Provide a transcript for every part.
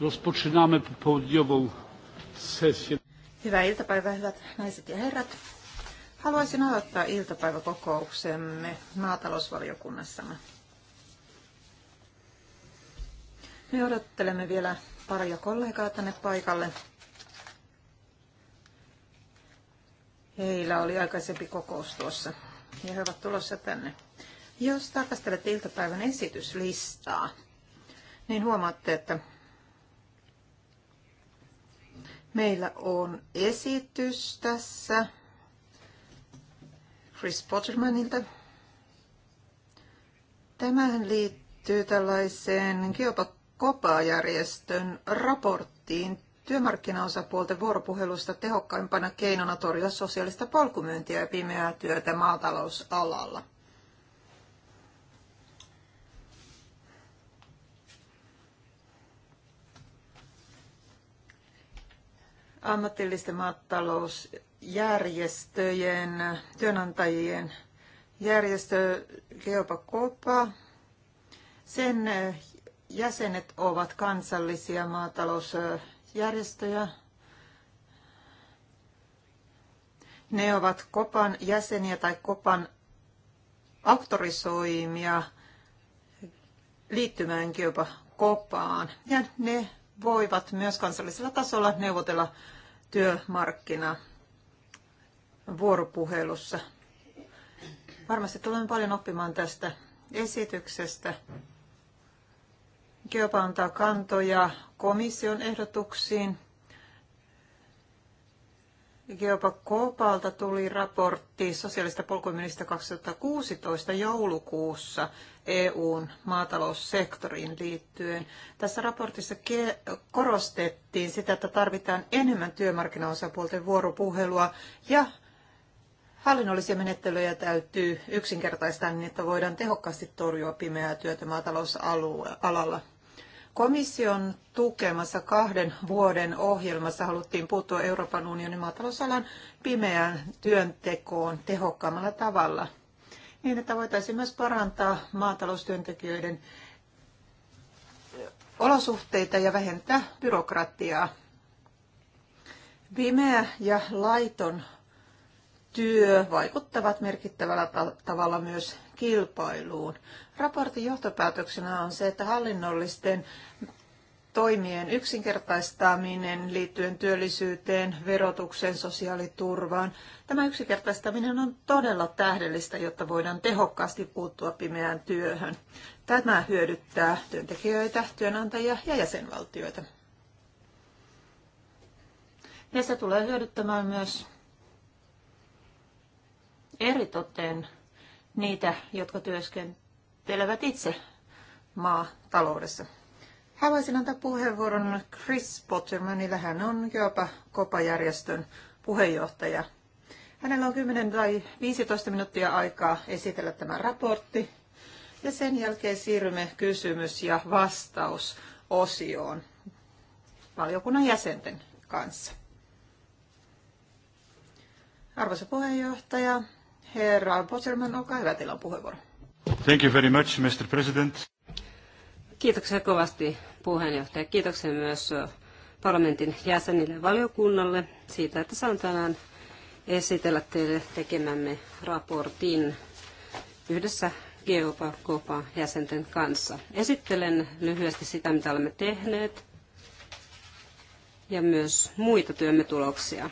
Rozpoczynamy popołudniową sesję. Hyvää iltapäivää, hyvät naiset ja herrat. Haluaisin aloittaa iltapäiväkokouksemme maatalousvaliokunnassamme. Me odottelemme vielä paria kollegaa tänne paikalle. Heillä oli aikaisempi kokous tuossa ja he ovat tulossa tänne. Jos tarkastelette iltapäivän esityslistaa, niin huomaatte, että Meillä on esitys tässä Chris Pottermanilta. Tämähän liittyy tällaiseen geopakopa-järjestön raporttiin työmarkkinaosapuolten vuoropuhelusta tehokkaimpana keinona torjua sosiaalista polkumyyntiä ja pimeää työtä maatalousalalla. ammatillisten maatalousjärjestöjen, työnantajien järjestö Geopa Kopa. Sen eh, jäsenet ovat kansallisia maatalousjärjestöjä. Ne ovat Kopan jäseniä tai Kopan auktorisoimia liittymään Geopa Kopaan. Ja ne voivat myös kansallisella tasolla neuvotella työmarkkina vuoropuhelussa. Varmasti tulemme paljon oppimaan tästä esityksestä. Kiopa antaa kantoja komission ehdotuksiin Geopa Kopalta tuli raportti sosiaalista polkumyynnistä 2016 joulukuussa EUn maataloussektoriin liittyen. Tässä raportissa korostettiin sitä, että tarvitaan enemmän työmarkkinaosapuolten vuoropuhelua ja hallinnollisia menettelyjä täytyy yksinkertaistaa niin, että voidaan tehokkaasti torjua pimeää työtä maatalousalalla. Komission tukemassa kahden vuoden ohjelmassa haluttiin puuttua Euroopan unionin maatalousalan pimeään työntekoon tehokkaammalla tavalla, niin että voitaisiin myös parantaa maataloustyöntekijöiden olosuhteita ja vähentää byrokratiaa. Pimeä ja laiton työ vaikuttavat merkittävällä tavalla myös kilpailuun. Raportin johtopäätöksenä on se, että hallinnollisten toimien yksinkertaistaminen liittyen työllisyyteen, verotukseen, sosiaaliturvaan. Tämä yksinkertaistaminen on todella tähdellistä, jotta voidaan tehokkaasti puuttua pimeään työhön. Tämä hyödyttää työntekijöitä, työnantajia ja jäsenvaltioita. Ja se tulee hyödyttämään myös eritoten niitä, jotka työskentelevät itse maataloudessa. Haluaisin antaa puheenvuoron Chris Pottermanille. Hän on jopa kopajärjestön puheenjohtaja. Hänellä on 10 tai 15 minuuttia aikaa esitellä tämä raportti. Ja sen jälkeen siirrymme kysymys- ja vastausosioon valiokunnan jäsenten kanssa. Arvoisa puheenjohtaja, Herra Boserman, olkaa hyvä, teillä on puheenvuoro. Thank you very much, Mr. President. Kiitoksia kovasti puheenjohtaja. Kiitoksia myös parlamentin jäsenille ja valiokunnalle siitä, että saan tänään esitellä teille tekemämme raportin yhdessä GeoPakopa jäsenten kanssa. Esittelen lyhyesti sitä, mitä olemme tehneet ja myös muita työmme tuloksia.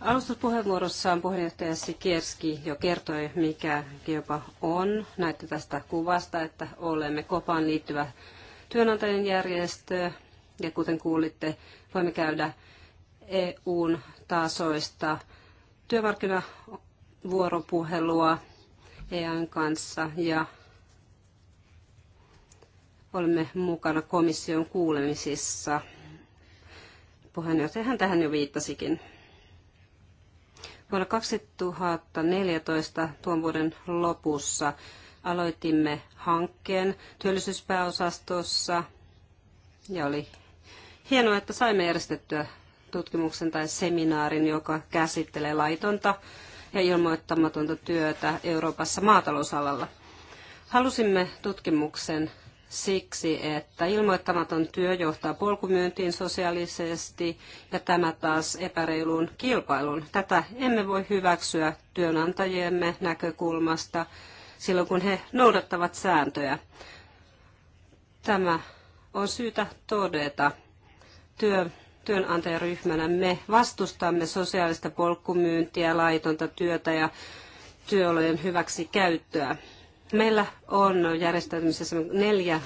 Alustuspuheenvuorossaan puheenjohtaja Sikerski jo kertoi, mikä jopa on. Näytti tästä kuvasta, että olemme kopaan liittyvä työnantajien järjestö. Ja kuten kuulitte, voimme käydä EUn tasoista työmarkkinavuoropuhelua EAN kanssa ja olemme mukana komission kuulemisissa. Puheenjohtajahan tähän jo viittasikin. Vuonna 2014 tuon vuoden lopussa aloitimme hankkeen työllisyyspääosastossa ja oli hienoa, että saimme järjestettyä tutkimuksen tai seminaarin, joka käsittelee laitonta ja ilmoittamatonta työtä Euroopassa maatalousalalla. Halusimme tutkimuksen siksi, että ilmoittamaton työ johtaa polkumyyntiin sosiaalisesti ja tämä taas epäreiluun kilpailuun. Tätä emme voi hyväksyä työnantajiemme näkökulmasta silloin, kun he noudattavat sääntöjä. Tämä on syytä todeta. Työ, työnantajaryhmänä me vastustamme sosiaalista polkumyyntiä, laitonta työtä ja työolojen hyväksi käyttöä. Meillä on järjestäytymisessä neljä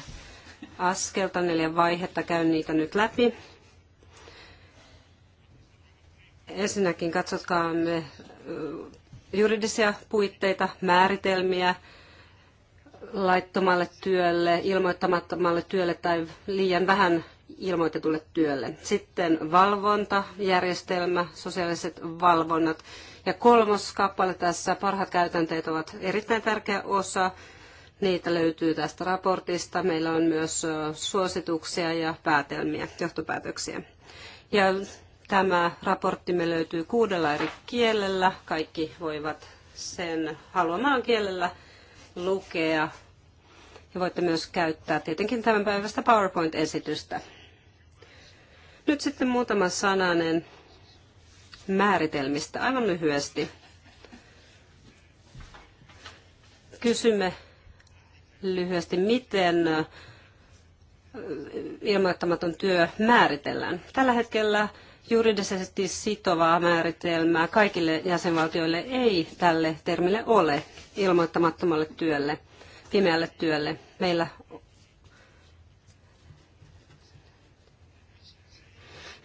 askelta, neljä vaihetta, käyn niitä nyt läpi. Ensinnäkin katsotkaamme juridisia puitteita, määritelmiä laittomalle työlle, ilmoittamattomalle työlle tai liian vähän ilmoitetulle työlle. Sitten valvontajärjestelmä, sosiaaliset valvonnat, ja kolmas kappale tässä, parhaat käytänteet ovat erittäin tärkeä osa. Niitä löytyy tästä raportista. Meillä on myös suosituksia ja päätelmiä, johtopäätöksiä. Ja tämä raportti me löytyy kuudella eri kielellä. Kaikki voivat sen haluamaan kielellä lukea. Ja voitte myös käyttää tietenkin tämän päivästä PowerPoint-esitystä. Nyt sitten muutama sananen määritelmistä aivan lyhyesti. Kysymme lyhyesti, miten ilmoittamaton työ määritellään. Tällä hetkellä juridisesti sitovaa määritelmää kaikille jäsenvaltioille ei tälle termille ole ilmoittamattomalle työlle, pimeälle työlle. Meillä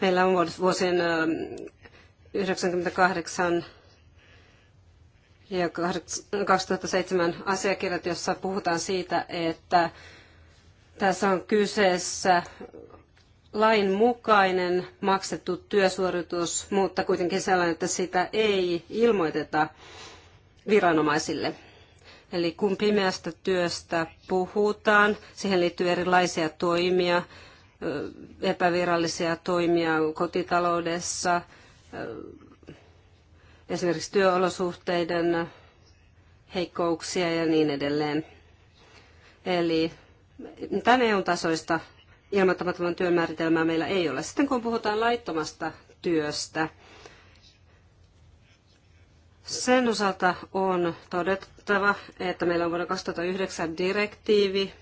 Meillä on vuosien 98 ja 2007 asiakirjat, jossa puhutaan siitä, että tässä on kyseessä lain mukainen maksettu työsuoritus, mutta kuitenkin sellainen, että sitä ei ilmoiteta viranomaisille. Eli kun pimeästä työstä puhutaan, siihen liittyy erilaisia toimia, epävirallisia toimia kotitaloudessa – esimerkiksi työolosuhteiden heikkouksia ja niin edelleen. Eli tämän EU-tasoista ilmoittamattoman työn määritelmää meillä ei ole. Sitten kun puhutaan laittomasta työstä, sen osalta on todettava, että meillä on vuonna 2009 direktiivi,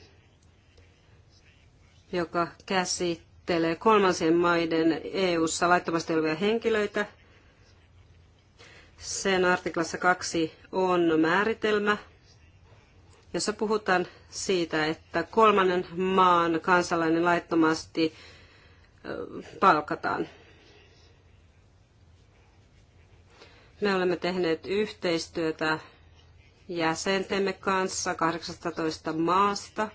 joka käsittää käsittelee kolmansien maiden EU-ssa laittomasti olevia henkilöitä. Sen artiklassa 2 on määritelmä, jossa puhutaan siitä, että kolmannen maan kansalainen laittomasti palkataan. Me olemme tehneet yhteistyötä jäsentemme kanssa 18 maasta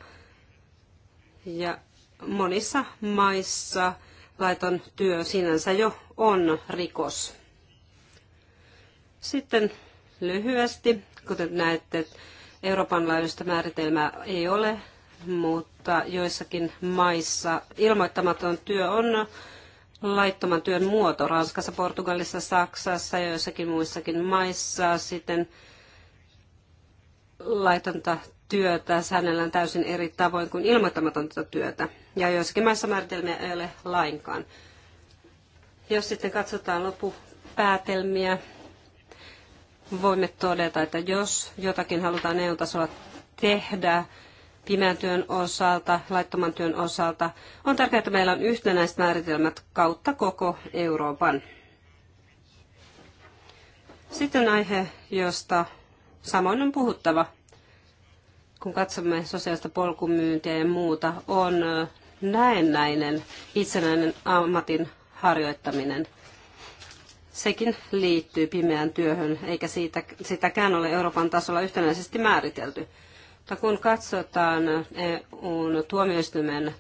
ja monissa maissa laiton työ sinänsä jo on rikos. Sitten lyhyesti, kuten näette, Euroopan laajuista määritelmää ei ole, mutta joissakin maissa ilmoittamaton työ on laittoman työn muoto. Ranskassa, Portugalissa, Saksassa ja joissakin muissakin maissa sitten laitonta työtä säännellään täysin eri tavoin kuin ilmoittamatonta työtä. Ja joissakin maissa määritelmiä ei ole lainkaan. Jos sitten katsotaan loppupäätelmiä, voimme todeta, että jos jotakin halutaan EU-tasolla tehdä pimeän työn osalta, laittoman työn osalta, on tärkeää, että meillä on yhtenäiset määritelmät kautta koko Euroopan. Sitten aihe, josta samoin on puhuttava kun katsomme sosiaalista polkumyyntiä ja muuta, on näennäinen itsenäinen ammatin harjoittaminen. Sekin liittyy pimeään työhön, eikä siitä, sitäkään ole Euroopan tasolla yhtenäisesti määritelty. Mutta kun katsotaan EUn tuomioistuimen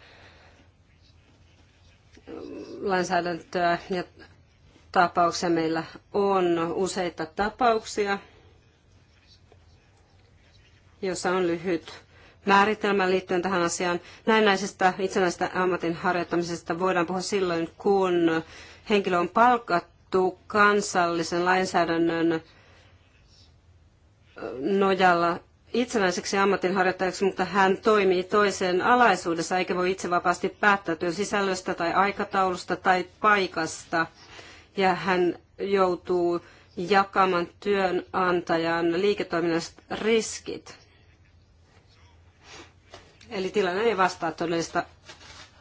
lainsäädäntöä ja tapauksia, meillä on useita tapauksia – jossa on lyhyt määritelmä liittyen tähän asiaan. Näennäisestä itsenäistä ammatin harjoittamisesta voidaan puhua silloin, kun henkilö on palkattu kansallisen lainsäädännön nojalla itsenäiseksi ammatinharjoittajaksi, mutta hän toimii toisen alaisuudessa eikä voi itse vapaasti päättää työn sisällöstä tai aikataulusta tai paikasta. Ja hän joutuu jakamaan työnantajan liiketoiminnan riskit. Eli tilanne ei vastaa todellista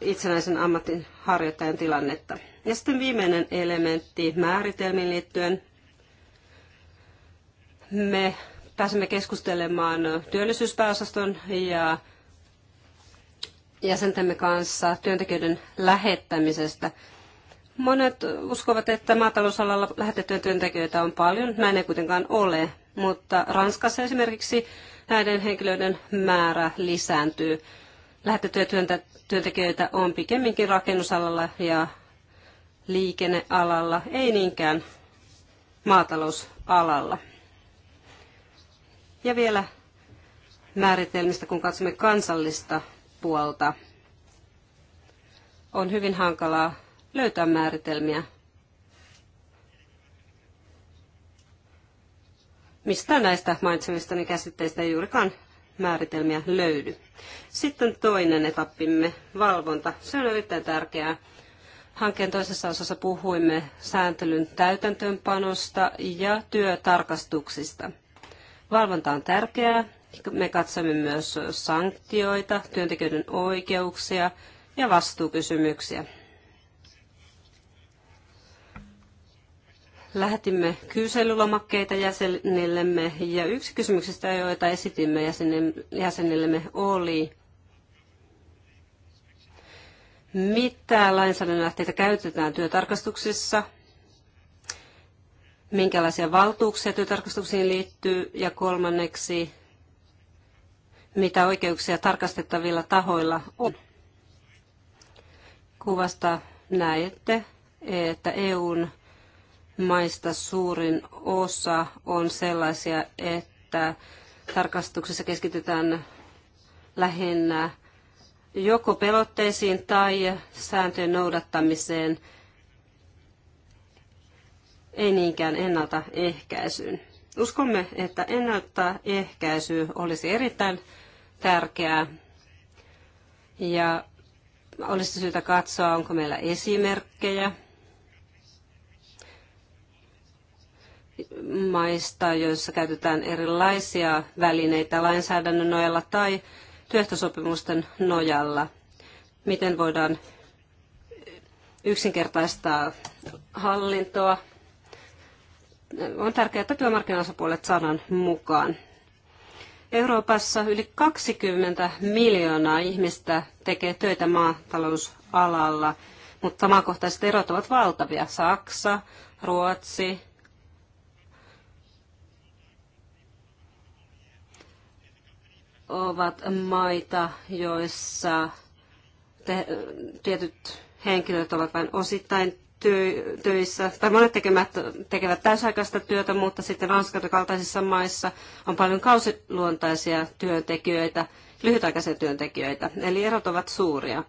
itsenäisen ammatin harjoittajan tilannetta. Ja sitten viimeinen elementti määritelmiin liittyen. Me pääsemme keskustelemaan työllisyyspääosaston ja jäsentemme kanssa työntekijöiden lähettämisestä. Monet uskovat, että maatalousalalla lähetettyjä työntekijöitä on paljon. Näin ei kuitenkaan ole, mutta Ranskassa esimerkiksi näiden henkilöiden määrä lisääntyy. Lähetettyjä työntekijöitä on pikemminkin rakennusalalla ja liikennealalla, ei niinkään maatalousalalla. Ja vielä määritelmistä, kun katsomme kansallista puolta. On hyvin hankalaa löytää määritelmiä mistä näistä mainitsemistani käsitteistä ei juurikaan määritelmiä löydy. Sitten toinen etappimme, valvonta. Se on erittäin tärkeää. Hankkeen toisessa osassa puhuimme sääntelyn täytäntöönpanosta ja työtarkastuksista. Valvonta on tärkeää. Me katsomme myös sanktioita, työntekijöiden oikeuksia ja vastuukysymyksiä. Lähetimme kyselylomakkeita jäsenillemme ja yksi kysymyksistä, joita esitimme jäsenillemme, oli, mitä lainsäädännön lähteitä käytetään työtarkastuksissa, minkälaisia valtuuksia työtarkastuksiin liittyy ja kolmanneksi, mitä oikeuksia tarkastettavilla tahoilla on. Kuvasta näette, että EUn maista suurin osa on sellaisia, että tarkastuksessa keskitytään lähinnä joko pelotteisiin tai sääntöjen noudattamiseen, ei niinkään ennaltaehkäisyyn. Uskomme, että ennaltaehkäisy olisi erittäin tärkeää ja olisi syytä katsoa, onko meillä esimerkkejä maista, joissa käytetään erilaisia välineitä lainsäädännön nojalla tai työehtosopimusten nojalla. Miten voidaan yksinkertaistaa hallintoa. On tärkeää, että työmarkkinaosapuolet saadaan mukaan. Euroopassa yli 20 miljoonaa ihmistä tekee töitä maatalousalalla, mutta maakohtaiset erot ovat valtavia. Saksa, Ruotsi, ovat maita, joissa te, tietyt henkilöt ovat vain osittain työ, töissä, tai monet tekevät, tekevät täysaikaista työtä, mutta sitten Ranskan kaltaisissa maissa on paljon kausiluontaisia työntekijöitä, lyhytaikaisia työntekijöitä, eli erot ovat suuria.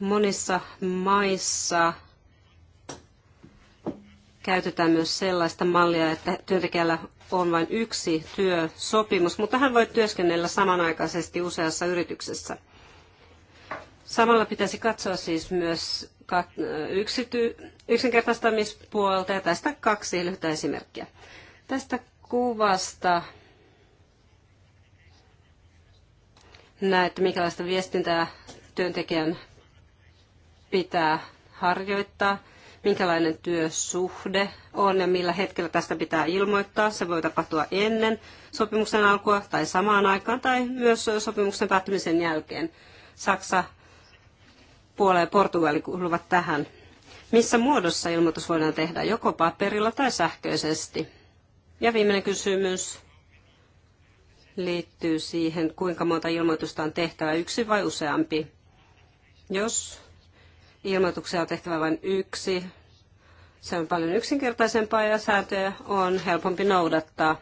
Monissa maissa käytetään myös sellaista mallia, että työntekijällä on vain yksi työsopimus, mutta hän voi työskennellä samanaikaisesti useassa yrityksessä. Samalla pitäisi katsoa siis myös yksity- yksinkertaistamispuolta ja tästä kaksi lyhyttä esimerkkiä. Tästä kuvasta näette, minkälaista viestintää työntekijän pitää harjoittaa – minkälainen työsuhde on ja millä hetkellä tästä pitää ilmoittaa. Se voi tapahtua ennen sopimuksen alkua tai samaan aikaan tai myös sopimuksen päättymisen jälkeen. Saksa, Puola ja Portugali kuuluvat tähän. Missä muodossa ilmoitus voidaan tehdä, joko paperilla tai sähköisesti? Ja viimeinen kysymys liittyy siihen, kuinka monta ilmoitusta on tehtävä, yksi vai useampi. Jos Ilmoituksia on tehtävä vain yksi. Se on paljon yksinkertaisempaa ja sääntöjä on helpompi noudattaa,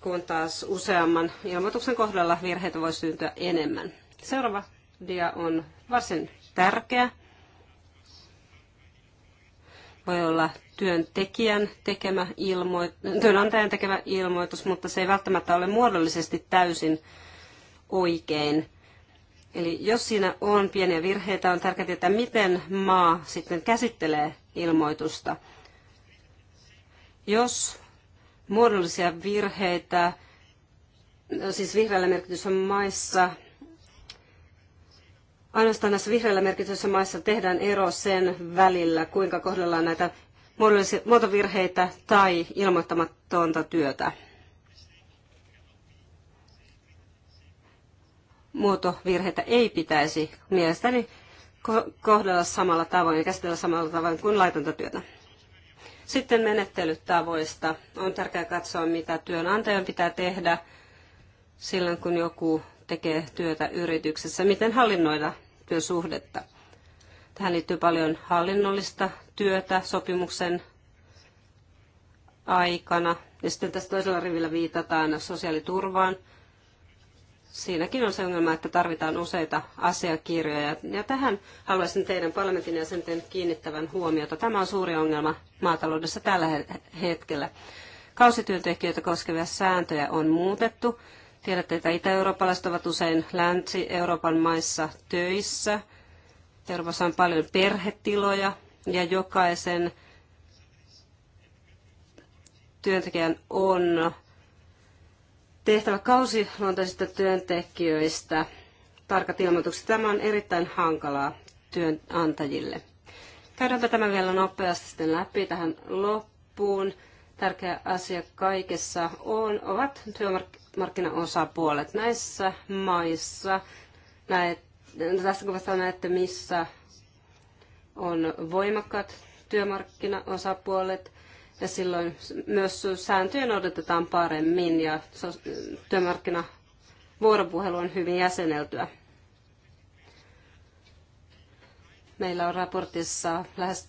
kun taas useamman ilmoituksen kohdalla virheitä voi syntyä enemmän. Seuraava dia on varsin tärkeä. Voi olla työntekijän tekemä ilmoitus, työnantajan tekemä ilmoitus, mutta se ei välttämättä ole muodollisesti täysin oikein. Eli jos siinä on pieniä virheitä, on tärkeää tietää, miten maa sitten käsittelee ilmoitusta. Jos muodollisia virheitä, siis vihreällä merkityssä maissa, ainoastaan näissä vihreällä merkityssä maissa tehdään ero sen välillä, kuinka kohdellaan näitä muotovirheitä tai ilmoittamatonta työtä. muotovirheitä ei pitäisi mielestäni kohdella samalla tavoin ja käsitellä samalla tavoin kuin laitonta työtä. Sitten menettelytavoista. On tärkeää katsoa, mitä työnantajan pitää tehdä silloin, kun joku tekee työtä yrityksessä, miten hallinnoida työsuhdetta. Tähän liittyy paljon hallinnollista työtä sopimuksen aikana. Ja sitten tässä toisella rivillä viitataan sosiaaliturvaan, siinäkin on se ongelma, että tarvitaan useita asiakirjoja. Ja tähän haluaisin teidän parlamentin jäsenten kiinnittävän huomiota. Tämä on suuri ongelma maataloudessa tällä hetkellä. Kausityöntekijöitä koskevia sääntöjä on muutettu. Tiedätte, että itä-eurooppalaiset ovat usein länsi-Euroopan maissa töissä. Euroopassa on paljon perhetiloja ja jokaisen työntekijän on tehtävä luontaisista työntekijöistä tarkat ilmoitukset. Tämä on erittäin hankalaa työnantajille. Käydäänpä tämä vielä nopeasti sitten läpi tähän loppuun. Tärkeä asia kaikessa on, ovat työmarkkinaosapuolet näissä maissa. Näet, tässä kuvassa näette, missä on voimakkaat työmarkkinaosapuolet. Ja silloin myös sääntöjä noudatetaan paremmin ja työmarkkina vuoropuhelu on hyvin jäseneltyä. Meillä on raportissa lähes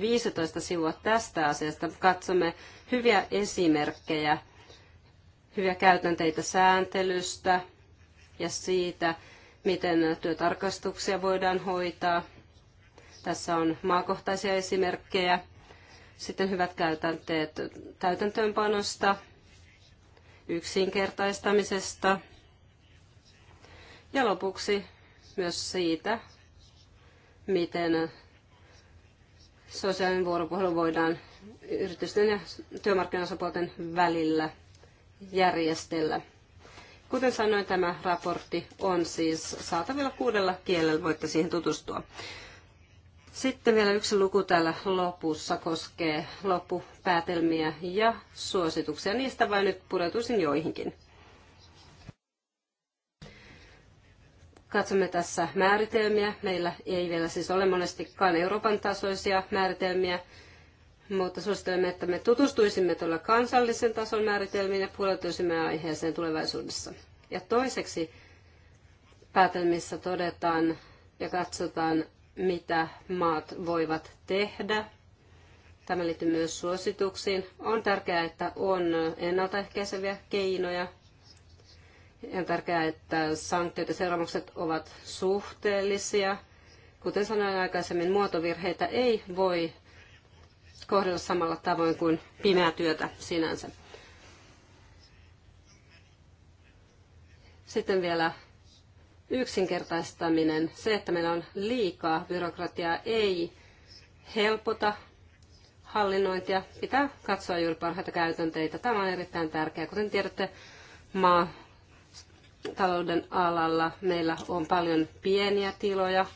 15 sivua tästä asiasta. Katsomme hyviä esimerkkejä, hyviä käytänteitä sääntelystä ja siitä, miten työtarkastuksia voidaan hoitaa. Tässä on maakohtaisia esimerkkejä sitten hyvät käytänteet täytäntöönpanosta, yksinkertaistamisesta ja lopuksi myös siitä, miten sosiaalinen vuoropuhelu voidaan yritysten ja työmarkkinaosapuolten välillä järjestellä. Kuten sanoin, tämä raportti on siis saatavilla kuudella kielellä, voitte siihen tutustua. Sitten vielä yksi luku täällä lopussa koskee loppupäätelmiä ja suosituksia. Niistä vain nyt pureutuisin joihinkin. Katsomme tässä määritelmiä. Meillä ei vielä siis ole monestikaan Euroopan tasoisia määritelmiä, mutta suosittelemme, että me tutustuisimme tuolla kansallisen tason määritelmiin ja pureutuisimme aiheeseen tulevaisuudessa. Ja toiseksi päätelmissä todetaan ja katsotaan mitä maat voivat tehdä. Tämä liittyy myös suosituksiin. On tärkeää, että on ennaltaehkäiseviä keinoja. On tärkeää, että sanktiot ja seuraamukset ovat suhteellisia. Kuten sanoin aikaisemmin, muotovirheitä ei voi kohdella samalla tavoin kuin pimeää työtä sinänsä. Sitten vielä yksinkertaistaminen, se, että meillä on liikaa byrokratiaa, ei helpota hallinnointia. Pitää katsoa juuri parhaita käytänteitä. Tämä on erittäin tärkeää. Kuten tiedätte, maa talouden alalla meillä on paljon pieniä tiloja.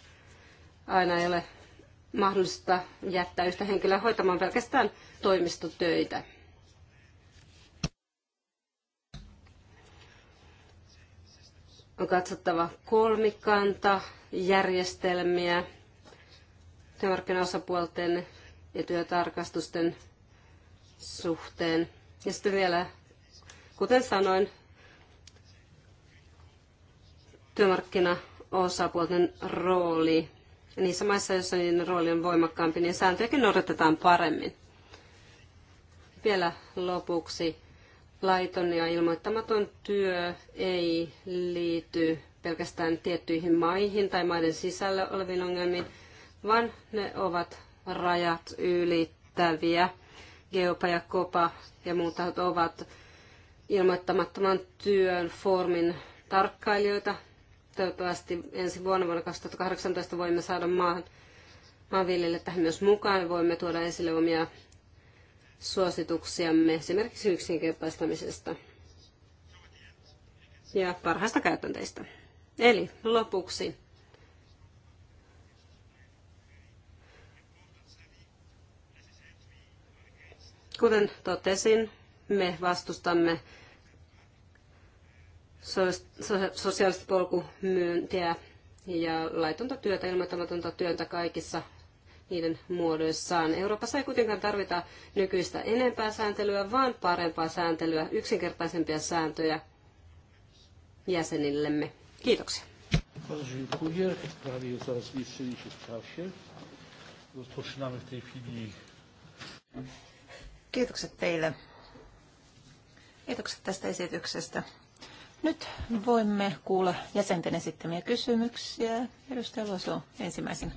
Aina ei ole mahdollista jättää yhtä henkilöä hoitamaan pelkästään toimistotöitä. On katsottava kolmikanta, järjestelmiä, työmarkkinaosapuolten ja työtarkastusten suhteen. Ja sitten vielä, kuten sanoin, työmarkkinaosapuolten rooli. Ja niissä maissa, joissa niiden rooli on voimakkaampi, niin sääntöjäkin noudatetaan paremmin. Vielä lopuksi laiton ja ilmoittamaton työ ei liity pelkästään tiettyihin maihin tai maiden sisällä oleviin ongelmiin, vaan ne ovat rajat ylittäviä. Geopa ja Kopa ja muut ovat ilmoittamattoman työn formin tarkkailijoita. Toivottavasti ensi vuonna vuonna 2018 voimme saada maan, maanviljelijät tähän myös mukaan. Voimme tuoda esille omia suosituksiamme esimerkiksi yksinkertaistamisesta ja parhaista käytänteistä. Eli lopuksi Kuten totesin, me vastustamme sosiaalista polkumyyntiä ja laitonta työtä, ilmoittamatonta työtä kaikissa niiden muodoissaan. Euroopassa ei kuitenkaan tarvita nykyistä enempää sääntelyä, vaan parempaa sääntelyä, yksinkertaisempia sääntöjä jäsenillemme. Kiitoksia. Kiitokset teille. Kiitokset tästä esityksestä. Nyt voimme kuulla jäsenten esittämiä kysymyksiä. Edustaja Luoso ensimmäisenä.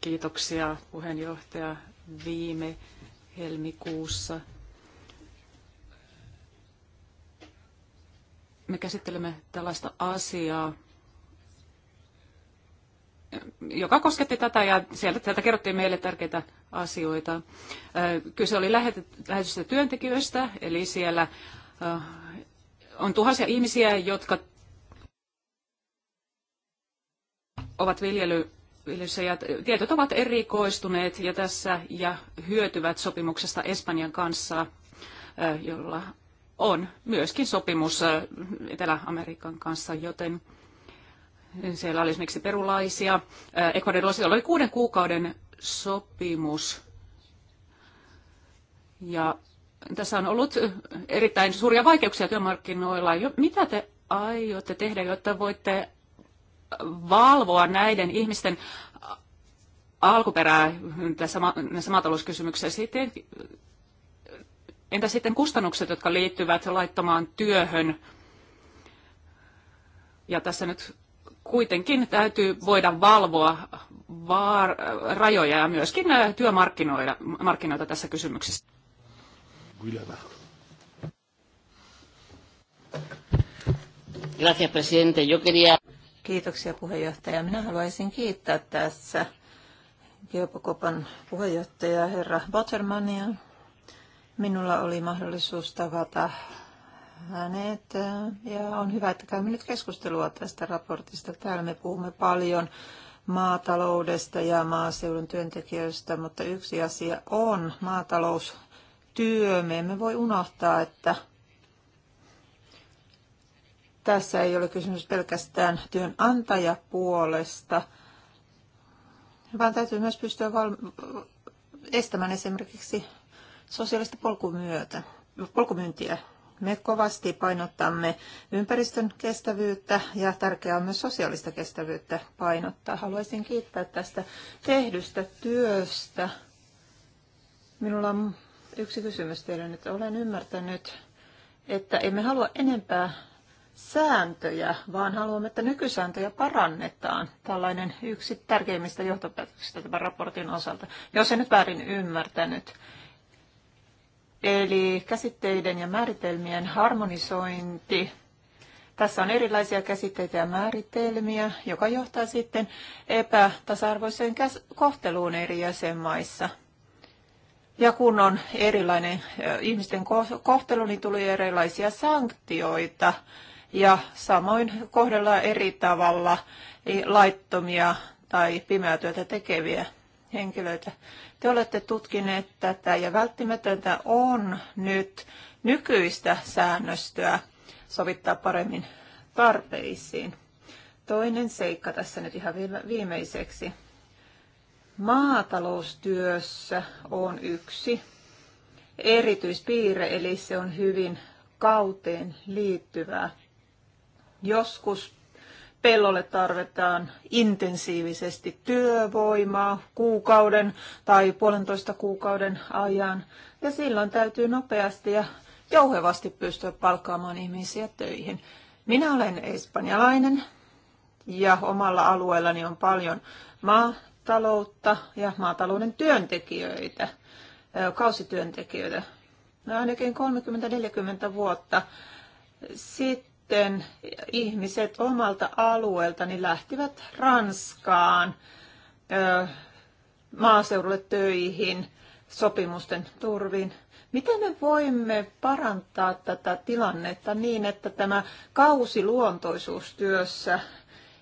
Kiitoksia puheenjohtaja. Viime helmikuussa me käsittelemme tällaista asiaa, joka kosketti tätä ja sieltä, sieltä kerrottiin meille tärkeitä asioita. Kyse oli lähetystä työntekijöistä, eli siellä äh, on tuhansia ihmisiä, jotka ovat viljely, viljelyssä ja tietyt ovat erikoistuneet ja tässä ja hyötyvät sopimuksesta Espanjan kanssa, jolla on myöskin sopimus Etelä-Amerikan kanssa, joten siellä oli esimerkiksi perulaisia, ekvadorilaisia, oli kuuden kuukauden sopimus ja tässä on ollut erittäin suuria vaikeuksia työmarkkinoilla. Mitä te aiotte tehdä, jotta voitte valvoa näiden ihmisten alkuperää tässä, ma- näissä maatalouskysymyksissä? Sitten, entä sitten kustannukset, jotka liittyvät laittomaan työhön? Ja tässä nyt kuitenkin täytyy voida valvoa vaar, rajoja ja myöskin työmarkkinoita tässä kysymyksessä. Kiitoksia puheenjohtaja. Minä haluaisin kiittää tässä Geopokopan puheenjohtaja herra Bottermania. Minulla oli mahdollisuus tavata hänet eh, ja on hyvä, että käymme nyt keskustelua tästä raportista. Täällä me puhumme paljon maataloudesta ja maaseudun työntekijöistä, mutta yksi asia on maatalous työ. Me emme voi unohtaa, että tässä ei ole kysymys pelkästään työnantajapuolesta, vaan täytyy myös pystyä estämään esimerkiksi sosiaalista polkumyötä, polkumyyntiä. Me kovasti painottamme ympäristön kestävyyttä ja tärkeää on myös sosiaalista kestävyyttä painottaa. Haluaisin kiittää tästä tehdystä työstä. Minulla on Yksi kysymys teille nyt. Olen ymmärtänyt, että emme halua enempää sääntöjä, vaan haluamme, että nykysääntöjä parannetaan. Tällainen yksi tärkeimmistä johtopäätöksistä tämän raportin osalta, jos en nyt väärin ymmärtänyt. Eli käsitteiden ja määritelmien harmonisointi. Tässä on erilaisia käsitteitä ja määritelmiä, joka johtaa sitten epätasa-arvoiseen kohteluun eri jäsenmaissa. Ja kun on erilainen ihmisten kohtelu, niin tuli erilaisia sanktioita ja samoin kohdellaan eri tavalla e, laittomia tai pimeää työtä tekeviä henkilöitä. Te olette tutkineet tätä ja välttämätöntä on nyt nykyistä säännöstöä sovittaa paremmin tarpeisiin. Toinen seikka tässä nyt ihan viimeiseksi maataloustyössä on yksi erityispiirre, eli se on hyvin kauteen liittyvää. Joskus pellolle tarvitaan intensiivisesti työvoimaa kuukauden tai puolentoista kuukauden ajan, ja silloin täytyy nopeasti ja jouhevasti pystyä palkkaamaan ihmisiä töihin. Minä olen espanjalainen ja omalla alueellani on paljon maa- taloutta ja maatalouden työntekijöitä, kausityöntekijöitä. No ainakin 30-40 vuotta sitten ihmiset omalta alueeltani lähtivät Ranskaan maaseudulle töihin sopimusten turviin. Miten me voimme parantaa tätä tilannetta niin, että tämä kausiluontoisuus työssä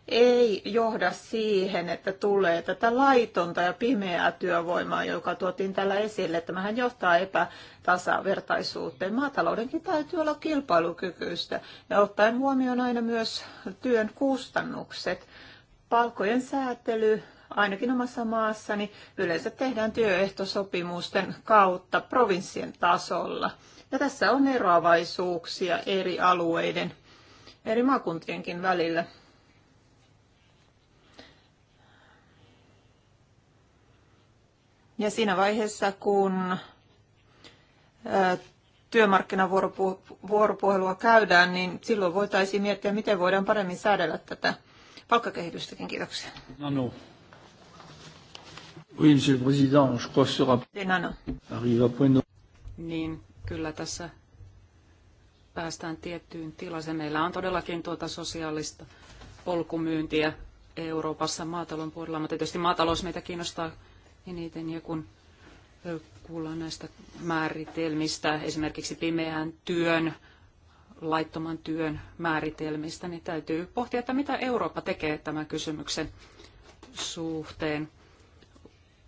ei johda siihen, että tulee tätä laitonta ja pimeää työvoimaa, joka tuotiin tällä esille. Tämähän johtaa epätasavertaisuuteen. Maataloudenkin täytyy olla kilpailukykyistä ja ottaen huomioon aina myös työn kustannukset. Palkojen säätely ainakin omassa maassani yleensä tehdään työehtosopimusten kautta provinssien tasolla. Ja tässä on eroavaisuuksia eri alueiden, eri maakuntienkin välillä. Ja siinä vaiheessa, kun työmarkkinavuoropuhelua käydään, niin silloin voitaisiin miettiä, miten voidaan paremmin säädellä tätä palkkakehitystäkin. Kiitoksia. Nano. No. Oui, monsieur le président, je crois que ce rapport niin, no, no. arrive à point Niin, kyllä tässä päästään tiettyyn tilaseen. Meillä on todellakin tuota sosiaalista polkumyyntiä Euroopassa maatalon puolella, mutta tietysti maatalous meitä kiinnostaa eniten ja kun kuullaan näistä määritelmistä, esimerkiksi pimeän työn, laittoman työn määritelmistä, niin täytyy pohtia, että mitä Eurooppa tekee tämän kysymyksen suhteen.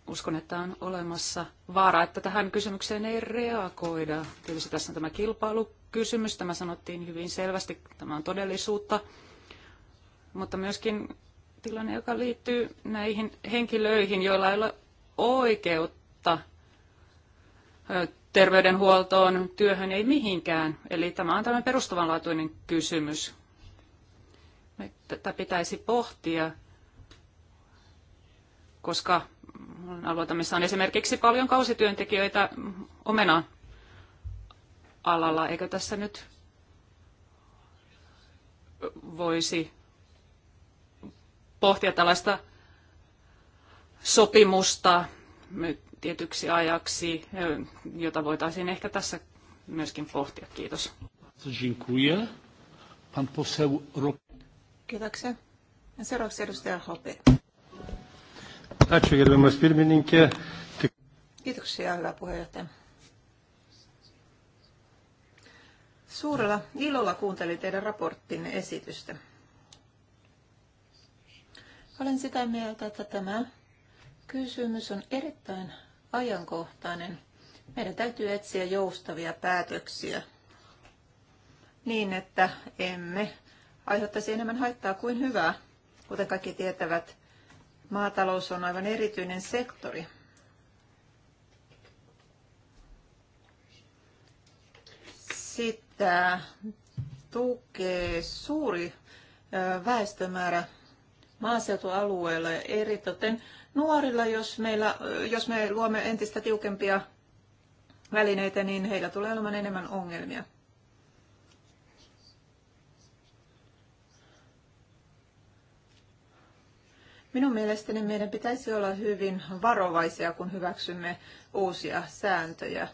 Uskon, että on olemassa vaara, että tähän kysymykseen ei reagoida. Tietysti tässä on tämä kilpailukysymys, tämä sanottiin hyvin selvästi, tämä on todellisuutta, mutta myöskin tilanne, joka liittyy näihin henkilöihin, joilla ei ole oikeutta terveydenhuoltoon, työhön ei mihinkään. Eli tämä on tämmöinen perustavanlaatuinen kysymys. Tätä pitäisi pohtia, koska alueita, missä on esimerkiksi paljon kausityöntekijöitä omena alalla. Eikö tässä nyt voisi pohtia tällaista sopimusta tietyksi ajaksi, eh, jota voitaisiin ehkä tässä myöskin pohtia. Kiitos. Kiitoksia. Seuraavaksi edustaja Hope. Ačiū, gerbiamas pirmininkė. Kiitoksia, hyvä puheenjohtaja. Suurella ilolla kuuntelin teidän raporttinne esitystä. Olen sitä mieltä, että tämä Kysymys on erittäin ajankohtainen. Meidän täytyy etsiä joustavia päätöksiä niin, että emme aiheuttaisi enemmän haittaa kuin hyvää. Kuten kaikki tietävät, maatalous on aivan erityinen sektori. Sitä tukee suuri väestömäärä maaseutualueella ja eritoten nuorilla, jos, meillä, jos me luomme entistä tiukempia välineitä, niin heillä tulee olemaan enemmän ongelmia. Minun mielestäni meidän pitäisi olla hyvin varovaisia, kun hyväksymme uusia sääntöjä.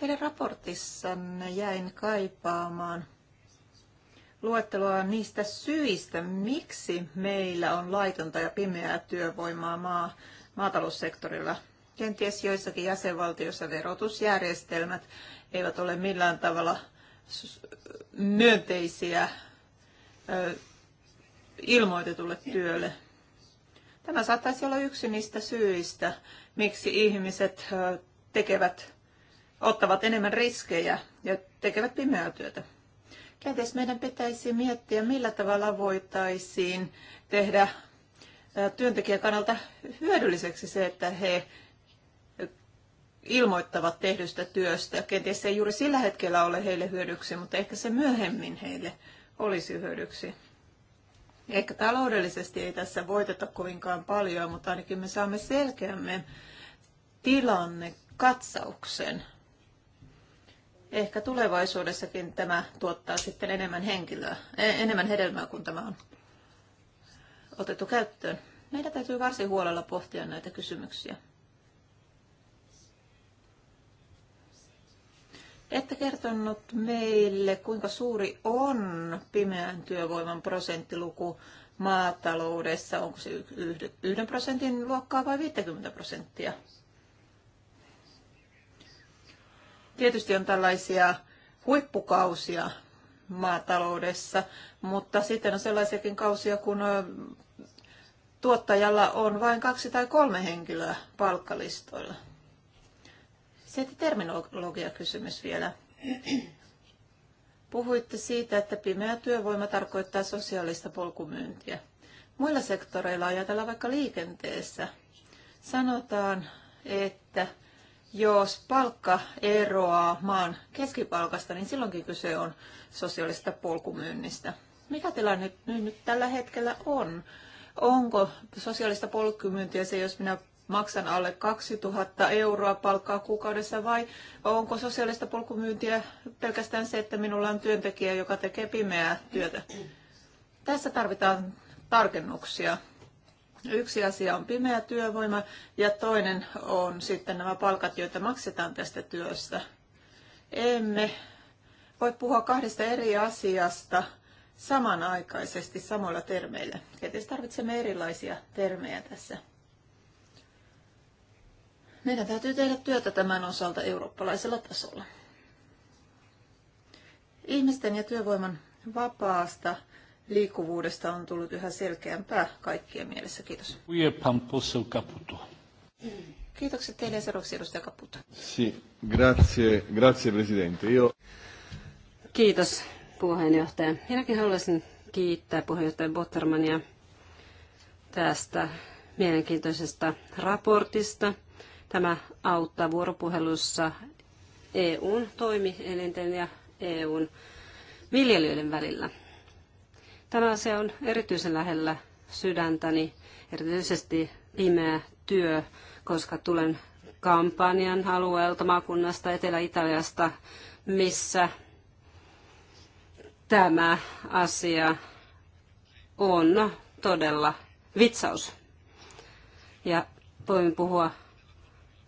Teidän raportissanne jäin kaipaamaan luetteloa niistä syistä, miksi meillä on laitonta ja pimeää työvoimaa maa, maataloussektorilla. Kenties joissakin jäsenvaltioissa verotusjärjestelmät eivät ole millään tavalla myönteisiä ilmoitetulle työlle. Tämä saattaisi olla yksi niistä syistä, miksi ihmiset tekevät, ottavat enemmän riskejä ja tekevät pimeää työtä. Kenties meidän pitäisi miettiä, millä tavalla voitaisiin tehdä työntekijän kannalta hyödylliseksi se, että he ilmoittavat tehdystä työstä. Kenties se ei juuri sillä hetkellä ole heille hyödyksi, mutta ehkä se myöhemmin heille olisi hyödyksi. Ehkä taloudellisesti ei tässä voiteta kovinkaan paljon, mutta ainakin me saamme selkeämmin tilannekatsauksen ehkä tulevaisuudessakin tämä tuottaa sitten enemmän henkilöä, e, enemmän hedelmää, kun tämä on otettu käyttöön. Meidän täytyy varsin huolella pohtia näitä kysymyksiä. Ette kertonut meille, kuinka suuri on pimeän työvoiman prosenttiluku maataloudessa. Onko se yhden prosentin luokkaa vai 50 prosenttia? Tietysti on tällaisia huippukausia maataloudessa, mutta sitten on sellaisiakin kausia, kun tuottajalla on vain kaksi tai kolme henkilöä palkkalistoilla. Sitten terminologiakysymys vielä. Puhuitte siitä, että pimeä työvoima tarkoittaa sosiaalista polkumyyntiä. Muilla sektoreilla ajatellaan vaikka liikenteessä. Sanotaan, että jos palkka eroaa maan keskipalkasta, niin silloinkin kyse on sosiaalista polkumyynnistä. Mikä tilanne nyt, nyt, tällä hetkellä on? Onko sosiaalista polkumyyntiä se, jos minä maksan alle 2000 euroa palkkaa kuukaudessa vai onko sosiaalista polkumyyntiä pelkästään se, että minulla on työntekijä, joka tekee pimeää työtä? Tässä tarvitaan tarkennuksia. Yksi asia on pimeä työvoima ja toinen on sitten nämä palkat, joita maksetaan tästä työstä. Emme voi puhua kahdesta eri asiasta samanaikaisesti samoilla termeillä. Tietysti tarvitsemme erilaisia termejä tässä. Meidän täytyy tehdä työtä tämän osalta eurooppalaisella tasolla. Ihmisten ja työvoiman vapaasta liikkuvuudesta on tullut yhä selkeämpää kaikkien mielessä. Kiitos. Kiitokset teille seuraavaksi edustaja Caputo. Si, grazie, grazie presidente. Io... Kiitos puheenjohtaja. Minäkin haluaisin kiittää puheenjohtaja Bottermania tästä mielenkiintoisesta raportista. Tämä auttaa vuoropuhelussa EUn toimielinten ja EUn viljelijöiden välillä. Tämä asia on erityisen lähellä sydäntäni, erityisesti pimeä työ, koska tulen kampanjan alueelta, maakunnasta, Etelä-Italiasta, missä tämä asia on todella vitsaus. Ja voin puhua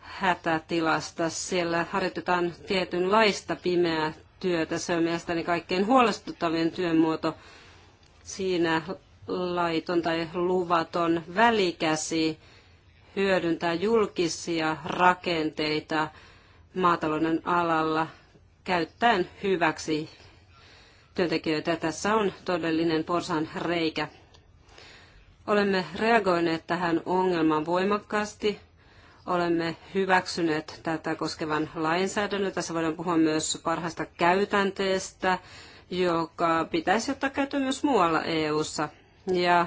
hätätilasta. Siellä harjoitetaan tietynlaista pimeää työtä. Se on mielestäni kaikkein huolestuttavin työmuoto siinä laiton tai luvaton välikäsi hyödyntää julkisia rakenteita maatalouden alalla käyttäen hyväksi työntekijöitä. Tässä on todellinen porsan reikä. Olemme reagoineet tähän ongelmaan voimakkaasti. Olemme hyväksyneet tätä koskevan lainsäädännön. Tässä voidaan puhua myös parhaasta käytänteestä, joka pitäisi ottaa käyttöön myös muualla EU:ssa. Ja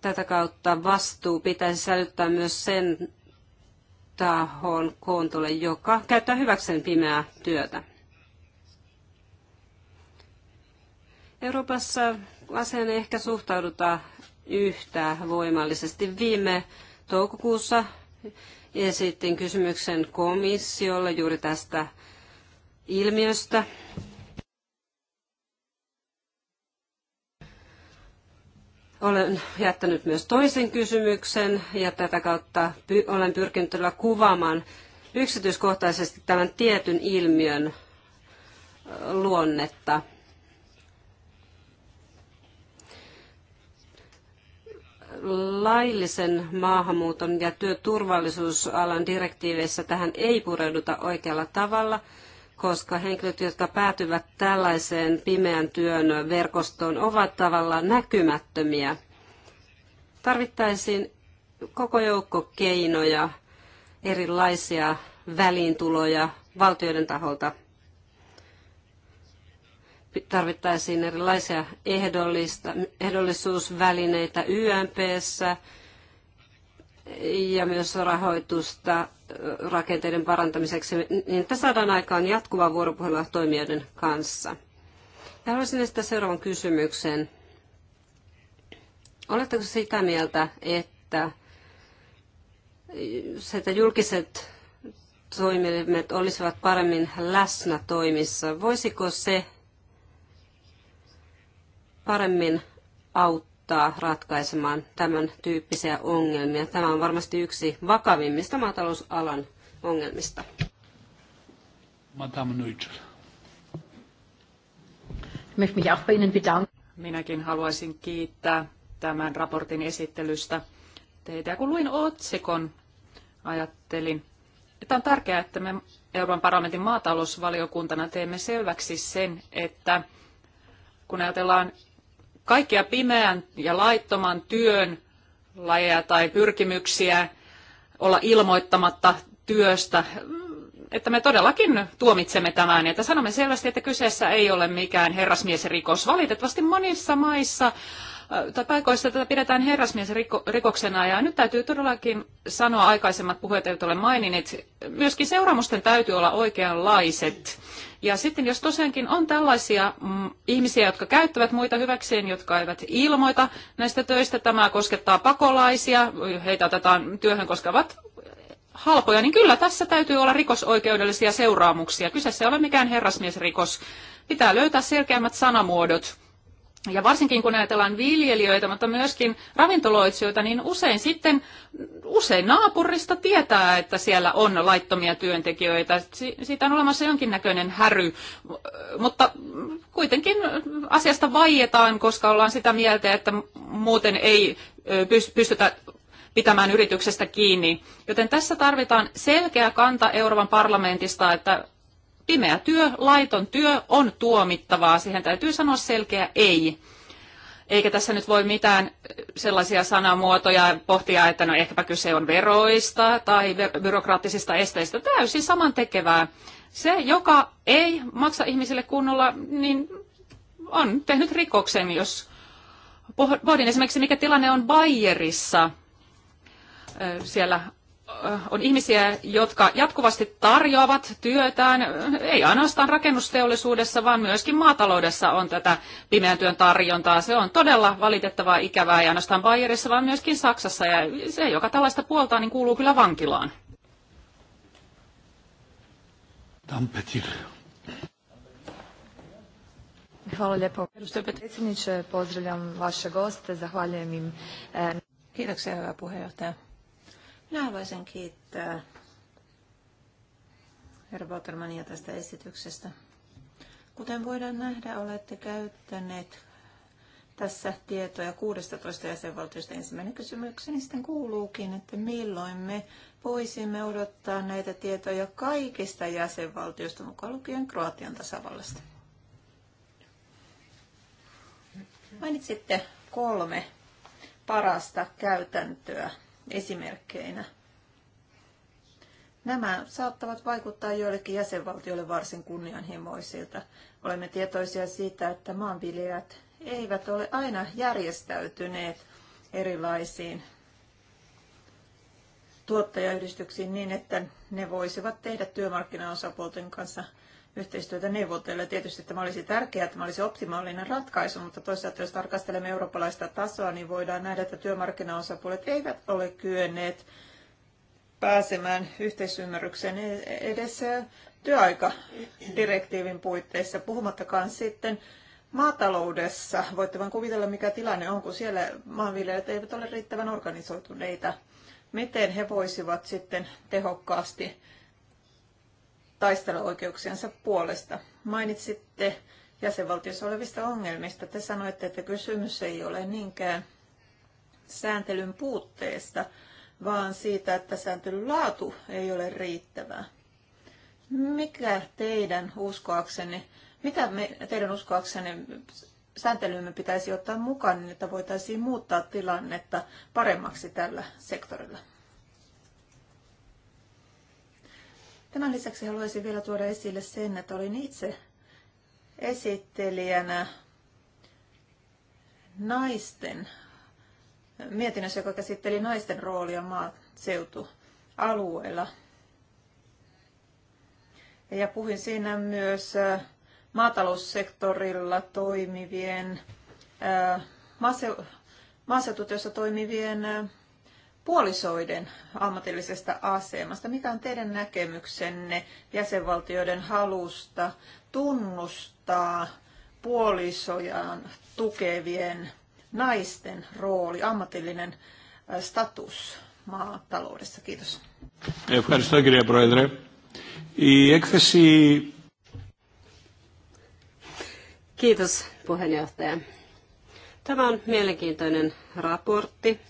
tätä kautta vastuu pitäisi sälyttää myös sen tahon kontolle, joka käyttää hyväkseen pimeää työtä. Euroopassa asiaan ei ehkä suhtauduta yhtä voimallisesti. Viime toukokuussa esitin kysymyksen komissiolle juuri tästä ilmiöstä. Olen jättänyt myös toisen kysymyksen ja tätä kautta olen pyrkinyt kuvaamaan yksityiskohtaisesti tämän tietyn ilmiön luonnetta. Laillisen maahanmuuton ja työturvallisuusalan direktiiveissä tähän ei pureuduta oikealla tavalla – koska henkilöt, jotka päätyvät tällaiseen pimeän työn verkostoon, ovat tavallaan näkymättömiä. Tarvittaisiin koko joukko keinoja, erilaisia väliintuloja valtioiden taholta. Tarvittaisiin erilaisia ehdollista ehdollisuusvälineitä YMPssä, ja myös rahoitusta rakenteiden parantamiseksi, niin että saadaan aikaan jatkuvaa vuoropuhelua toimijoiden kanssa. Ja haluaisin esittää seuraavan kysymyksen. Oletteko sitä mieltä, että se, että julkiset toimijat olisivat paremmin läsnä toimissa, voisiko se paremmin auttaa? auttaa ratkaisemaan tämän tyyppisiä ongelmia. Tämä on varmasti yksi vakavimmista maatalousalan ongelmista. Madame Neutschel. Minäkin haluaisin kiittää tämän raportin esittelystä teitä. Ja kun luin otsikon, ajattelin, että on tärkeää, että me Euroopan parlamentin maatalousvaliokuntana teemme selväksi sen, että kun ajatellaan kaikkia pimeän ja laittoman työn lajeja tai pyrkimyksiä olla ilmoittamatta työstä, että me todellakin tuomitsemme tämän, että sanomme selvästi, että kyseessä ei ole mikään herrasmiesrikos. Valitettavasti monissa maissa äh, tai paikoissa tätä pidetään herrasmiesrikoksena ja nyt täytyy todellakin sanoa aikaisemmat puheet, eivät ole maininneet, myöskin seuraamusten täytyy olla oikeanlaiset. Ja sitten jos tosiaankin on tällaisia mm, ihmisiä, jotka käyttävät muita hyväkseen, jotka eivät ilmoita näistä töistä, tämä koskettaa pakolaisia, heitä otetaan työhön, koska ovat halpoja, niin kyllä tässä täytyy olla rikosoikeudellisia seuraamuksia. Kyseessä ei ole mikään herrasmiesrikos. Pitää löytää selkeämmät sanamuodot ja varsinkin kun ajatellaan viljelijöitä, mutta myöskin ravintoloitsijoita, niin usein sitten, usein naapurista tietää, että siellä on laittomia työntekijöitä. Siitä on olemassa jonkinnäköinen häry, mutta kuitenkin asiasta vaietaan, koska ollaan sitä mieltä, että muuten ei pystytä pitämään yrityksestä kiinni. Joten tässä tarvitaan selkeä kanta Euroopan parlamentista, että Pimeä työ, laiton työ on tuomittavaa. Siihen täytyy sanoa selkeä ei. Eikä tässä nyt voi mitään sellaisia sanamuotoja pohtia, että no ehkäpä kyse on veroista tai byrokraattisista esteistä. Täysin samantekevää. Se, joka ei maksa ihmisille kunnolla, niin on tehnyt rikoksen, jos pohdin esimerkiksi, mikä tilanne on Bayerissa. Siellä on ihmisiä, jotka jatkuvasti tarjoavat työtään, ei ainoastaan rakennusteollisuudessa, vaan myöskin maataloudessa on tätä pimeän työn tarjontaa. Se on todella valitettavaa ikävää, ei ainoastaan Bayerissa, vaan myöskin Saksassa. Ja se, joka tällaista puoltaa, niin kuuluu kyllä vankilaan. Dampetil. Hvala e, Kiitoksia, hyvä puheenjohtaja. Minä haluaisin kiittää herra Watermania tästä esityksestä. Kuten voidaan nähdä, olette käyttäneet tässä tietoja 16 jäsenvaltiosta. Ensimmäinen kysymykseni sitten kuuluukin, että milloin me voisimme odottaa näitä tietoja kaikista jäsenvaltioista, mukaan lukien Kroatian tasavallasta. Mainitsitte kolme parasta käytäntöä esimerkkeinä. Nämä saattavat vaikuttaa joillekin jäsenvaltioille varsin kunnianhimoisilta. Olemme tietoisia siitä, että maanviljelijät eivät ole aina järjestäytyneet erilaisiin tuottajayhdistyksiin niin, että ne voisivat tehdä työmarkkinaosapuolten kanssa yhteistyötä neuvotella. Tietysti tämä olisi tärkeää, tämä olisi optimaalinen ratkaisu, mutta toisaalta jos tarkastelemme eurooppalaista tasoa, niin voidaan nähdä, että työmarkkinaosapuolet eivät ole kyenneet pääsemään yhteisymmärrykseen edes työaikadirektiivin puitteissa, puhumattakaan sitten maataloudessa. Voitte vain kuvitella, mikä tilanne on, kun siellä maanviljelijät eivät ole riittävän organisoituneita. Miten he voisivat sitten tehokkaasti taistella oikeuksiensa puolesta. Mainitsitte jäsenvaltiossa olevista ongelmista. Te sanoitte, että kysymys ei ole niinkään sääntelyn puutteesta, vaan siitä, että sääntelyn laatu ei ole riittävää. Mikä teidän uskoaksenne, mitä me, teidän uskoaksenne sääntelymme pitäisi ottaa mukaan, niin että voitaisiin muuttaa tilannetta paremmaksi tällä sektorilla? Tämän lisäksi haluaisin vielä tuoda esille sen, että olin itse esittelijänä naisten mietinnössä, joka käsitteli naisten roolia maaseutualueella. Ja puhuin siinä myös äh, maataloussektorilla toimivien, äh, maaseututyössä toimivien äh, puolisoiden ammatillisesta asemasta. Mikä on teidän näkemyksenne jäsenvaltioiden halusta tunnustaa puolisojaan tukevien naisten rooli, ammatillinen äh, status maataloudessa? Kiitos. Kiitos puheenjohtaja. Tämä on mielenkiintoinen raportti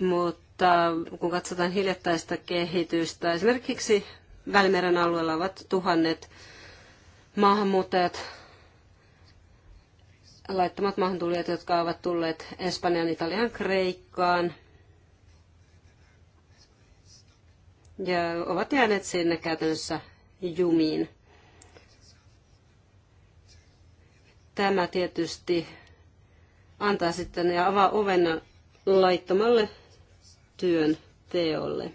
mutta kun katsotaan hiljattaista kehitystä, esimerkiksi Välimeren alueella ovat tuhannet maahanmuuttajat, laittomat maahantulijat, jotka ovat tulleet Espanjan, Italian, Kreikkaan ja ovat jääneet sinne käytännössä jumiin. Tämä tietysti antaa sitten ja avaa oven laittomalle työn teolle.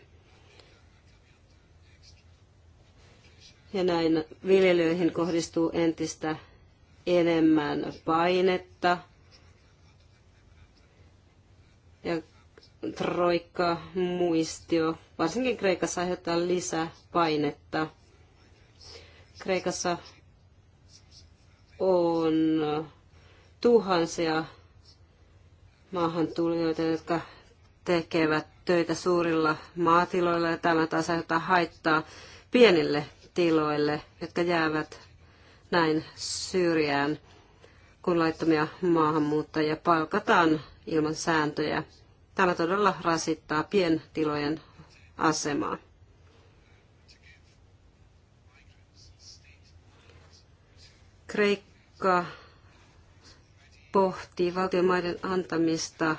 Ja näin viljelyihin kohdistuu entistä enemmän painetta. Ja troikka, muistio, varsinkin Kreikassa aiheuttaa lisää painetta. Kreikassa on tuhansia maahantulijoita, jotka tekevät töitä suurilla maatiloilla ja tämä taas aiheuttaa haittaa pienille tiloille, jotka jäävät näin syrjään, kun laittomia maahanmuuttajia palkataan ilman sääntöjä. Tämä todella rasittaa pientilojen asemaa. Kreikka pohtii valtionmaiden antamista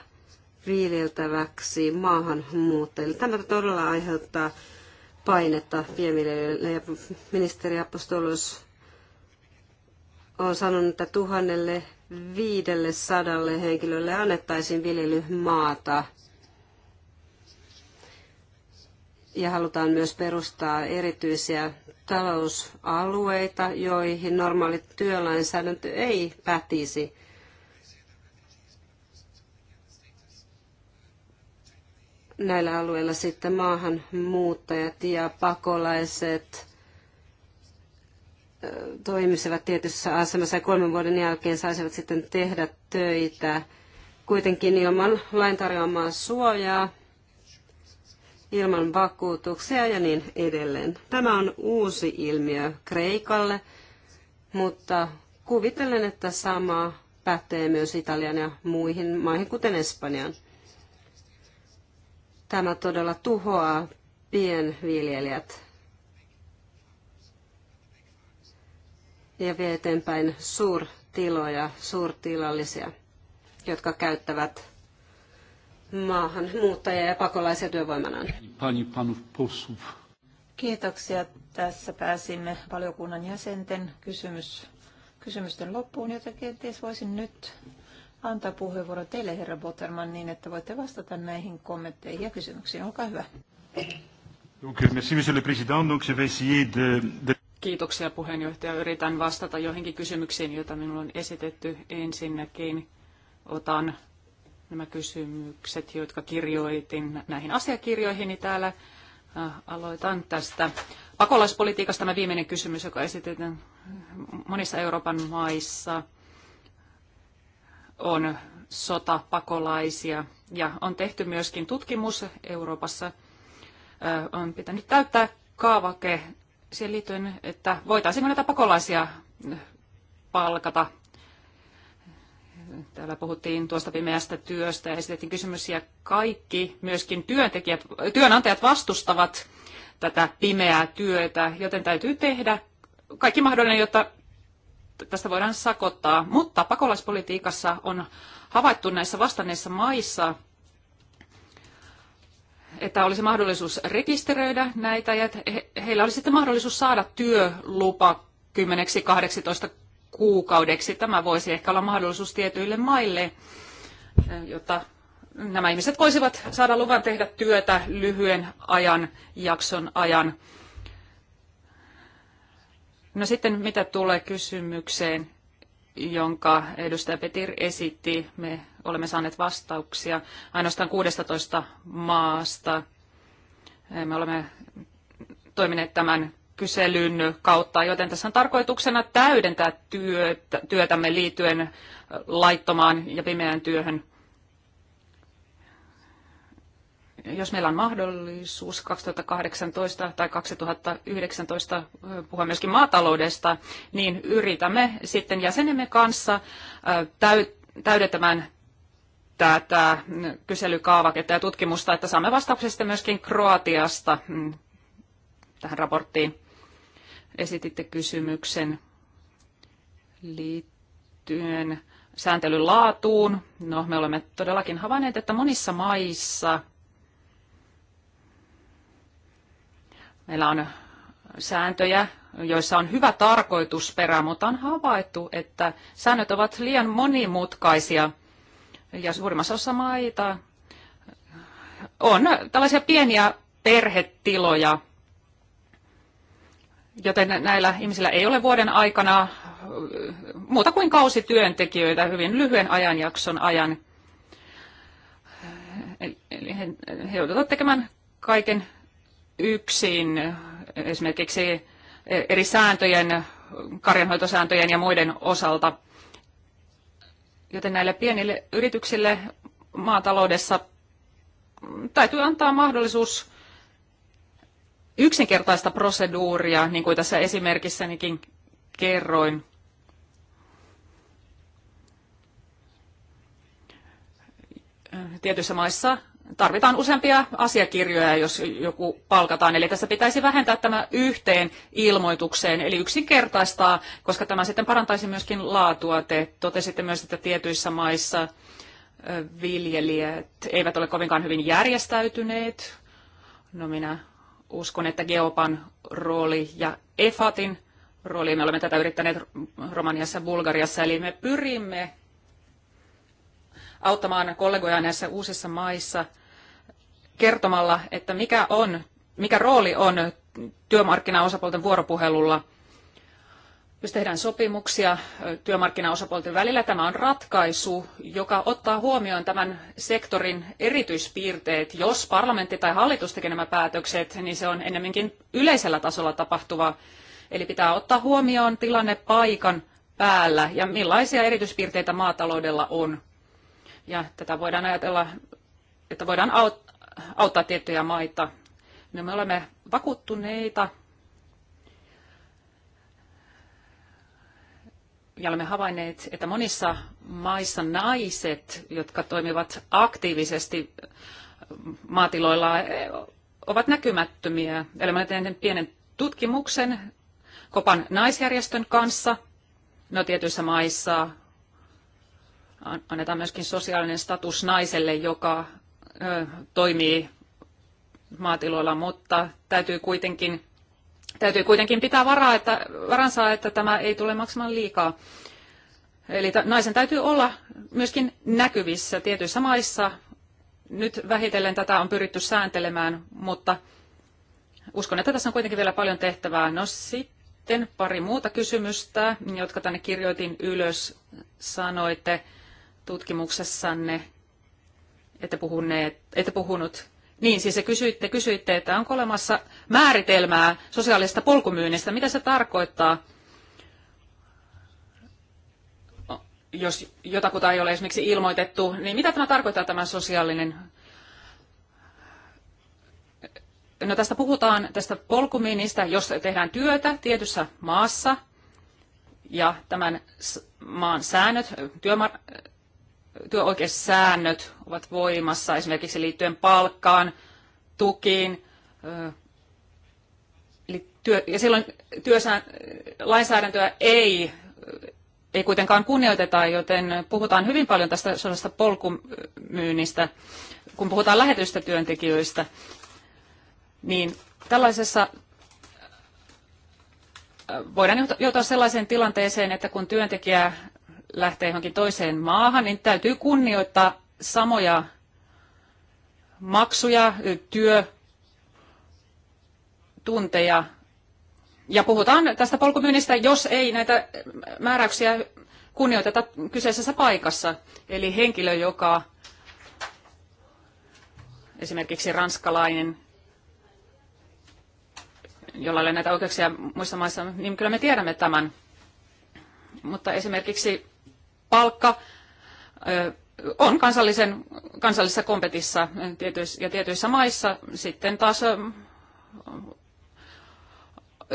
viljeltäväksi maahanmuuttajille. Tämä todella aiheuttaa painetta pienviljelijöille. Ja ministeri Apostolus on sanonut, että tuhannelle viidelle sadalle henkilölle annettaisiin viljelymaata. Ja halutaan myös perustaa erityisiä talousalueita, joihin normaali työlainsäädäntö ei pätisi. näillä alueilla sitten maahanmuuttajat ja pakolaiset toimisivat tietyssä asemassa ja kolmen vuoden jälkeen saisivat sitten tehdä töitä kuitenkin ilman lain tarjoamaa suojaa, ilman vakuutuksia ja niin edelleen. Tämä on uusi ilmiö Kreikalle, mutta kuvitellen, että sama pätee myös Italian ja muihin maihin, kuten Espanjan. Tämä todella tuhoaa pienviljelijät ja vie eteenpäin suurtiloja, suurtilallisia, jotka käyttävät maahan muuttajia ja pakolaisia työvoimanaan. Kiitoksia. Tässä pääsimme valiokunnan jäsenten kysymys, kysymysten loppuun, joten kenties voisin nyt antaa puheenvuoro teille, herra Botterman, niin että voitte vastata näihin kommentteihin ja kysymyksiin. Olkaa hyvä. Euh, Kiitoksia puheenjohtaja. Yritän vastata joihinkin kysymyksiin, joita minulla on esitetty. Ensinnäkin otan nämä kysymykset, jotka kirjoitin näihin asiakirjoihin niin täällä. Äh, aloitan tästä pakolaispolitiikasta. Tämä viimeinen kysymys, joka esitetään monissa Euroopan maissa – on sotapakolaisia. Ja on tehty myöskin tutkimus Euroopassa, on pitänyt täyttää kaavake siihen liittyen, että voitaisiinko näitä pakolaisia palkata. Täällä puhuttiin tuosta pimeästä työstä ja esitettiin kysymyksiä. Kaikki, myöskin työntekijät, työnantajat vastustavat tätä pimeää työtä, joten täytyy tehdä kaikki mahdollinen, jotta tästä voidaan sakottaa, mutta pakolaispolitiikassa on havaittu näissä vastanneissa maissa, että olisi mahdollisuus rekisteröidä näitä ja heillä olisi sitten mahdollisuus saada työlupa 10-18 kuukaudeksi. Tämä voisi ehkä olla mahdollisuus tietyille maille, jotta nämä ihmiset voisivat saada luvan tehdä työtä lyhyen ajan jakson ajan No sitten mitä tulee kysymykseen, jonka edustaja Petir esitti, me olemme saaneet vastauksia ainoastaan 16 maasta. Me olemme toimineet tämän kyselyn kautta, joten tässä on tarkoituksena täydentää työtä, työtämme liittyen laittomaan ja pimeään työhön. jos meillä on mahdollisuus 2018 tai 2019 puhua myöskin maataloudesta, niin yritämme sitten jäsenemme kanssa täydentämään tätä kyselykaavaketta ja tutkimusta, että saamme vastauksia sitten myöskin Kroatiasta mm, tähän raporttiin. Esititte kysymyksen liittyen sääntelyn laatuun. No, me olemme todellakin havainneet, että monissa maissa – Meillä on sääntöjä, joissa on hyvä tarkoitusperä, mutta on havaittu, että säännöt ovat liian monimutkaisia ja suurimmassa osassa maita on tällaisia pieniä perhetiloja, joten näillä ihmisillä ei ole vuoden aikana muuta kuin kausityöntekijöitä hyvin lyhyen ajanjakson ajan. Eli he joutuvat tekemään kaiken yksin esimerkiksi eri sääntöjen, karjanhoitosääntöjen ja muiden osalta. Joten näille pienille yrityksille maataloudessa täytyy antaa mahdollisuus yksinkertaista proseduuria, niin kuin tässä esimerkissänikin kerroin. Tietyissä maissa tarvitaan useampia asiakirjoja, jos joku palkataan. Eli tässä pitäisi vähentää tämä yhteen ilmoitukseen, eli yksinkertaistaa, koska tämä sitten parantaisi myöskin laatua. Te totesitte myös, että tietyissä maissa viljelijät eivät ole kovinkaan hyvin järjestäytyneet. No minä uskon, että Geopan rooli ja EFATin rooli, me olemme tätä yrittäneet Romaniassa ja Bulgariassa, eli me pyrimme auttamaan kollegoja näissä uusissa maissa kertomalla, että mikä, on, mikä rooli on työmarkkinaosapuolten vuoropuhelulla. Jos tehdään sopimuksia työmarkkinaosapuolten välillä, tämä on ratkaisu, joka ottaa huomioon tämän sektorin erityispiirteet. Jos parlamentti tai hallitus tekee nämä päätökset, niin se on ennemminkin yleisellä tasolla tapahtuva. Eli pitää ottaa huomioon tilanne paikan päällä ja millaisia erityispiirteitä maataloudella on. Ja tätä voidaan ajatella, että voidaan auttaa tiettyjä maita. No me olemme vakuuttuneita ja olemme havainneet, että monissa maissa naiset, jotka toimivat aktiivisesti maatiloilla, ovat näkymättömiä. Eli olemme tehneet pienen tutkimuksen Kopan naisjärjestön kanssa. No tietyissä maissa annetaan myöskin sosiaalinen status naiselle, joka toimii maatiloilla, mutta täytyy kuitenkin, täytyy kuitenkin pitää varaa, että, varansa, että tämä ei tule maksamaan liikaa. Eli naisen täytyy olla myöskin näkyvissä tietyissä maissa. Nyt vähitellen tätä on pyritty sääntelemään, mutta uskon, että tässä on kuitenkin vielä paljon tehtävää. No sitten pari muuta kysymystä, jotka tänne kirjoitin ylös. Sanoitte, tutkimuksessanne, että, puhuneet, että puhunut niin, siis se kysyitte, kysyitte, että onko olemassa määritelmää sosiaalisesta polkumyynnistä. Mitä se tarkoittaa, jos jotakuta ei ole esimerkiksi ilmoitettu, niin mitä tämä tarkoittaa tämä sosiaalinen? No tästä puhutaan, tästä polkumyynnistä, jos tehdään työtä tietyssä maassa ja tämän maan säännöt, työmar- työoikeussäännöt ovat voimassa esimerkiksi liittyen palkkaan, tukiin. Eli työ, ja silloin työsään, lainsäädäntöä ei, ei kuitenkaan kunnioiteta, joten puhutaan hyvin paljon tästä sellaista polkumyynnistä, kun puhutaan lähetystä työntekijöistä. Niin tällaisessa voidaan joutua sellaiseen tilanteeseen, että kun työntekijä lähtee johonkin toiseen maahan, niin täytyy kunnioittaa samoja maksuja, työtunteja Ja puhutaan tästä polkumyynnistä, jos ei näitä määräyksiä kunnioiteta kyseisessä paikassa. Eli henkilö, joka esimerkiksi ranskalainen, jolla ei näitä oikeuksia muissa maissa, niin kyllä me tiedämme tämän. Mutta esimerkiksi palkka on kansallisen, kansallisessa kompetissa ja tietyissä maissa sitten taas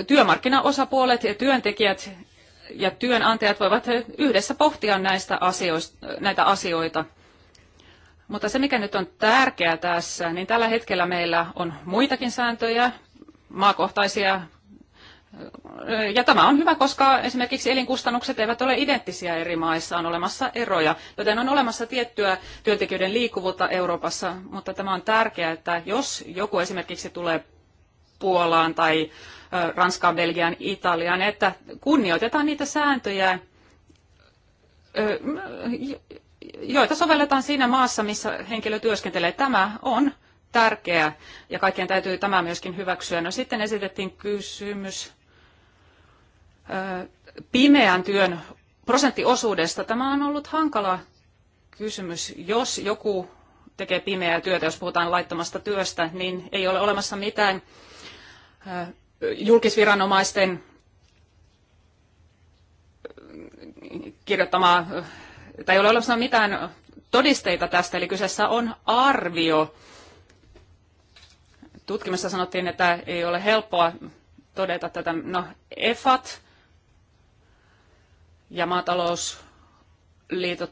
työmarkkinaosapuolet ja työntekijät ja työnantajat voivat yhdessä pohtia näistä asioista, näitä asioita. Mutta se, mikä nyt on tärkeää tässä, niin tällä hetkellä meillä on muitakin sääntöjä, maakohtaisia ja tämä on hyvä, koska esimerkiksi elinkustannukset eivät ole identtisiä eri maissa, on olemassa eroja, joten on olemassa tiettyä työntekijöiden liikkuvuutta Euroopassa, mutta tämä on tärkeää, että jos joku esimerkiksi tulee Puolaan tai Ranskaan, Belgiaan, Italiaan, että kunnioitetaan niitä sääntöjä, joita sovelletaan siinä maassa, missä henkilö työskentelee. Tämä on tärkeää ja kaikkien täytyy tämä myöskin hyväksyä. No sitten esitettiin kysymys pimeän työn prosenttiosuudesta. Tämä on ollut hankala kysymys. Jos joku tekee pimeää työtä, jos puhutaan laittomasta työstä, niin ei ole olemassa mitään julkisviranomaisten kirjoittamaa, tai ei ole olemassa mitään todisteita tästä, eli kyseessä on arvio. tutkimuksessa sanottiin, että ei ole helppoa todeta tätä. No, EFAT ja maatalousliitot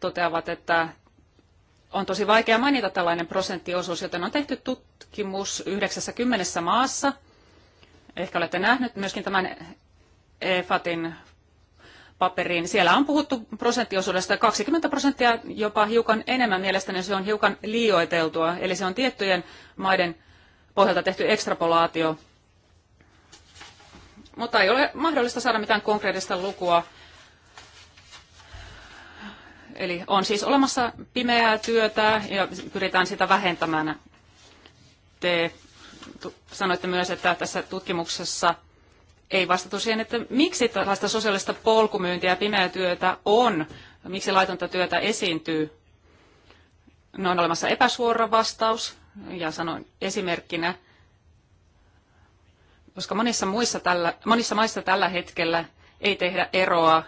toteavat, että on tosi vaikea mainita tällainen prosenttiosuus, joten on tehty tutkimus 90 maassa. Ehkä olette nähneet myöskin tämän EFATin paperin Siellä on puhuttu prosenttiosuudesta 20 prosenttia, jopa hiukan enemmän. Mielestäni se on hiukan liioiteltua, eli se on tiettyjen maiden pohjalta tehty ekstrapolaatio. Mutta ei ole mahdollista saada mitään konkreettista lukua Eli on siis olemassa pimeää työtä ja pyritään sitä vähentämään. Te sanoitte myös, että tässä tutkimuksessa ei vastattu siihen, että miksi tällaista sosiaalista polkumyyntiä ja pimeää työtä on, miksi laitonta työtä esiintyy. No on olemassa epäsuora vastaus, ja sanon esimerkkinä, koska monissa, muissa tällä, monissa maissa tällä hetkellä ei tehdä eroa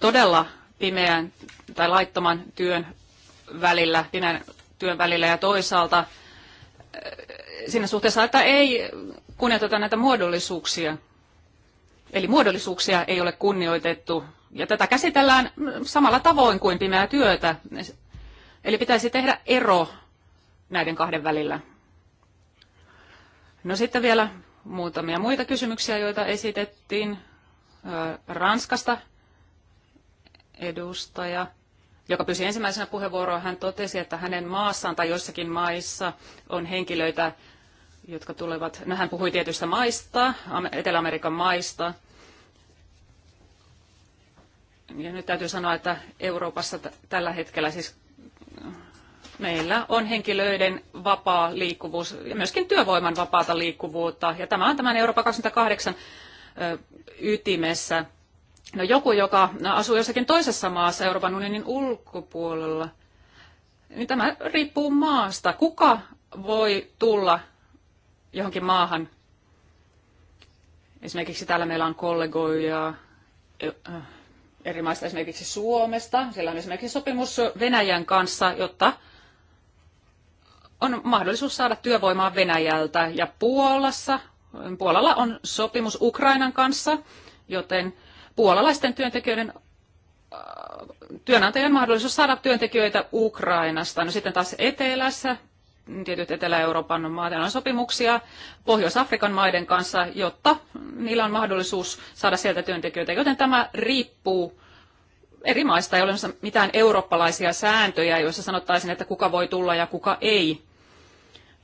todella pimeän tai laittoman työn välillä, pimeän työn välillä ja toisaalta eh, siinä suhteessa, että ei kunnioiteta näitä muodollisuuksia. Eli muodollisuuksia ei ole kunnioitettu. Ja tätä käsitellään samalla tavoin kuin pimeää työtä. Eli pitäisi tehdä ero näiden kahden välillä. No sitten vielä muutamia muita kysymyksiä, joita esitettiin eh, Ranskasta edustaja, joka pyysi ensimmäisenä puheenvuoroa, hän totesi, että hänen maassaan tai joissakin maissa on henkilöitä, jotka tulevat, no hän puhui tietystä maista, Etelä-Amerikan maista. Ja nyt täytyy sanoa, että Euroopassa tällä hetkellä siis meillä on henkilöiden vapaa liikkuvuus ja myöskin työvoiman vapaata liikkuvuutta. Ja tämä on tämän Euroopan 28 ytimessä. No joku, joka asuu jossakin toisessa maassa Euroopan unionin ulkopuolella, niin tämä riippuu maasta. Kuka voi tulla johonkin maahan? Esimerkiksi täällä meillä on kollegoja eh, eh, eri maista, esimerkiksi Suomesta. Siellä on esimerkiksi sopimus Venäjän kanssa, jotta on mahdollisuus saada työvoimaa Venäjältä. Ja Puolassa, Puolalla on sopimus Ukrainan kanssa, joten – puolalaisten työntekijöiden äh, työnantajien mahdollisuus saada työntekijöitä Ukrainasta. No sitten taas etelässä, tietyt Etelä-Euroopan maat on sopimuksia Pohjois-Afrikan maiden kanssa, jotta niillä on mahdollisuus saada sieltä työntekijöitä, joten tämä riippuu eri maista. Ei ole mitään eurooppalaisia sääntöjä, joissa sanottaisiin, että kuka voi tulla ja kuka ei.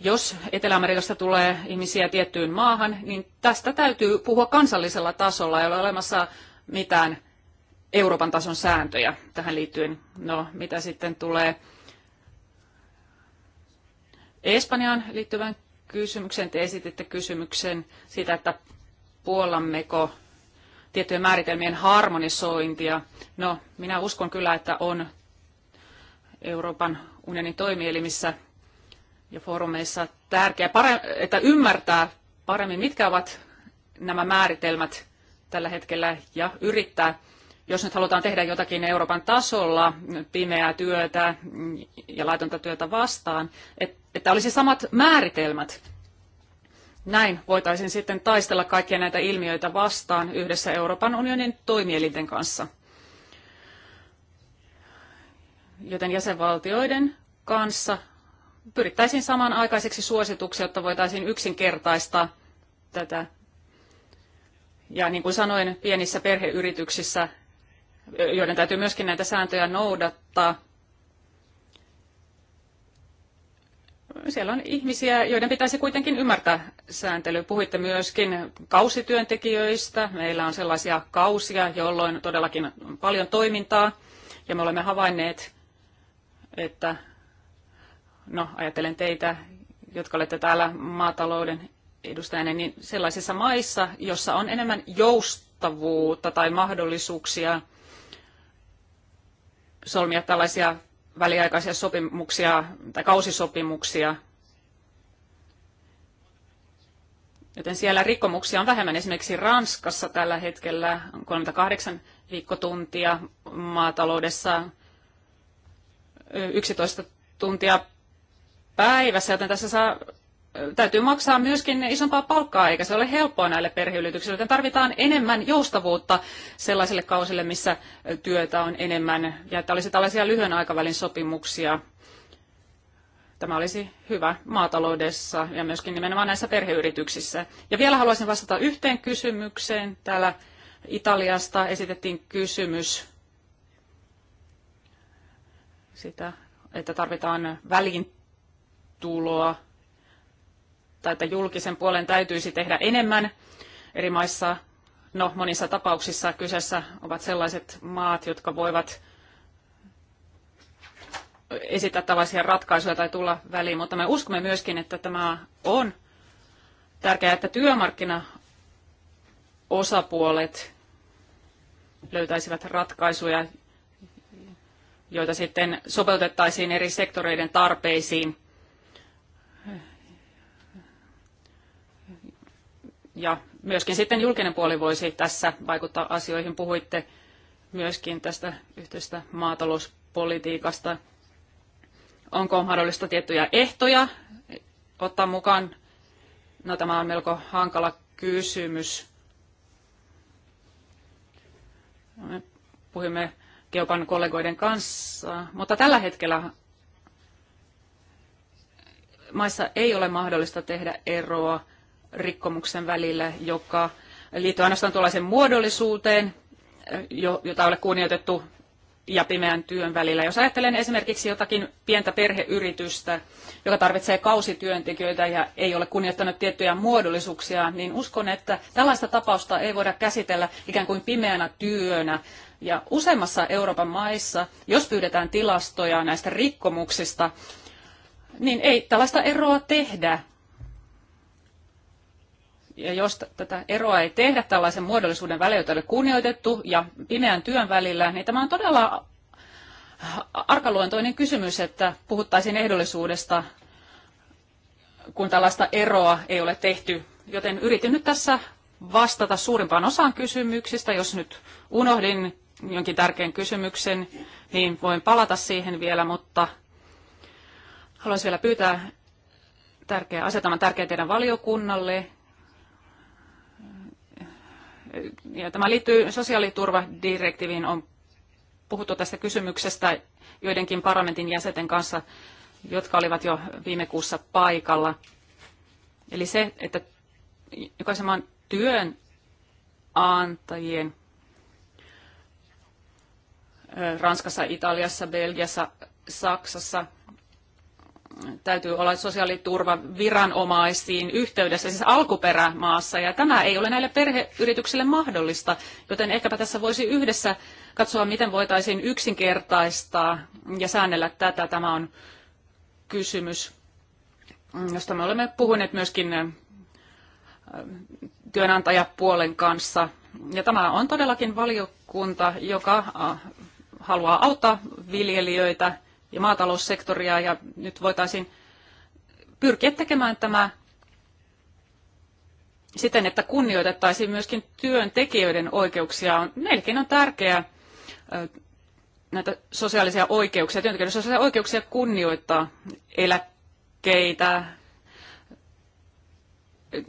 Jos Etelä-Amerikasta tulee ihmisiä tiettyyn maahan, niin tästä täytyy puhua kansallisella tasolla. Ei ole olemassa mitään Euroopan tason sääntöjä tähän liittyen. No, mitä sitten tulee Espanjaan liittyvän kysymykseen te esititte kysymyksen siitä, että puollammeko tiettyjen määritelmien harmonisointia. No, minä uskon kyllä, että on Euroopan unionin toimielimissä ja foorumeissa tärkeää, että ymmärtää paremmin, mitkä ovat nämä määritelmät tällä hetkellä ja yrittää, jos nyt halutaan tehdä jotakin Euroopan tasolla pimeää työtä ja laitonta työtä vastaan, että olisi samat määritelmät. Näin voitaisiin sitten taistella kaikkia näitä ilmiöitä vastaan yhdessä Euroopan unionin toimielinten kanssa. Joten jäsenvaltioiden kanssa pyrittäisiin samanaikaiseksi suosituksia, jotta voitaisiin yksinkertaistaa tätä ja niin kuin sanoin, pienissä perheyrityksissä, joiden täytyy myöskin näitä sääntöjä noudattaa, siellä on ihmisiä, joiden pitäisi kuitenkin ymmärtää sääntely. Puhuitte myöskin kausityöntekijöistä. Meillä on sellaisia kausia, jolloin todellakin on paljon toimintaa. Ja me olemme havainneet, että, no ajattelen teitä, jotka olette täällä maatalouden edustajana, niin sellaisissa maissa, jossa on enemmän joustavuutta tai mahdollisuuksia solmia tällaisia väliaikaisia sopimuksia tai kausisopimuksia, Joten siellä rikkomuksia on vähemmän. Esimerkiksi Ranskassa tällä hetkellä on 38 viikkotuntia maataloudessa 11 tuntia päivässä, joten tässä saa täytyy maksaa myöskin isompaa palkkaa, eikä se ole helppoa näille perheyrityksille, joten tarvitaan enemmän joustavuutta sellaisille kausille, missä työtä on enemmän, ja että olisi tällaisia lyhyen aikavälin sopimuksia. Tämä olisi hyvä maataloudessa ja myöskin nimenomaan näissä perheyrityksissä. Ja vielä haluaisin vastata yhteen kysymykseen. Täällä Italiasta esitettiin kysymys sitä, että tarvitaan väliintuloa tai että julkisen puolen täytyisi tehdä enemmän eri maissa. No, monissa tapauksissa kyseessä ovat sellaiset maat, jotka voivat esittää tällaisia ratkaisuja tai tulla väliin, mutta me uskomme myöskin, että tämä on tärkeää, että työmarkkinaosapuolet löytäisivät ratkaisuja, joita sitten sopeutettaisiin eri sektoreiden tarpeisiin. Ja myöskin sitten julkinen puoli voisi tässä vaikuttaa asioihin. Puhuitte myöskin tästä yhteistä maatalouspolitiikasta. Onko mahdollista tiettyjä ehtoja ottaa mukaan? No tämä on melko hankala kysymys. Me puhumme Keopan kollegoiden kanssa, mutta tällä hetkellä maissa ei ole mahdollista tehdä eroa rikkomuksen välillä, joka liittyy ainoastaan tuollaiseen muodollisuuteen, jota ei ole kunnioitettu ja pimeän työn välillä. Jos ajattelen esimerkiksi jotakin pientä perheyritystä, joka tarvitsee kausityöntekijöitä ja ei ole kunnioittanut tiettyjä muodollisuuksia, niin uskon, että tällaista tapausta ei voida käsitellä ikään kuin pimeänä työnä. Ja useimmassa Euroopan maissa, jos pyydetään tilastoja näistä rikkomuksista, niin ei tällaista eroa tehdä. Ja jos tätä eroa ei tehdä tällaisen muodollisuuden välillä, jota ei ole kunnioitettu, ja pimeän työn välillä, niin tämä on todella arkaluontoinen kysymys, että puhuttaisiin ehdollisuudesta, kun tällaista eroa ei ole tehty. Joten yritin nyt tässä vastata suurimpaan osaan kysymyksistä. Jos nyt unohdin jonkin tärkeän kysymyksen, niin voin palata siihen vielä, mutta haluaisin vielä pyytää tärkeä, asetelman tärkeä teidän valiokunnalle ja tämä liittyy sosiaaliturvadirektiiviin, on puhuttu tästä kysymyksestä joidenkin parlamentin jäsenten kanssa, jotka olivat jo viime kuussa paikalla. Eli se, että jokaisen maan työnantajien Ranskassa, Italiassa, Belgiassa, Saksassa – täytyy olla sosiaaliturvaviranomaisiin yhteydessä, siis alkuperämaassa, ja tämä ei ole näille perheyrityksille mahdollista, joten ehkäpä tässä voisi yhdessä katsoa, miten voitaisiin yksinkertaistaa ja säännellä tätä. Tämä on kysymys, josta me olemme puhuneet myöskin äh, työnantajapuolen kanssa. Ja tämä on todellakin valiokunta, joka äh, haluaa auttaa viljelijöitä – ja maataloussektoria ja nyt voitaisiin pyrkiä tekemään tämä siten, että kunnioitettaisiin myöskin työntekijöiden oikeuksia. Meillekin on tärkeää näitä sosiaalisia oikeuksia, työntekijöiden sosiaalisia oikeuksia kunnioittaa eläkkeitä.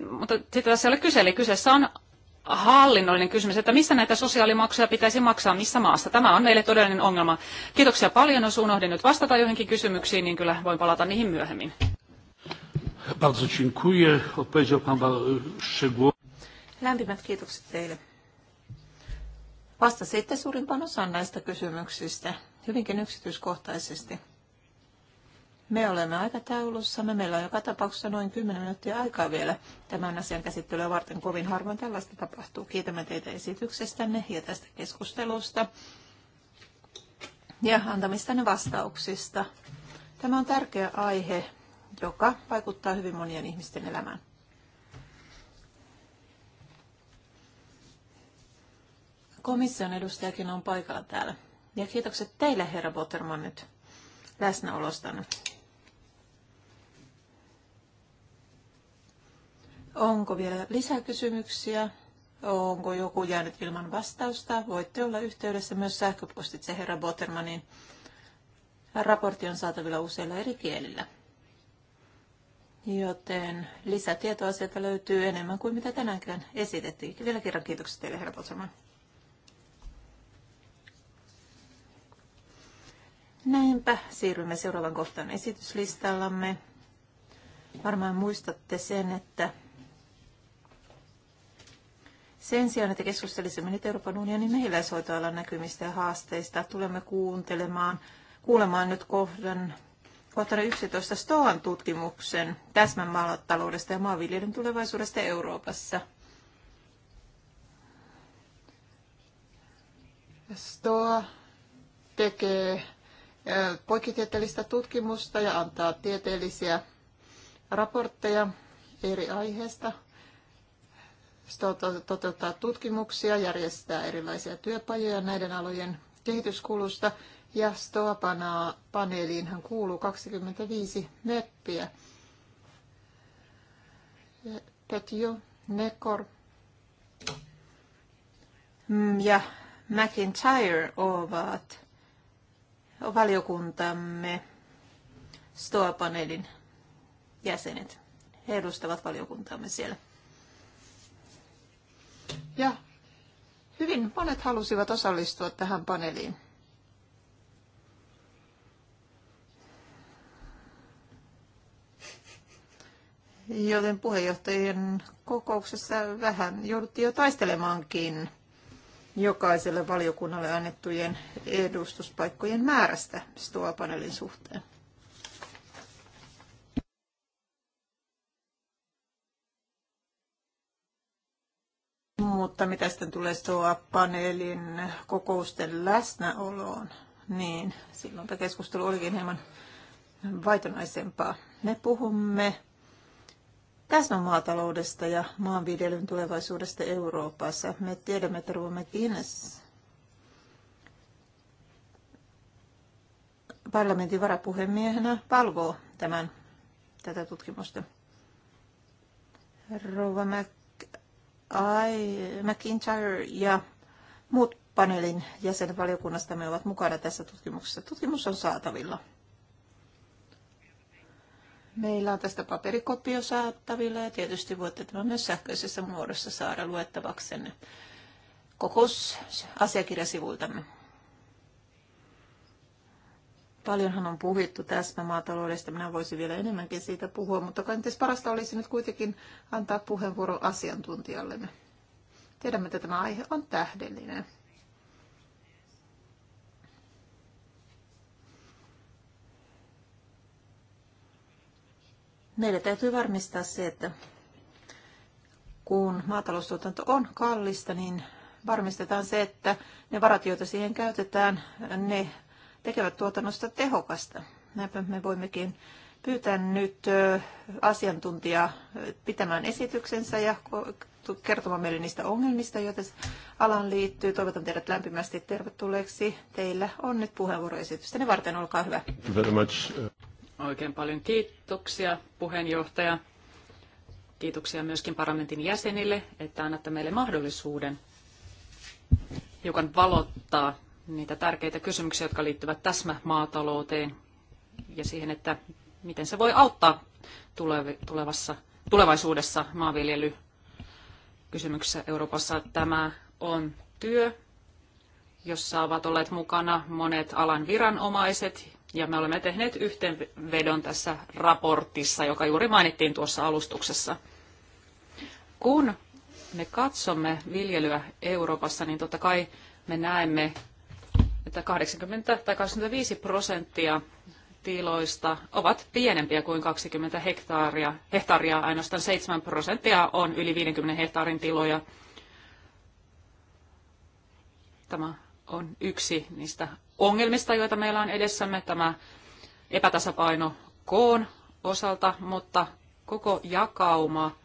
Mutta sitten tässä ei ole kyse, eli kyseessä on hallinnollinen kysymys, että missä näitä sosiaalimaksuja pitäisi maksaa, missä maassa. Tämä on meille todellinen ongelma. Kiitoksia paljon, jos unohdin nyt vastata joihinkin kysymyksiin, niin kyllä voin palata niihin myöhemmin. Bardzo dziękuję. Odpowiedział pan Lämpimät kiitokset teille. Vastasitte suurimpaan osaan näistä kysymyksistä hyvinkin yksityiskohtaisesti. Me olemme aikataulussamme. Meillä on joka tapauksessa noin 10 minuuttia aikaa vielä tämän asian käsittelyä varten. Kovin harvoin tällaista tapahtuu. Kiitämme teitä esityksestänne ja tästä keskustelusta ja antamistanne vastauksista. Tämä on tärkeä aihe, joka vaikuttaa hyvin monien ihmisten elämään. Komission edustajakin on paikalla täällä. Ja kiitokset teille, herra Botterman, nyt läsnäolostanne. Onko vielä lisäkysymyksiä? Onko joku jäänyt ilman vastausta? Voitte olla yhteydessä myös sähköpostitse herra Bottermanin. Raportti on saatavilla useilla eri kielillä. Joten lisätietoa sieltä löytyy enemmän kuin mitä tänäänkään esitettiin. Vielä kerran kiitokset teille, herra Botterman. Näinpä siirrymme seuraavan kohtaan esityslistallamme. Varmaan muistatte sen, että sen sijaan, että keskustelisimme nyt Euroopan unionin mehiläishoitoalan näkymistä ja haasteista, tulemme kuuntelemaan, kuulemaan nyt kohdan kohtana 11 Stoan tutkimuksen maataloudesta ja maanviljelyn tulevaisuudesta Euroopassa. Stoa tekee poikitieteellistä tutkimusta ja antaa tieteellisiä raportteja eri aiheista toteuttaa tutkimuksia, järjestää erilaisia työpajoja näiden alojen kehityskulusta. Ja STOA-paneeliinhan kuuluu 25 meppiä. Petju, Nekor ja McIntyre ovat valiokuntamme STOA-paneelin jäsenet. He edustavat valiokuntaamme siellä. Ja hyvin monet halusivat osallistua tähän paneeliin. Joten puheenjohtajien kokouksessa vähän jouduttiin jo taistelemaankin jokaiselle valiokunnalle annettujen edustuspaikkojen määrästä Stoa-panelin suhteen. Mutta mitä sitten tulee tuo paneelin kokousten läsnäoloon, niin silloin tämä keskustelu olikin hieman vaitonaisempaa. Me puhumme täsmämaataloudesta ja maanviljelyn tulevaisuudesta Euroopassa. Me tiedämme, että ruvamme Kiinassa parlamentin varapuhemiehenä palvoo tämän, tätä tutkimusta. Rouva Mac Ai, McIntyre ja muut paneelin jäsenvaliokunnasta me ovat mukana tässä tutkimuksessa. Tutkimus on saatavilla. Meillä on tästä paperikopio saatavilla ja tietysti voitte tämän myös sähköisessä muodossa saada luettavaksenne kokous asiakirjasivuiltamme. Paljonhan on puhuttu täsmämaataloudesta, minä voisin vielä enemmänkin siitä puhua, mutta kenties parasta olisi nyt kuitenkin antaa puheenvuoro asiantuntijallemme. Tiedämme, että tämä aihe on tähdellinen. Meidän täytyy varmistaa se, että kun maataloustuotanto on kallista, niin varmistetaan se, että ne varat, joita siihen käytetään, ne tekevät tuotannosta tehokasta. Näinpä me voimmekin pyytää nyt asiantuntijaa pitämään esityksensä ja kertomaan meille niistä ongelmista, joita alan liittyy. Toivotan teidät lämpimästi tervetulleeksi. Teillä on nyt puheenvuoroesitys. Tänne varten olkaa hyvä. Very much. Uh, Oikein paljon kiitoksia puheenjohtaja. Kiitoksia myöskin parlamentin jäsenille, että annatte meille mahdollisuuden hiukan valottaa niitä tärkeitä kysymyksiä, jotka liittyvät täsmämaatalouteen ja siihen, että miten se voi auttaa tulevassa, tulevaisuudessa maanviljelykysymyksessä Euroopassa. Tämä on työ, jossa ovat olleet mukana monet alan viranomaiset, ja me olemme tehneet yhteenvedon tässä raportissa, joka juuri mainittiin tuossa alustuksessa. Kun me katsomme viljelyä Euroopassa, niin totta kai me näemme että 80 tai 25 prosenttia tiloista ovat pienempiä kuin 20 hehtaaria. hehtaaria ainoastaan 7 prosenttia on yli 50 hehtaarin tiloja. Tämä on yksi niistä ongelmista, joita meillä on edessämme, tämä epätasapaino koon osalta, mutta koko jakauma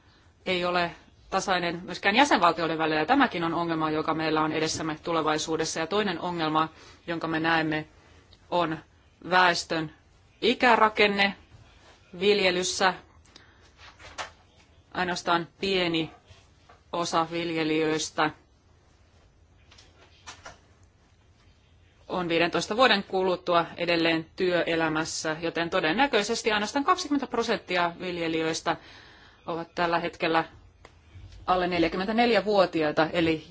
ei ole tasainen myöskään jäsenvaltioiden välillä. Ja tämäkin on ongelma, joka meillä on edessämme tulevaisuudessa. Ja toinen ongelma, jonka me näemme, on väestön ikärakenne viljelyssä. Ainoastaan pieni osa viljelijöistä on 15 vuoden kuluttua edelleen työelämässä, joten todennäköisesti ainoastaan 20 prosenttia viljelijöistä ovat tällä hetkellä alle 44-vuotiaita. Eli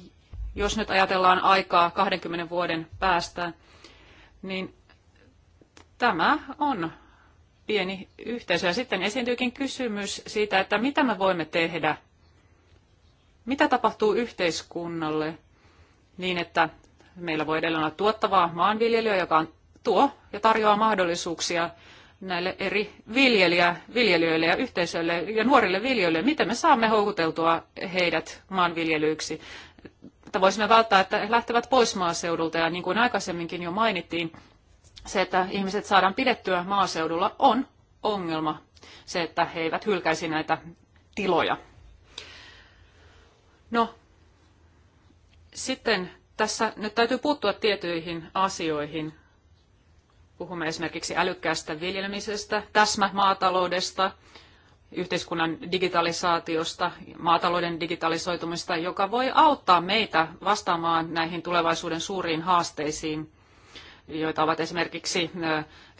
jos nyt ajatellaan aikaa 20 vuoden päästä, niin tämä on pieni yhteisö. Ja sitten esiintyykin kysymys siitä, että mitä me voimme tehdä, mitä tapahtuu yhteiskunnalle niin, että meillä voi edelleen olla tuottavaa maanviljelyä, joka tuo ja tarjoaa mahdollisuuksia näille eri viljelijä, viljelijöille ja yhteisöille ja nuorille viljelijöille, miten me saamme houkuteltua heidät maanviljelyiksi. Että voisimme välttää, että he lähtevät pois maaseudulta ja niin kuin aikaisemminkin jo mainittiin, se, että ihmiset saadaan pidettyä maaseudulla on ongelma. Se, että he eivät hylkäisi näitä tiloja. No, sitten tässä nyt täytyy puuttua tietyihin asioihin. Puhumme esimerkiksi älykkäästä viljelemisestä, täsmämaataloudesta, yhteiskunnan digitalisaatiosta, maatalouden digitalisoitumista, joka voi auttaa meitä vastaamaan näihin tulevaisuuden suuriin haasteisiin, joita ovat esimerkiksi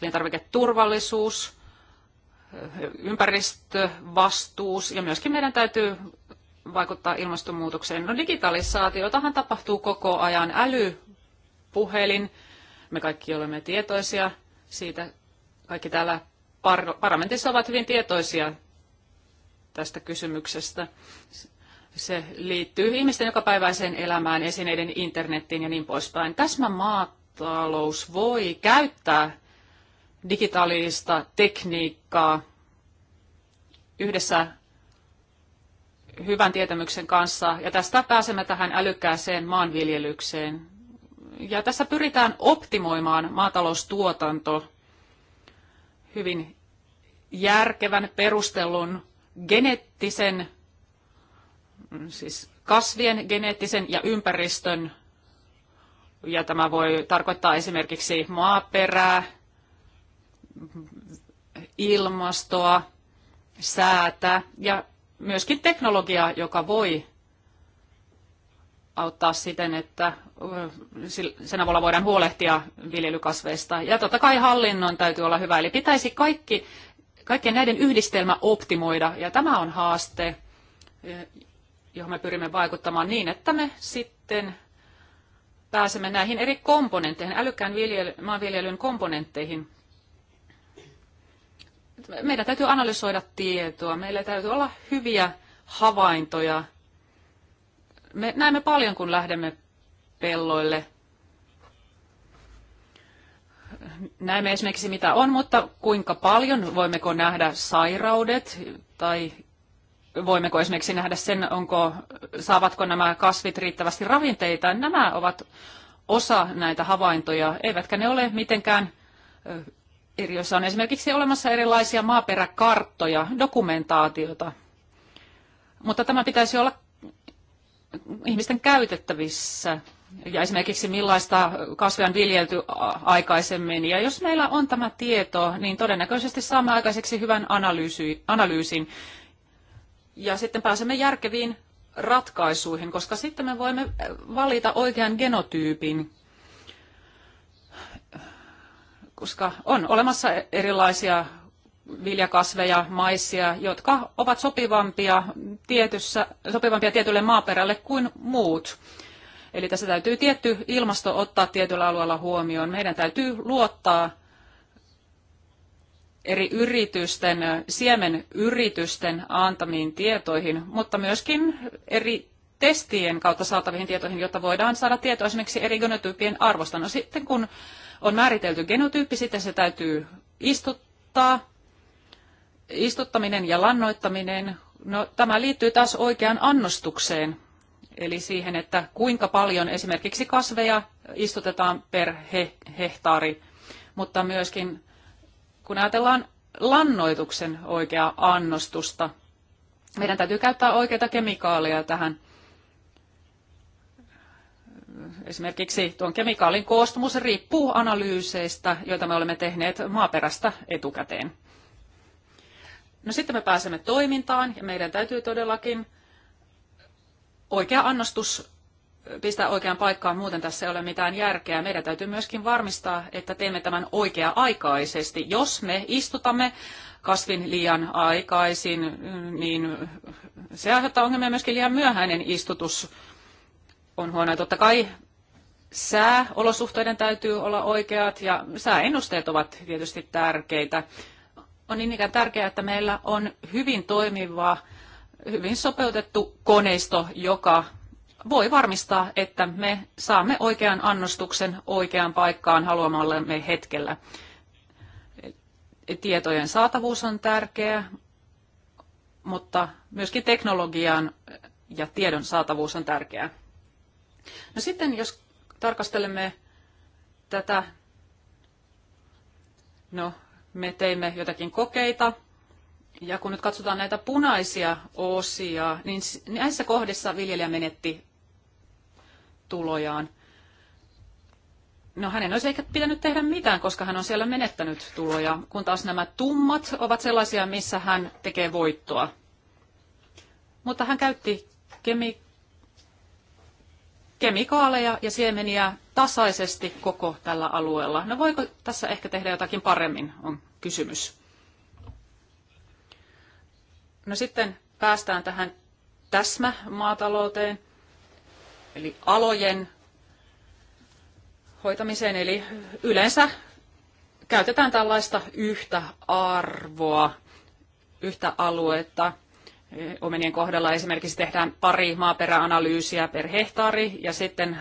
elintarviketurvallisuus, ympäristövastuus ja myöskin meidän täytyy vaikuttaa ilmastonmuutokseen. No digitalisaatiotahan tapahtuu koko ajan. Älypuhelin, me kaikki olemme tietoisia siitä. Kaikki täällä par- parlamentissa ovat hyvin tietoisia tästä kysymyksestä. Se liittyy ihmisten jokapäiväiseen elämään, esineiden internettiin ja niin poispäin. Täsmä maatalous voi käyttää digitaalista tekniikkaa yhdessä hyvän tietämyksen kanssa, ja tästä pääsemme tähän älykkääseen maanviljelykseen ja tässä pyritään optimoimaan maataloustuotanto hyvin järkevän, perustellun, geneettisen, siis kasvien geneettisen ja ympäristön. Ja tämä voi tarkoittaa esimerkiksi maaperää, ilmastoa, säätä ja myöskin teknologiaa, joka voi auttaa siten, että sen avulla voidaan huolehtia viljelykasveista. Ja totta kai hallinnon täytyy olla hyvä, eli pitäisi kaikki, kaikkien näiden yhdistelmä optimoida, ja tämä on haaste, johon me pyrimme vaikuttamaan niin, että me sitten pääsemme näihin eri komponentteihin, älykkään viljely, maanviljelyn komponentteihin. Meidän täytyy analysoida tietoa, meillä täytyy olla hyviä havaintoja – me näemme paljon, kun lähdemme pelloille. Näemme esimerkiksi mitä on, mutta kuinka paljon, voimmeko nähdä sairaudet tai voimmeko esimerkiksi nähdä sen, onko, saavatko nämä kasvit riittävästi ravinteita. Nämä ovat osa näitä havaintoja, eivätkä ne ole mitenkään joissa on esimerkiksi olemassa erilaisia maaperäkarttoja, dokumentaatiota. Mutta tämä pitäisi olla ihmisten käytettävissä ja esimerkiksi millaista kasvia on viljelty aikaisemmin. Ja jos meillä on tämä tieto, niin todennäköisesti saamme aikaiseksi hyvän analyysin ja sitten pääsemme järkeviin ratkaisuihin, koska sitten me voimme valita oikean genotyypin, koska on olemassa erilaisia viljakasveja, maissia, jotka ovat sopivampia, tietyssä, sopivampia tietylle maaperälle kuin muut. Eli tässä täytyy tietty ilmasto ottaa tietyllä alueella huomioon. Meidän täytyy luottaa eri yritysten, yritysten antamiin tietoihin, mutta myöskin eri testien kautta saataviin tietoihin, jotta voidaan saada tietoa esimerkiksi eri genotyyppien arvosta. No sitten kun on määritelty genotyyppi, sitten se täytyy istuttaa istuttaminen ja lannoittaminen, no, tämä liittyy taas oikeaan annostukseen, eli siihen, että kuinka paljon esimerkiksi kasveja istutetaan per he, hehtaari, mutta myöskin kun ajatellaan lannoituksen oikeaa annostusta, meidän täytyy käyttää oikeita kemikaaleja tähän. Esimerkiksi tuon kemikaalin koostumus riippuu analyyseistä, joita me olemme tehneet maaperästä etukäteen. No sitten me pääsemme toimintaan ja meidän täytyy todellakin oikea annostus pistää oikeaan paikkaan, muuten tässä ei ole mitään järkeä. Meidän täytyy myöskin varmistaa, että teemme tämän oikea-aikaisesti. Jos me istutamme kasvin liian aikaisin, niin se aiheuttaa ongelmia myöskin liian myöhäinen istutus on huono. totta kai sääolosuhteiden täytyy olla oikeat ja sääennusteet ovat tietysti tärkeitä on niin ikään tärkeää, että meillä on hyvin toimiva, hyvin sopeutettu koneisto, joka voi varmistaa, että me saamme oikean annostuksen oikeaan paikkaan haluamallemme hetkellä. Tietojen saatavuus on tärkeää, mutta myöskin teknologian ja tiedon saatavuus on tärkeää. No sitten jos tarkastelemme tätä no, me teimme jotakin kokeita. Ja kun nyt katsotaan näitä punaisia osia, niin näissä kohdissa viljelijä menetti tulojaan. No hänen olisi ehkä pitänyt tehdä mitään, koska hän on siellä menettänyt tuloja, kun taas nämä tummat ovat sellaisia, missä hän tekee voittoa. Mutta hän käytti kemik- kemikaaleja ja siemeniä tasaisesti koko tällä alueella. No voiko tässä ehkä tehdä jotakin paremmin, on kysymys. No sitten päästään tähän täsmämaatalouteen, eli alojen hoitamiseen. Eli yleensä käytetään tällaista yhtä arvoa, yhtä aluetta – omenien kohdalla esimerkiksi tehdään pari maaperäanalyysiä per hehtaari ja sitten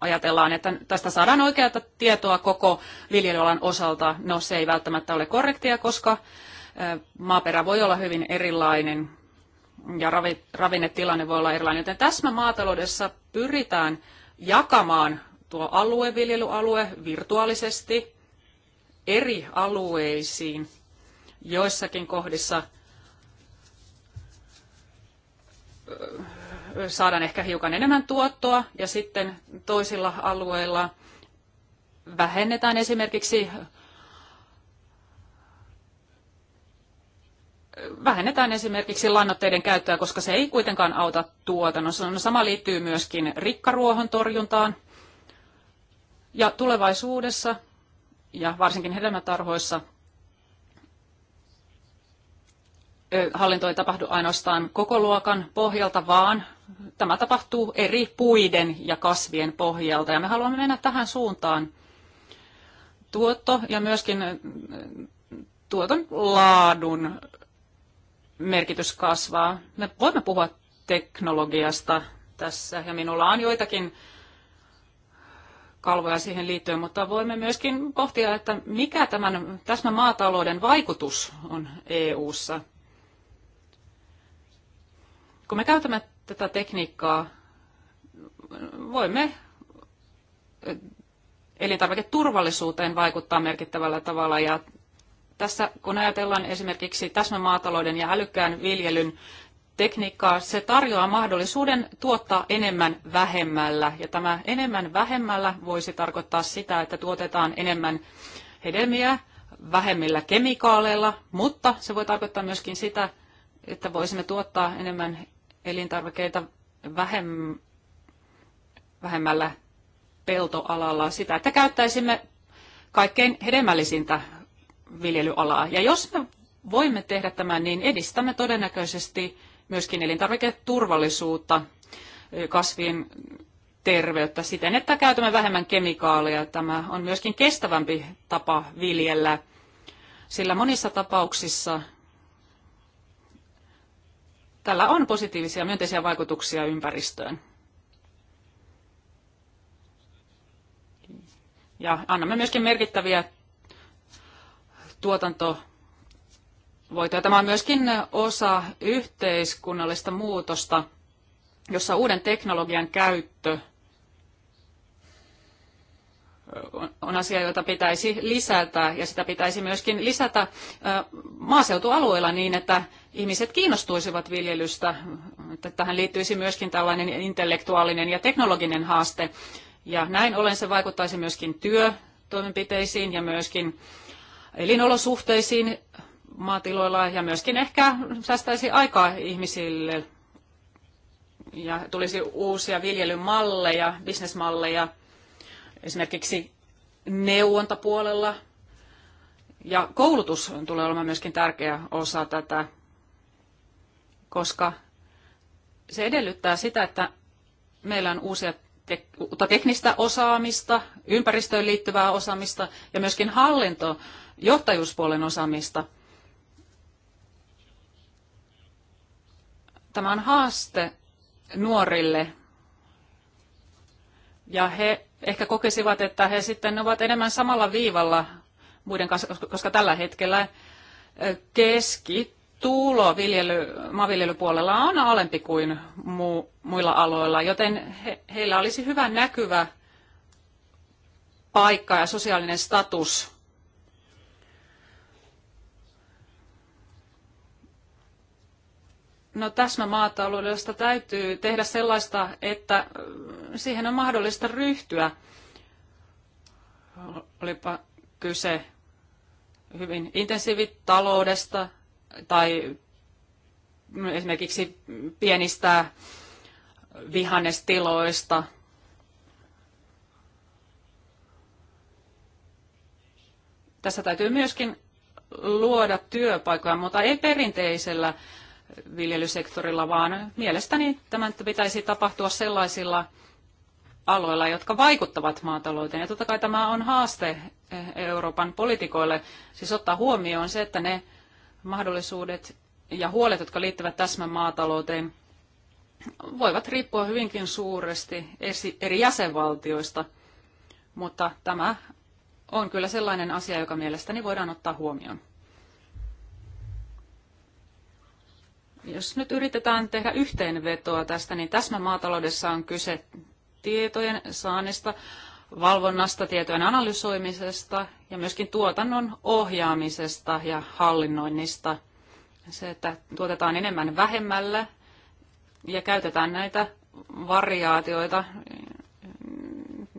ajatellaan, että tästä saadaan oikeaa tietoa koko viljelyalan osalta. No se ei välttämättä ole korrektia, koska maaperä voi olla hyvin erilainen ja ravinnetilanne voi olla erilainen. Joten tässä maataloudessa pyritään jakamaan tuo alue, viljelyalue virtuaalisesti eri alueisiin. Joissakin kohdissa saadaan ehkä hiukan enemmän tuottoa ja sitten toisilla alueilla vähennetään esimerkiksi vähennetään esimerkiksi lannoitteiden käyttöä, koska se ei kuitenkaan auta tuotannossa. No, sama liittyy myöskin rikkaruohon torjuntaan. Ja tulevaisuudessa ja varsinkin hedelmätarhoissa hallinto ei tapahdu ainoastaan koko luokan pohjalta, vaan tämä tapahtuu eri puiden ja kasvien pohjalta. Ja me haluamme mennä tähän suuntaan. Tuotto ja myöskin tuoton laadun merkitys kasvaa. Me voimme puhua teknologiasta tässä, ja minulla on joitakin kalvoja siihen liittyen, mutta voimme myöskin pohtia, että mikä tämän täsmä maatalouden vaikutus on EU:ssa. ssa kun me käytämme tätä tekniikkaa, voimme elintarviketurvallisuuteen vaikuttaa merkittävällä tavalla. Ja tässä kun ajatellaan esimerkiksi täsmämaatalouden ja älykkään viljelyn tekniikkaa, se tarjoaa mahdollisuuden tuottaa enemmän vähemmällä. Ja tämä enemmän vähemmällä voisi tarkoittaa sitä, että tuotetaan enemmän hedelmiä vähemmillä kemikaaleilla, mutta se voi tarkoittaa myöskin sitä, että voisimme tuottaa enemmän elintarvikeita vähem, vähemmällä peltoalalla sitä, että käyttäisimme kaikkein hedelmällisintä viljelyalaa. Ja jos me voimme tehdä tämän, niin edistämme todennäköisesti myöskin elintarviketurvallisuutta, kasvien terveyttä siten, että käytämme vähemmän kemikaaleja. Tämä on myöskin kestävämpi tapa viljellä, sillä monissa tapauksissa tällä on positiivisia myönteisiä vaikutuksia ympäristöön. Ja annamme myöskin merkittäviä tuotantovoitoja. Tämä on myöskin osa yhteiskunnallista muutosta, jossa uuden teknologian käyttö – on asia, jota pitäisi lisätä ja sitä pitäisi myöskin lisätä maaseutualueilla niin, että ihmiset kiinnostuisivat viljelystä. Tähän liittyisi myöskin tällainen intellektuaalinen ja teknologinen haaste. Ja näin ollen se vaikuttaisi myöskin työtoimenpiteisiin ja myöskin elinolosuhteisiin maatiloilla ja myöskin ehkä säästäisi aikaa ihmisille ja tulisi uusia viljelymalleja, bisnesmalleja – esimerkiksi neuvontapuolella. Ja koulutus tulee olemaan myöskin tärkeä osa tätä, koska se edellyttää sitä, että meillä on uusia te- teknistä osaamista, ympäristöön liittyvää osaamista ja myöskin hallinto, johtajuuspuolen osaamista. Tämä on haaste nuorille ja he ehkä kokisivat, että he sitten ovat enemmän samalla viivalla muiden kanssa, koska tällä hetkellä keskitulo viljely, maanviljelypuolella on alempi kuin muu, muilla aloilla, joten he, heillä olisi hyvä näkyvä paikka ja sosiaalinen status No täsmämaataloudesta täytyy tehdä sellaista, että siihen on mahdollista ryhtyä. Olipa kyse hyvin intensiivitaloudesta tai esimerkiksi pienistä vihannestiloista. Tässä täytyy myöskin luoda työpaikkoja, mutta ei perinteisellä viljelysektorilla, vaan mielestäni tämän pitäisi tapahtua sellaisilla aloilla, jotka vaikuttavat maatalouteen. Ja totta kai tämä on haaste eh, Euroopan politikoille, siis ottaa huomioon se, että ne mahdollisuudet ja huolet, jotka liittyvät täsmän maatalouteen, voivat riippua hyvinkin suuresti eri jäsenvaltioista, mutta tämä on kyllä sellainen asia, joka mielestäni voidaan ottaa huomioon. Jos nyt yritetään tehdä yhteenvetoa tästä, niin täsmämaataloudessa on kyse tietojen saannista, valvonnasta, tietojen analysoimisesta ja myöskin tuotannon ohjaamisesta ja hallinnoinnista. Se, että tuotetaan enemmän vähemmällä ja käytetään näitä variaatioita,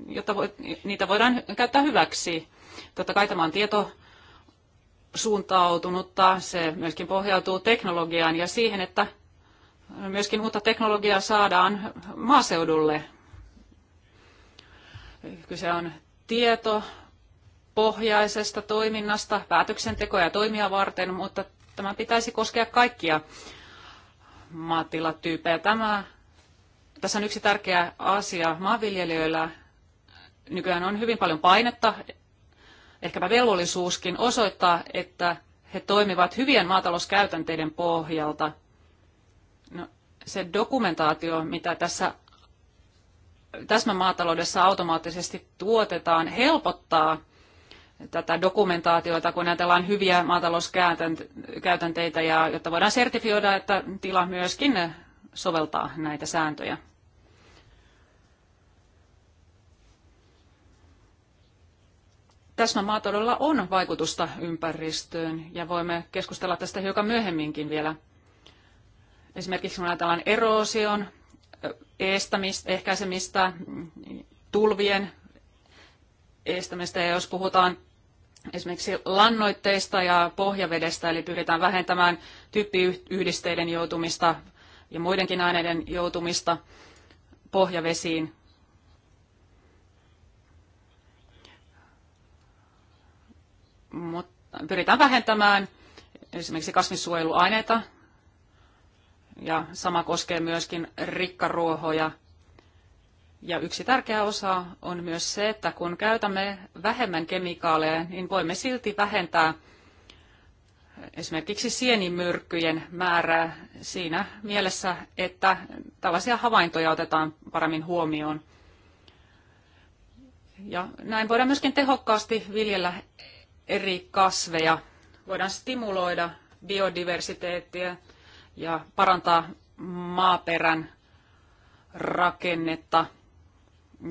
jotta niitä voidaan käyttää hyväksi. Totta kai tämä on tieto suuntautunutta. Se myöskin pohjautuu teknologiaan ja siihen, että myöskin uutta teknologiaa saadaan maaseudulle. Kyse on tieto, pohjaisesta toiminnasta päätöksentekoja ja toimia varten, mutta tämä pitäisi koskea kaikkia maatilatyyppejä. Tämä, tässä on yksi tärkeä asia maanviljelijöillä. Nykyään on hyvin paljon painetta ehkäpä velvollisuuskin osoittaa, että he toimivat hyvien maatalouskäytänteiden pohjalta. No, se dokumentaatio, mitä tässä täsmämaataloudessa automaattisesti tuotetaan, helpottaa tätä dokumentaatiota, kun ajatellaan hyviä maatalouskäytänteitä, ja jotta voidaan sertifioida, että tila myöskin soveltaa näitä sääntöjä. täsmämaa on vaikutusta ympäristöön ja voimme keskustella tästä hiukan myöhemminkin vielä. Esimerkiksi kun ajatellaan eroosion estämistä, ehkäisemistä, tulvien estämistä ja jos puhutaan esimerkiksi lannoitteista ja pohjavedestä, eli pyritään vähentämään typpiyhdisteiden joutumista ja muidenkin aineiden joutumista pohjavesiin. mutta pyritään vähentämään esimerkiksi kasvissuojeluaineita. Ja sama koskee myöskin rikkaruohoja. Ja yksi tärkeä osa on myös se, että kun käytämme vähemmän kemikaaleja, niin voimme silti vähentää esimerkiksi sienimyrkkyjen määrää siinä mielessä, että tällaisia havaintoja otetaan paremmin huomioon. Ja näin voidaan myöskin tehokkaasti viljellä eri kasveja. Voidaan stimuloida biodiversiteettiä ja parantaa maaperän rakennetta.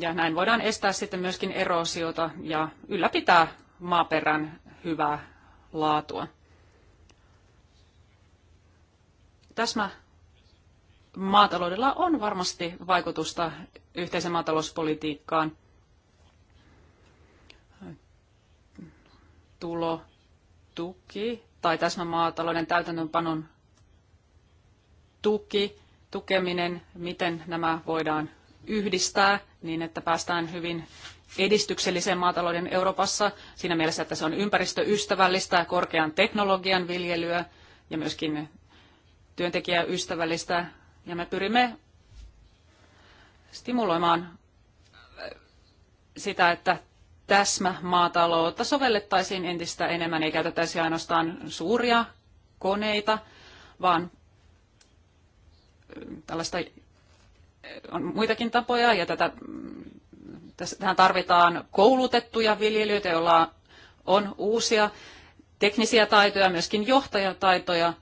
Ja näin voidaan estää sitten myöskin erosiota ja ylläpitää maaperän hyvää laatua. Täsmä maataloudella on varmasti vaikutusta yhteisen maatalouspolitiikkaan. tulotuki tai täsmämaatalouden täytäntöönpanon tuki, tukeminen, miten nämä voidaan yhdistää niin, että päästään hyvin edistykselliseen maatalouden Euroopassa siinä mielessä, että se on ympäristöystävällistä korkean teknologian viljelyä ja myöskin työntekijäystävällistä. Ja me pyrimme stimuloimaan äh, sitä, että täsmämaataloutta sovellettaisiin entistä enemmän, ei käytettäisi ainoastaan suuria koneita, vaan tällaista on muitakin tapoja ja tätä, mm, tähän tarvitaan koulutettuja viljelijöitä, joilla on uusia teknisiä taitoja, myöskin johtajataitoja.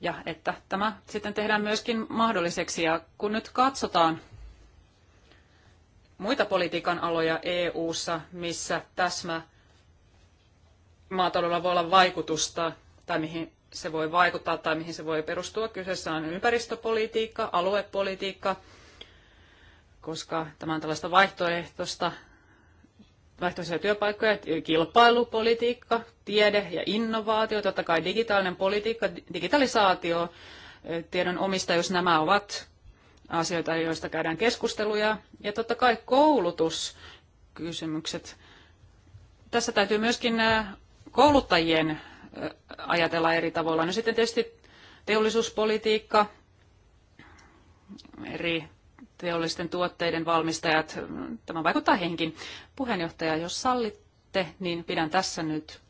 Ja että tämä sitten tehdään myöskin mahdolliseksi. Ja kun nyt katsotaan muita politiikan aloja EU-ssa, missä täsmä maataloudella voi olla vaikutusta tai mihin se voi vaikuttaa tai mihin se voi perustua. Kyseessä on ympäristöpolitiikka, aluepolitiikka, koska tämä on tällaista vaihtoehtoista, vaihtoehtoisia työpaikkoja, kilpailupolitiikka, tiede ja innovaatio, totta kai digitaalinen politiikka, digitalisaatio, tiedon omistajuus, nämä ovat asioita, joista käydään keskusteluja. Ja totta kai koulutuskysymykset. Tässä täytyy myöskin äh, kouluttajien äh, ajatella eri tavalla. No sitten tietysti teollisuuspolitiikka, eri teollisten tuotteiden valmistajat, tämä vaikuttaa henkin. Puheenjohtaja, jos sallitte, niin pidän tässä nyt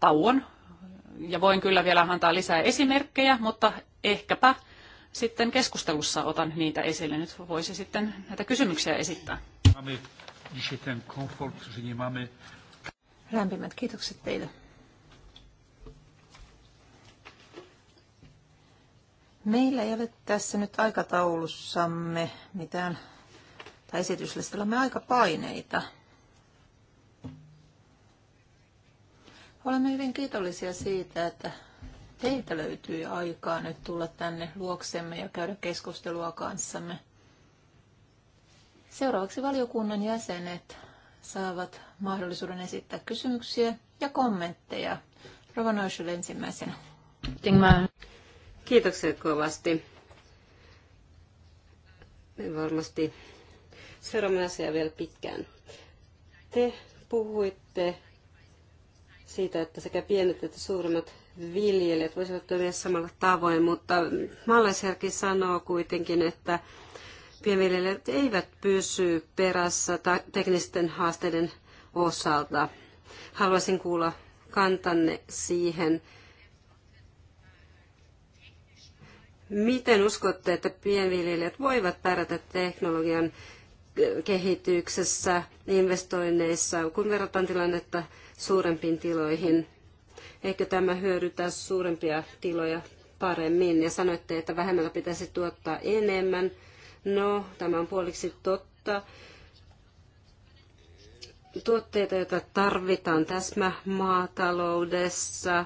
tauon. Ja voin kyllä vielä antaa lisää esimerkkejä, mutta ehkäpä sitten keskustelussa otan niitä esille. Nyt voisi sitten näitä kysymyksiä esittää. Lämpimät kiitokset teille. Meillä ei ole tässä nyt aikataulussamme mitään, tai esityslistallamme paineita. Olemme hyvin kiitollisia siitä, että teiltä löytyi aikaa nyt tulla tänne luoksemme ja käydä keskustelua kanssamme. Seuraavaksi valiokunnan jäsenet saavat mahdollisuuden esittää kysymyksiä ja kommentteja. Rovanoishul ensimmäisenä. Kiitokset kovasti. Me varmasti seuraamme asiaa vielä pitkään. Te puhuitte siitä, että sekä pienet että suuremmat viljelijät voisivat toimia samalla tavoin, mutta maalaisherki sanoo kuitenkin, että pienviljelijät eivät pysy perässä teknisten haasteiden osalta. Haluaisin kuulla kantanne siihen. Miten uskotte, että pienviljelijät voivat pärjätä teknologian kehityksessä, investoinneissa, kun verrataan tilannetta suurempiin tiloihin? eikö tämä hyödytä suurempia tiloja paremmin. Ja sanoitte, että vähemmällä pitäisi tuottaa enemmän. No, tämä on puoliksi totta. Tuotteita, joita tarvitaan täsmämaataloudessa,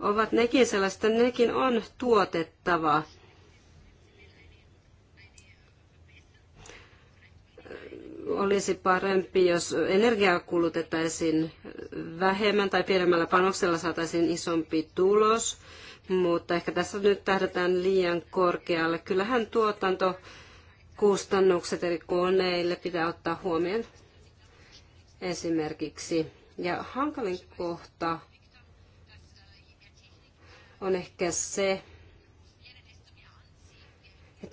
ovat nekin sellaista, nekin on tuotettava. olisi parempi, jos energiaa kulutettaisiin vähemmän tai pienemmällä panoksella saataisiin isompi tulos, mutta ehkä tässä nyt tähdätään liian korkealle. Kyllähän tuotantokustannukset eli koneille pitää ottaa huomioon esimerkiksi. Ja hankalin kohta on ehkä se,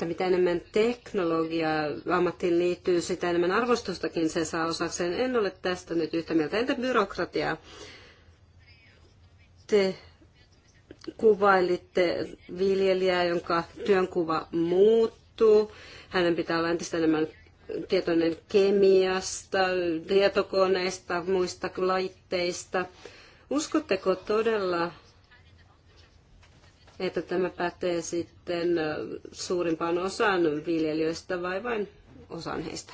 että mitä enemmän teknologia ammattiin liittyy, sitä enemmän arvostustakin se saa osakseen. En ole tästä nyt yhtä mieltä. Entä byrokratiaa? Te kuvailitte viljelijää, jonka työnkuva muuttuu. Hänen pitää olla entistä enemmän tietoinen kemiasta, tietokoneista, muista laitteista. Uskotteko todella, että tämä pätee sitten suurimpaan osaan viljelijöistä vai vain osaan heistä?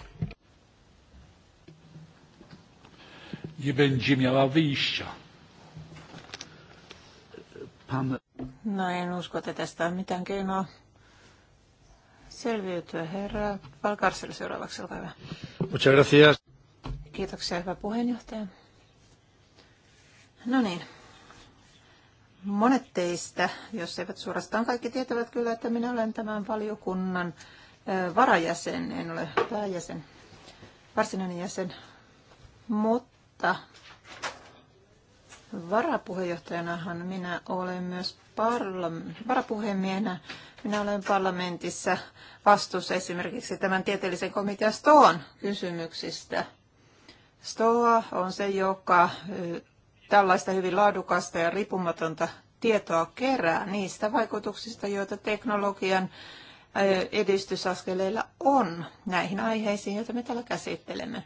Nie będzie miała wyjścia. Pan... No en usko, että tästä on mitään keinoa selviytyä. Herra Valkarsel seuraavaksi, olkaa hyvä. Muchas gracias. Kiitoksia, hyvä puheenjohtaja. No niin, Monet teistä, jos eivät suorastaan kaikki, tietävät kyllä, että minä olen tämän valiokunnan varajäsen, en ole pääjäsen, varsinainen jäsen, mutta varapuheenjohtajanahan minä olen myös parla- varapuhemiehenä. Minä olen parlamentissa vastuussa esimerkiksi tämän tieteellisen komitean STOAN kysymyksistä. STOA on se, joka tällaista hyvin laadukasta ja riippumatonta tietoa kerää niistä vaikutuksista, joita teknologian edistysaskeleilla on näihin aiheisiin, joita me täällä käsittelemme.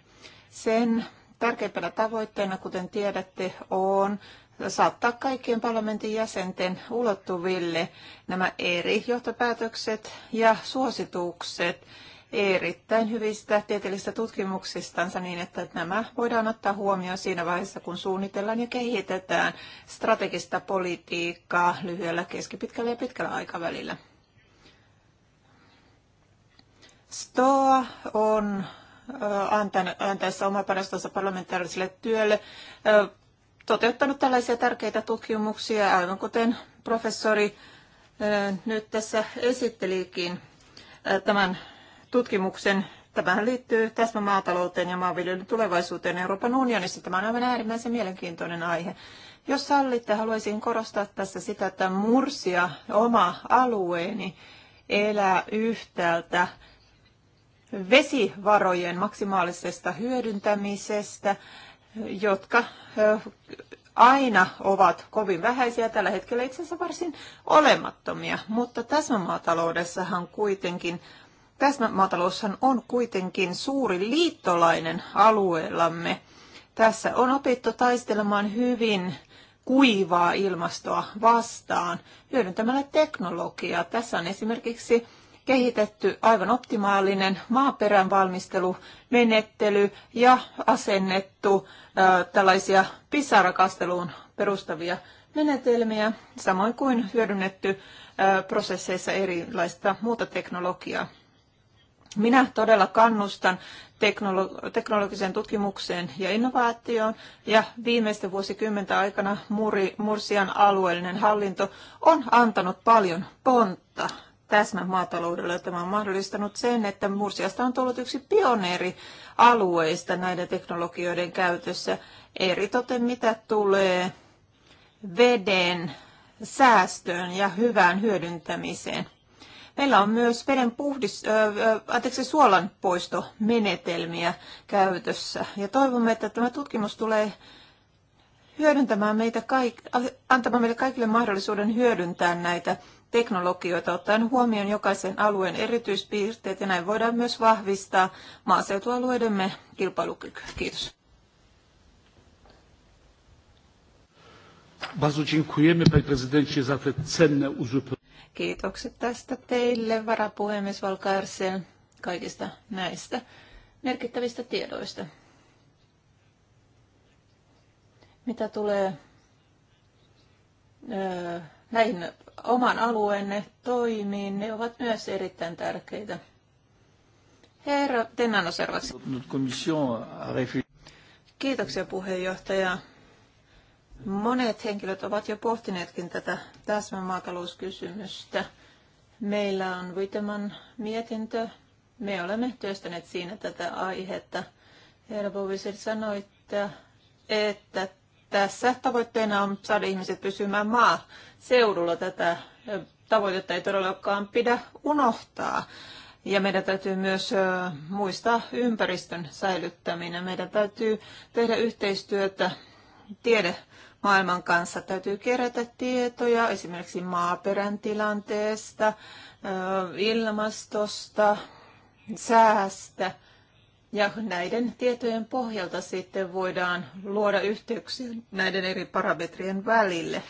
Sen tärkeimpänä tavoitteena, kuten tiedätte, on saattaa kaikkien parlamentin jäsenten ulottuville nämä eri johtopäätökset ja suositukset erittäin hyvistä tieteellisistä tutkimuksistansa niin, että nämä voidaan ottaa huomioon siinä vaiheessa, kun suunnitellaan ja kehitetään strategista politiikkaa lyhyellä, keskipitkällä ja pitkällä aikavälillä. STOA on antaessa oma panostonsa parlamentaariselle työlle toteuttanut tällaisia tärkeitä tutkimuksia, aivan kuten professori nyt tässä esittelikin tämän tutkimuksen. Tämähän liittyy täsmämaatalouteen ja maanviljelyn tulevaisuuteen Euroopan unionissa. Tämä on aivan äärimmäisen mielenkiintoinen aihe. Jos sallitte, haluaisin korostaa tässä sitä, että Mursia, oma alueeni, elää yhtäältä vesivarojen maksimaalisesta hyödyntämisestä, jotka aina ovat kovin vähäisiä, tällä hetkellä itse asiassa varsin olemattomia, mutta täsmämaataloudessahan kuitenkin Täsmämaataloushan on kuitenkin suuri liittolainen alueellamme. Tässä on opittu taistelemaan hyvin kuivaa ilmastoa vastaan hyödyntämällä teknologiaa. Tässä on esimerkiksi kehitetty aivan optimaalinen maaperän valmistelumenettely ja asennettu ä, tällaisia pisarakasteluun perustavia menetelmiä, samoin kuin hyödynnetty ä, prosesseissa erilaista muuta teknologiaa. Minä todella kannustan teknolo- teknologiseen tutkimukseen ja innovaatioon, ja viimeisten vuosikymmentä aikana Muri, Mursian alueellinen hallinto on antanut paljon pontta täsmän maataloudelle. Tämä on mahdollistanut sen, että Mursiasta on tullut yksi pioneeri alueista näiden teknologioiden käytössä, eritoten mitä tulee veden säästöön ja hyvään hyödyntämiseen. Meillä on myös veden puhdis, äh, anteeksi, suolan poistomenetelmiä käytössä. Ja toivomme, että tämä tutkimus tulee hyödyntämään meitä kaik- antamaan meille kaikille mahdollisuuden hyödyntää näitä teknologioita ottaen huomioon jokaisen alueen erityispiirteet ja näin voidaan myös vahvistaa maaseutualueidemme kilpailukykyä. Kiitos. Bardzo dziękujemy panie prezydencie za te cenne uzupełnienie. Kiitokset tästä teille, varapuhemies Valkaersen, kaikista näistä merkittävistä tiedoista. Mitä tulee öö, näihin oman alueenne toimiin, ne ovat myös erittäin tärkeitä. Herra Tenano Kiitoksia puheenjohtaja. Monet henkilöt ovat jo pohtineetkin tätä täsmämaatalouskysymystä. Meillä on Viteman mietintö. Me olemme työstäneet siinä tätä aihetta. Herra Bovisir sanoi, että, että tässä tavoitteena on saada ihmiset pysymään maa seudulla. Tätä tavoitetta ei todellakaan pidä unohtaa. Ja meidän täytyy myös muistaa ympäristön säilyttäminen. Meidän täytyy tehdä yhteistyötä tiede maailman kanssa. Täytyy kerätä tietoja esimerkiksi maaperän tilanteesta, ilmastosta, säästä. Ja näiden tietojen pohjalta sitten voidaan luoda yhteyksiä näiden eri parametrien välille.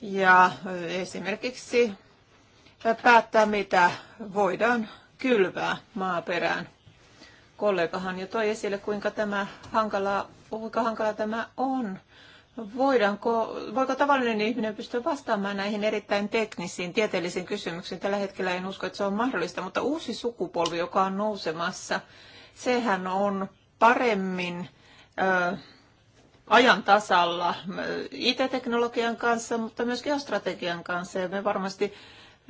Ja esimerkiksi päättää, mitä voidaan kylvää maaperään. Kollegahan jo toi esille, kuinka, tämä hankala, kuinka hankala tämä on. Voidaanko, voiko tavallinen ihminen pystyä vastaamaan näihin erittäin teknisiin, tieteellisiin kysymyksiin? Tällä hetkellä en usko, että se on mahdollista, mutta uusi sukupolvi, joka on nousemassa, sehän on paremmin ö, ajan tasalla IT-teknologian kanssa, mutta myös geostrategian kanssa. Ja me varmasti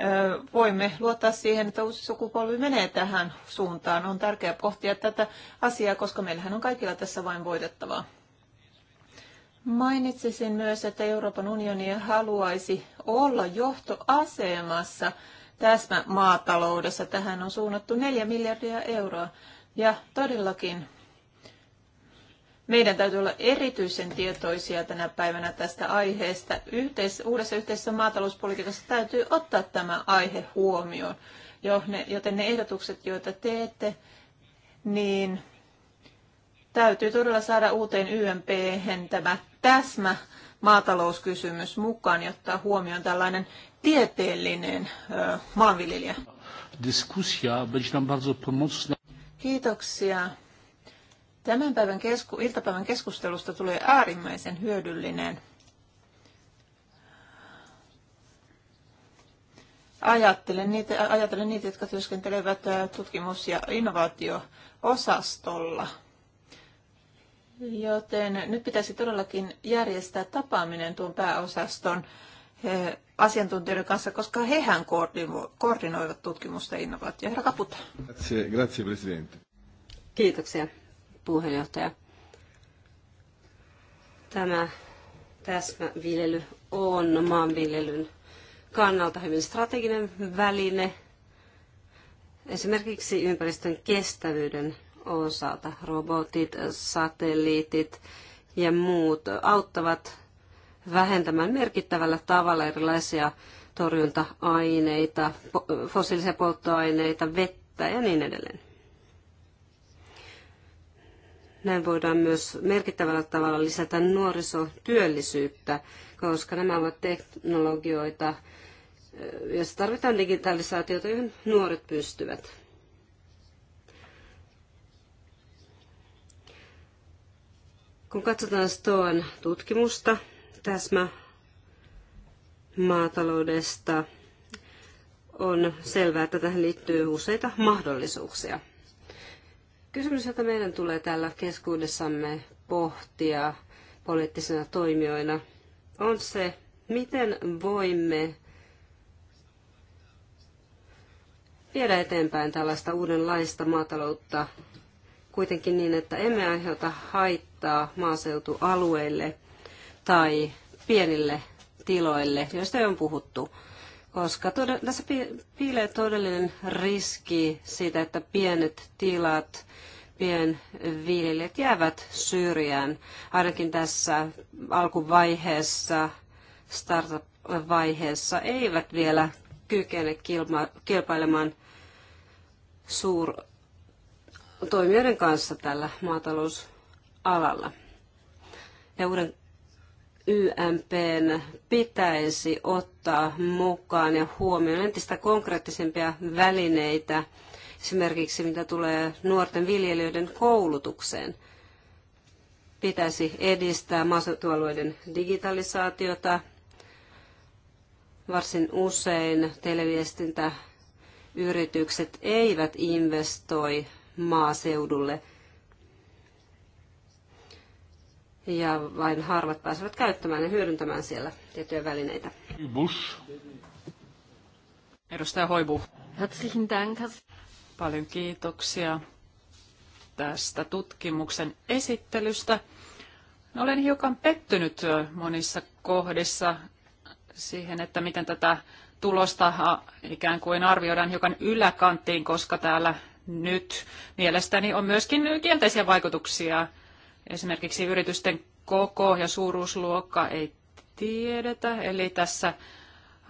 ö, voimme luottaa siihen, että uusi sukupolvi menee tähän suuntaan. On tärkeää pohtia tätä asiaa, koska meillähän on kaikilla tässä vain voitettavaa. Mainitsisin myös, että Euroopan unioni haluaisi olla johtoasemassa tässä maataloudessa. Tähän on suunnattu 4 miljardia euroa. Ja todellakin meidän täytyy olla erityisen tietoisia tänä päivänä tästä aiheesta. Yhteis- uudessa yhteisessä maatalouspolitiikassa täytyy ottaa tämä aihe huomioon, joten ne ehdotukset, joita teette, niin täytyy todella saada uuteen YMP tämä täsmä maatalouskysymys mukaan ja ottaa huomioon tällainen tieteellinen ö, maanviljelijä. Kiitoksia. Tämän päivän kesku, iltapäivän keskustelusta tulee äärimmäisen hyödyllinen. Ajattelen niitä, ajattelen niitä jotka työskentelevät tutkimus- ja innovaatio-osastolla. Joten nyt pitäisi todellakin järjestää tapaaminen tuon pääosaston eh, asiantuntijoiden kanssa, koska hehän koordinoivat tutkimusta ja innovaatioita. Herra Kaputa. Grazie, grazie presidente. Kiitoksia, puheenjohtaja. Tämä täsmäviljely on maanviljelyn kannalta hyvin strateginen väline esimerkiksi ympäristön kestävyyden osalta. Robotit, satelliitit ja muut auttavat vähentämään merkittävällä tavalla erilaisia torjunta-aineita, fossiilisia polttoaineita, vettä ja niin edelleen. Näin voidaan myös merkittävällä tavalla lisätä nuorisotyöllisyyttä, koska nämä ovat teknologioita, joissa tarvitaan digitalisaatiota, johon nuoret pystyvät. Kun katsotaan Stoan tutkimusta täsmä maataloudesta, on selvää, että tähän liittyy useita mahdollisuuksia. Kysymys, jota meidän tulee täällä keskuudessamme pohtia poliittisina toimijoina, on se, miten voimme viedä eteenpäin tällaista uudenlaista maataloutta kuitenkin niin, että emme aiheuta haittaa vaikuttaa maaseutualueille tai pienille tiloille, joista on puhuttu. Koska tässä piilee todellinen riski siitä, että pienet tilat, pienviljelijät jäävät syrjään, ainakin tässä alkuvaiheessa, startup-vaiheessa, eivät vielä kykene kilpailemaan suur toimijoiden kanssa tällä maatalous alalla. Ja uuden YMPn pitäisi ottaa mukaan ja huomioon entistä konkreettisempia välineitä, esimerkiksi mitä tulee nuorten viljelijöiden koulutukseen. Pitäisi edistää maaseutualueiden digitalisaatiota. Varsin usein televiestintäyritykset eivät investoi maaseudulle ja vain harvat pääsevät käyttämään ja hyödyntämään siellä tiettyjä välineitä. Bush. Edustaja Hoibu. Herzlichen Dank. Paljon kiitoksia tästä tutkimuksen esittelystä. Olen hiukan pettynyt monissa kohdissa siihen, että miten tätä tulosta ikään kuin arvioidaan hiukan yläkanttiin, koska täällä nyt mielestäni on myöskin kielteisiä vaikutuksia Esimerkiksi yritysten koko ja suuruusluokka ei tiedetä, eli tässä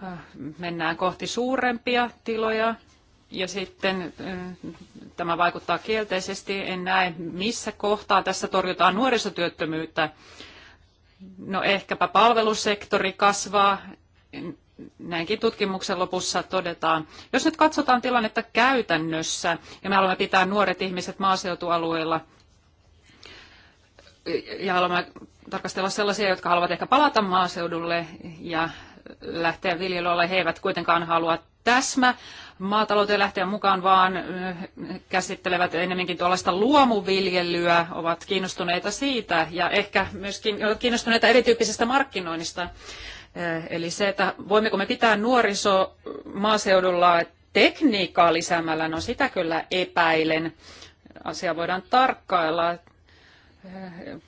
äh, mennään kohti suurempia tiloja ja sitten äh, tämä vaikuttaa kielteisesti. En näe, missä kohtaa tässä torjutaan nuorisotyöttömyyttä. No ehkäpä palvelusektori kasvaa, näinkin tutkimuksen lopussa todetaan. Jos nyt katsotaan tilannetta käytännössä, ja me haluamme pitää nuoret ihmiset maaseutualueilla ja haluamme tarkastella sellaisia, jotka haluavat ehkä palata maaseudulle ja lähteä viljelylle. He eivät kuitenkaan halua täsmä maatalouteen lähteä mukaan, vaan eh, käsittelevät enemmänkin tuollaista luomuviljelyä, ovat kiinnostuneita siitä ja ehkä myöskin kiinnostuneita erityyppisestä markkinoinnista. Eh, eli se, että voimmeko me pitää nuoriso maaseudulla tekniikkaa lisäämällä, no sitä kyllä epäilen. Asia voidaan tarkkailla.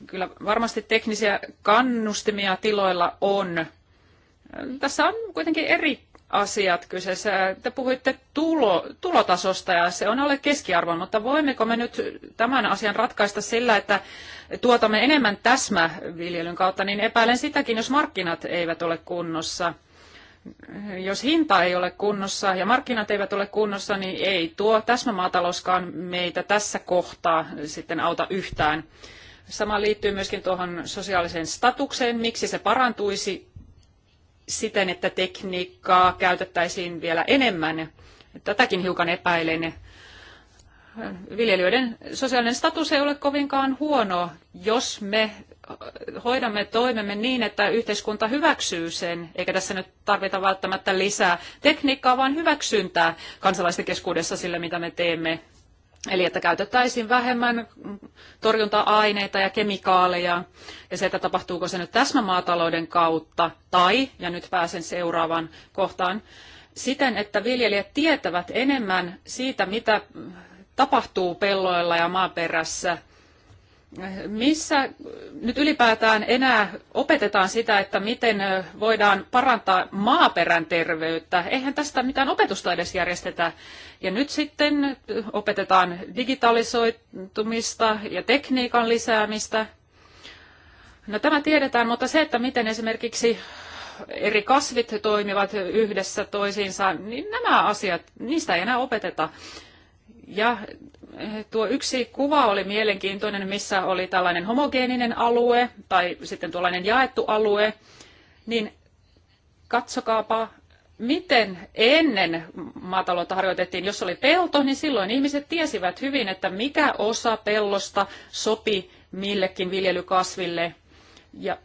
Kyllä varmasti teknisiä kannustimia tiloilla on. Tässä on kuitenkin eri asiat kyseessä. Te puhuitte tulo, tulotasosta ja se on alle keskiarvon, mutta voimmeko me nyt tämän asian ratkaista sillä, että tuotamme enemmän täsmäviljelyn kautta, niin epäilen sitäkin, jos markkinat eivät ole kunnossa. Jos hinta ei ole kunnossa ja markkinat eivät ole kunnossa, niin ei tuo täsmämaatalouskaan meitä tässä kohtaa sitten auta yhtään. Sama liittyy myöskin tuohon sosiaaliseen statukseen, miksi se parantuisi siten, että tekniikkaa käytettäisiin vielä enemmän. Tätäkin hiukan epäilen. Viljelijöiden sosiaalinen status ei ole kovinkaan huono, jos me hoidamme toimemme niin, että yhteiskunta hyväksyy sen, eikä tässä nyt tarvita välttämättä lisää tekniikkaa, vaan hyväksyntää kansalaisten keskuudessa sille, mitä me teemme. Eli että käytettäisiin vähemmän torjunta-aineita ja kemikaaleja, ja se, että tapahtuuko se nyt täsmämaatalouden kautta, tai, ja nyt pääsen seuraavaan kohtaan, siten, että viljelijät tietävät enemmän siitä, mitä tapahtuu pelloilla ja maaperässä, missä nyt ylipäätään enää opetetaan sitä, että miten voidaan parantaa maaperän terveyttä? Eihän tästä mitään opetusta edes järjestetä. Ja nyt sitten opetetaan digitalisoitumista ja tekniikan lisäämistä. No tämä tiedetään, mutta se, että miten esimerkiksi eri kasvit toimivat yhdessä toisiinsa, niin nämä asiat, niistä ei enää opeteta. Ja tuo yksi kuva oli mielenkiintoinen, missä oli tällainen homogeeninen alue tai sitten tuollainen jaettu alue, niin katsokaapa, miten ennen maataloutta harjoitettiin. Jos oli pelto, niin silloin ihmiset tiesivät hyvin, että mikä osa pellosta sopi millekin viljelykasville ja,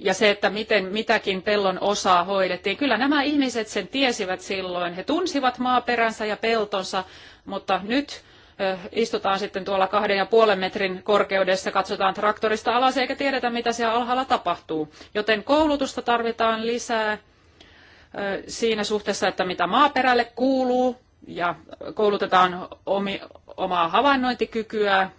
ja se, että miten mitäkin pellon osaa hoidettiin. Kyllä nämä ihmiset sen tiesivät silloin. He tunsivat maaperänsä ja peltonsa, mutta nyt istutaan sitten tuolla kahden ja puolen metrin korkeudessa, katsotaan traktorista alas eikä tiedetä, mitä siellä alhaalla tapahtuu. Joten koulutusta tarvitaan lisää siinä suhteessa, että mitä maaperälle kuuluu ja koulutetaan omi, omaa havainnointikykyä,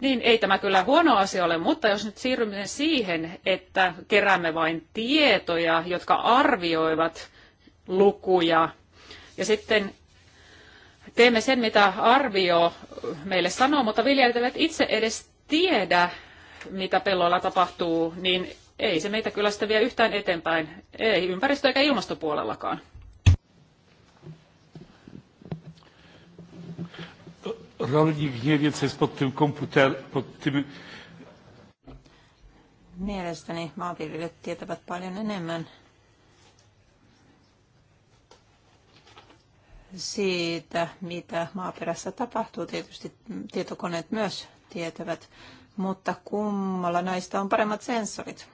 niin ei tämä kyllä huono asia ole, mutta jos nyt siirrymme siihen, että keräämme vain tietoja, jotka arvioivat lukuja, ja sitten teemme sen, mitä arvio meille sanoo, mutta viljelijät eivät itse edes tiedä, mitä pelloilla tapahtuu, niin ei se meitä kyllä sitä vie yhtään eteenpäin, ei ympäristö- eikä ilmastopuolellakaan. rolnik nie wie, co jest pod tym komputer, pod tym... Mielestäni maanviljelijät tietävät paljon enemmän siitä, mitä maaperässä tapahtuu. Tietysti tietokoneet myös tietävät, mutta kummalla näistä on paremmat sensorit?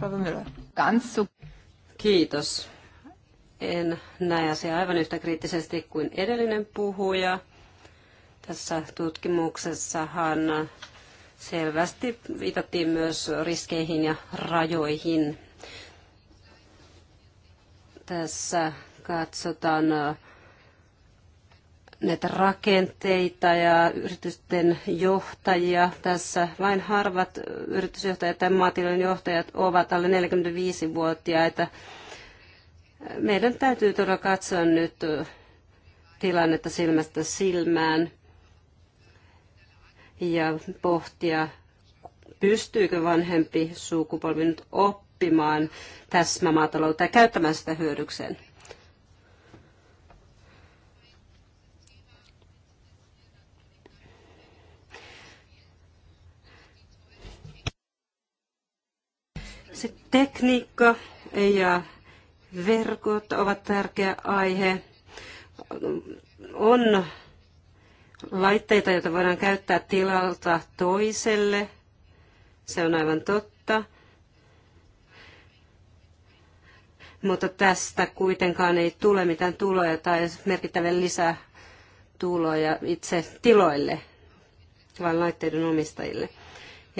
Rova Müller. Kansu. Kiitos. En näe asiaa aivan yhtä kriittisesti kuin edellinen puhuja. Tässä tutkimuksessahan selvästi viitattiin myös riskeihin ja rajoihin. Tässä katsotaan näitä rakenteita ja yritysten johtajia. Tässä vain harvat yritysjohtajat tai maatilojen johtajat ovat alle 45-vuotiaita. Meidän täytyy todella katsoa nyt tilannetta silmästä silmään ja pohtia, pystyykö vanhempi sukupolvi nyt oppimaan täsmämaataloutta ja käyttämään sitä hyödykseen. Tekniikka ja verkot ovat tärkeä aihe. On laitteita, joita voidaan käyttää tilalta toiselle. Se on aivan totta. Mutta tästä kuitenkaan ei tule mitään tuloja tai merkittäviä lisätuloja itse tiloille, vaan laitteiden omistajille.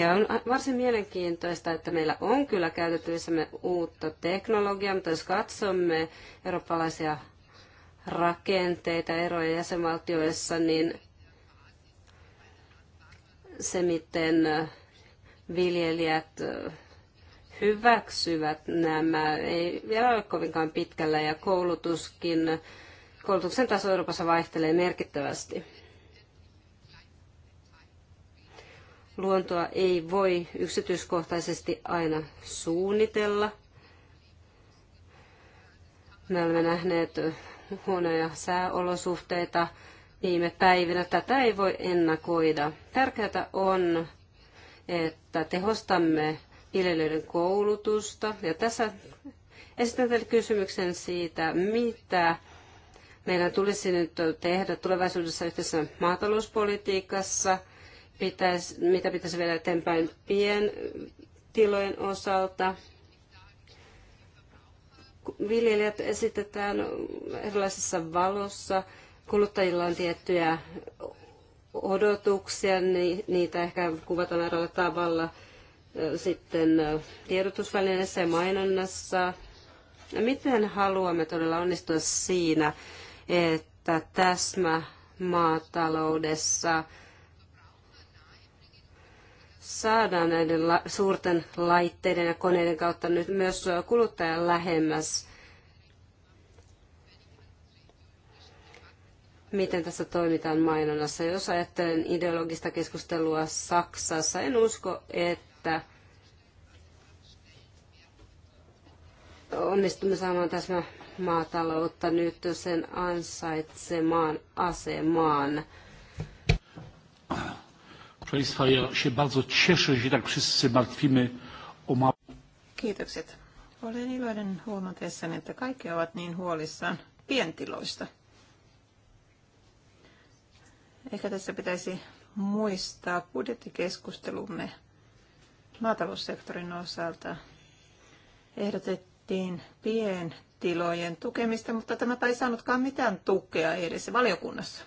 Ja on varsin mielenkiintoista, että meillä on kyllä käytetyissämme uutta teknologiaa, mutta jos katsomme eurooppalaisia rakenteita, eroja jäsenvaltioissa, niin se, miten viljelijät hyväksyvät nämä, ei vielä ole kovinkaan pitkällä ja koulutuskin, koulutuksen taso Euroopassa vaihtelee merkittävästi. Luontoa ei voi yksityiskohtaisesti aina suunnitella. Me olemme nähneet huonoja sääolosuhteita viime päivinä. Tätä ei voi ennakoida. Tärkeää on, että tehostamme viljelijöiden koulutusta. Ja tässä esitän teille kysymyksen siitä, mitä meidän tulisi nyt tehdä tulevaisuudessa yhteisessä maatalouspolitiikassa – pitäisi, mitä pitäisi vielä eteenpäin pientilojen osalta. Viljelijät esitetään erilaisessa valossa. Kuluttajilla on tiettyjä odotuksia, niin niitä ehkä kuvataan erällä tavalla sitten tiedotusvälineessä ja mainonnassa. Ja miten haluamme todella onnistua siinä, että täsmä maataloudessa saadaan näiden suurten laitteiden ja koneiden kautta nyt myös kuluttajan lähemmäs. Miten tässä toimitaan mainonnassa? Jos ajattelen ideologista keskustelua Saksassa, en usko, että onnistumme saamaan tässä maataloutta nyt sen ansaitsemaan asemaan. Państwa, ja się bardzo cieszę, że tak wszyscy martwimy o ma... Kiitokset. Olen iloinen huomatessani, että kaikki ovat niin huolissaan pientiloista. Ehkä tässä pitäisi muistaa budjettikeskustelumme maataloussektorin osalta. Ehdotettiin pientilojen tukemista, mutta tämä ei saanutkaan mitään tukea edes valiokunnassa.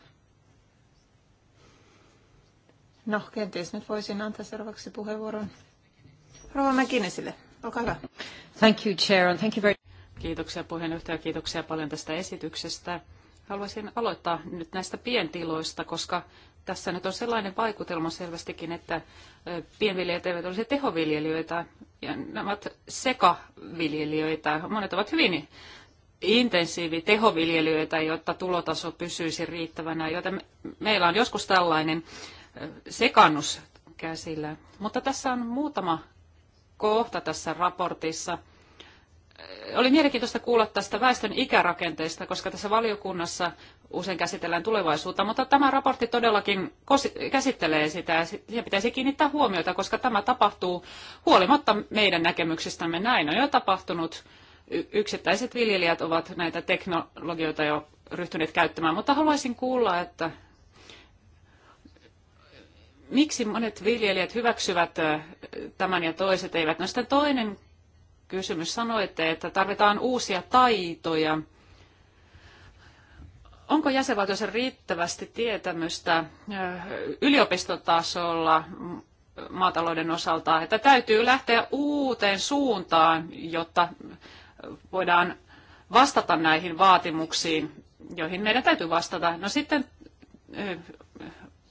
No, kenties nyt voisin antaa seuraavaksi puheenvuoron Rova Mäkinesille. Olkaa hyvä. Thank you, Chair, and thank you very... Kiitoksia puheenjohtaja, kiitoksia paljon tästä esityksestä. Haluaisin aloittaa nyt näistä pientiloista, koska tässä nyt on sellainen vaikutelma selvästikin, että pienviljelijät eivät olisi tehoviljelijöitä, ja nämä ovat sekaviljelijöitä. Monet ovat hyvin intensiivi tehoviljelijöitä, jotta tulotaso pysyisi riittävänä, joten meillä on joskus tällainen sekannus käsillä. Mutta tässä on muutama kohta tässä raportissa. Oli mielenkiintoista kuulla tästä väestön ikärakenteesta, koska tässä valiokunnassa usein käsitellään tulevaisuutta, mutta tämä raportti todellakin käsittelee sitä ja siihen pitäisi kiinnittää huomiota, koska tämä tapahtuu huolimatta meidän näkemyksistämme. Näin on jo tapahtunut. Yksittäiset viljelijät ovat näitä teknologioita jo ryhtyneet käyttämään, mutta haluaisin kuulla, että miksi monet viljelijät hyväksyvät tämän ja toiset eivät? No sitten toinen kysymys. Sanoitte, että tarvitaan uusia taitoja. Onko jäsenvaltioissa riittävästi tietämystä yliopistotasolla maatalouden osalta, että täytyy lähteä uuteen suuntaan, jotta voidaan vastata näihin vaatimuksiin, joihin meidän täytyy vastata. No sitten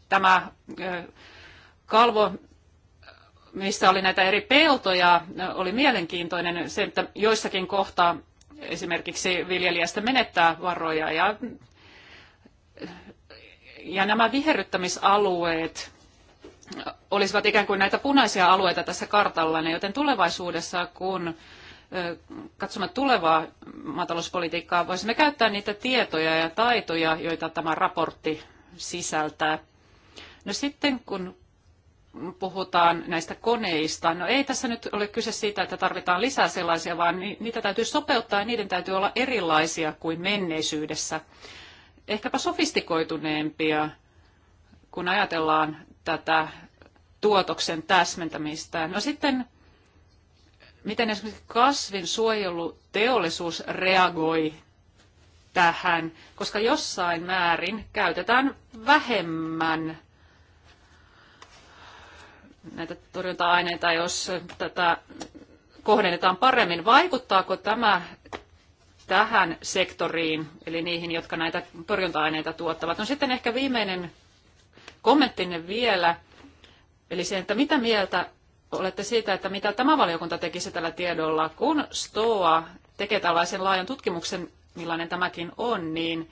tämä kalvo, missä oli näitä eri peltoja, oli mielenkiintoinen se, että joissakin kohtaa esimerkiksi viljelijästä menettää varoja ja, ja nämä viherryttämisalueet olisivat ikään kuin näitä punaisia alueita tässä kartalla, joten tulevaisuudessa kun katsomme tulevaa maatalouspolitiikkaa, voisimme käyttää niitä tietoja ja taitoja, joita tämä raportti sisältää. No sitten kun puhutaan näistä koneista. No ei tässä nyt ole kyse siitä, että tarvitaan lisää sellaisia, vaan niitä täytyy sopeuttaa ja niiden täytyy olla erilaisia kuin menneisyydessä. Ehkäpä sofistikoituneempia, kun ajatellaan tätä tuotoksen täsmentämistä. No sitten, miten esimerkiksi kasvinsuojeluteollisuus reagoi tähän, koska jossain määrin käytetään vähemmän näitä torjunta-aineita, jos tätä kohdennetaan paremmin. Vaikuttaako tämä tähän sektoriin, eli niihin, jotka näitä torjunta-aineita tuottavat? No sitten ehkä viimeinen kommenttinne vielä, eli se, että mitä mieltä olette siitä, että mitä tämä valiokunta tekisi tällä tiedolla, kun STOA tekee tällaisen laajan tutkimuksen, millainen tämäkin on, niin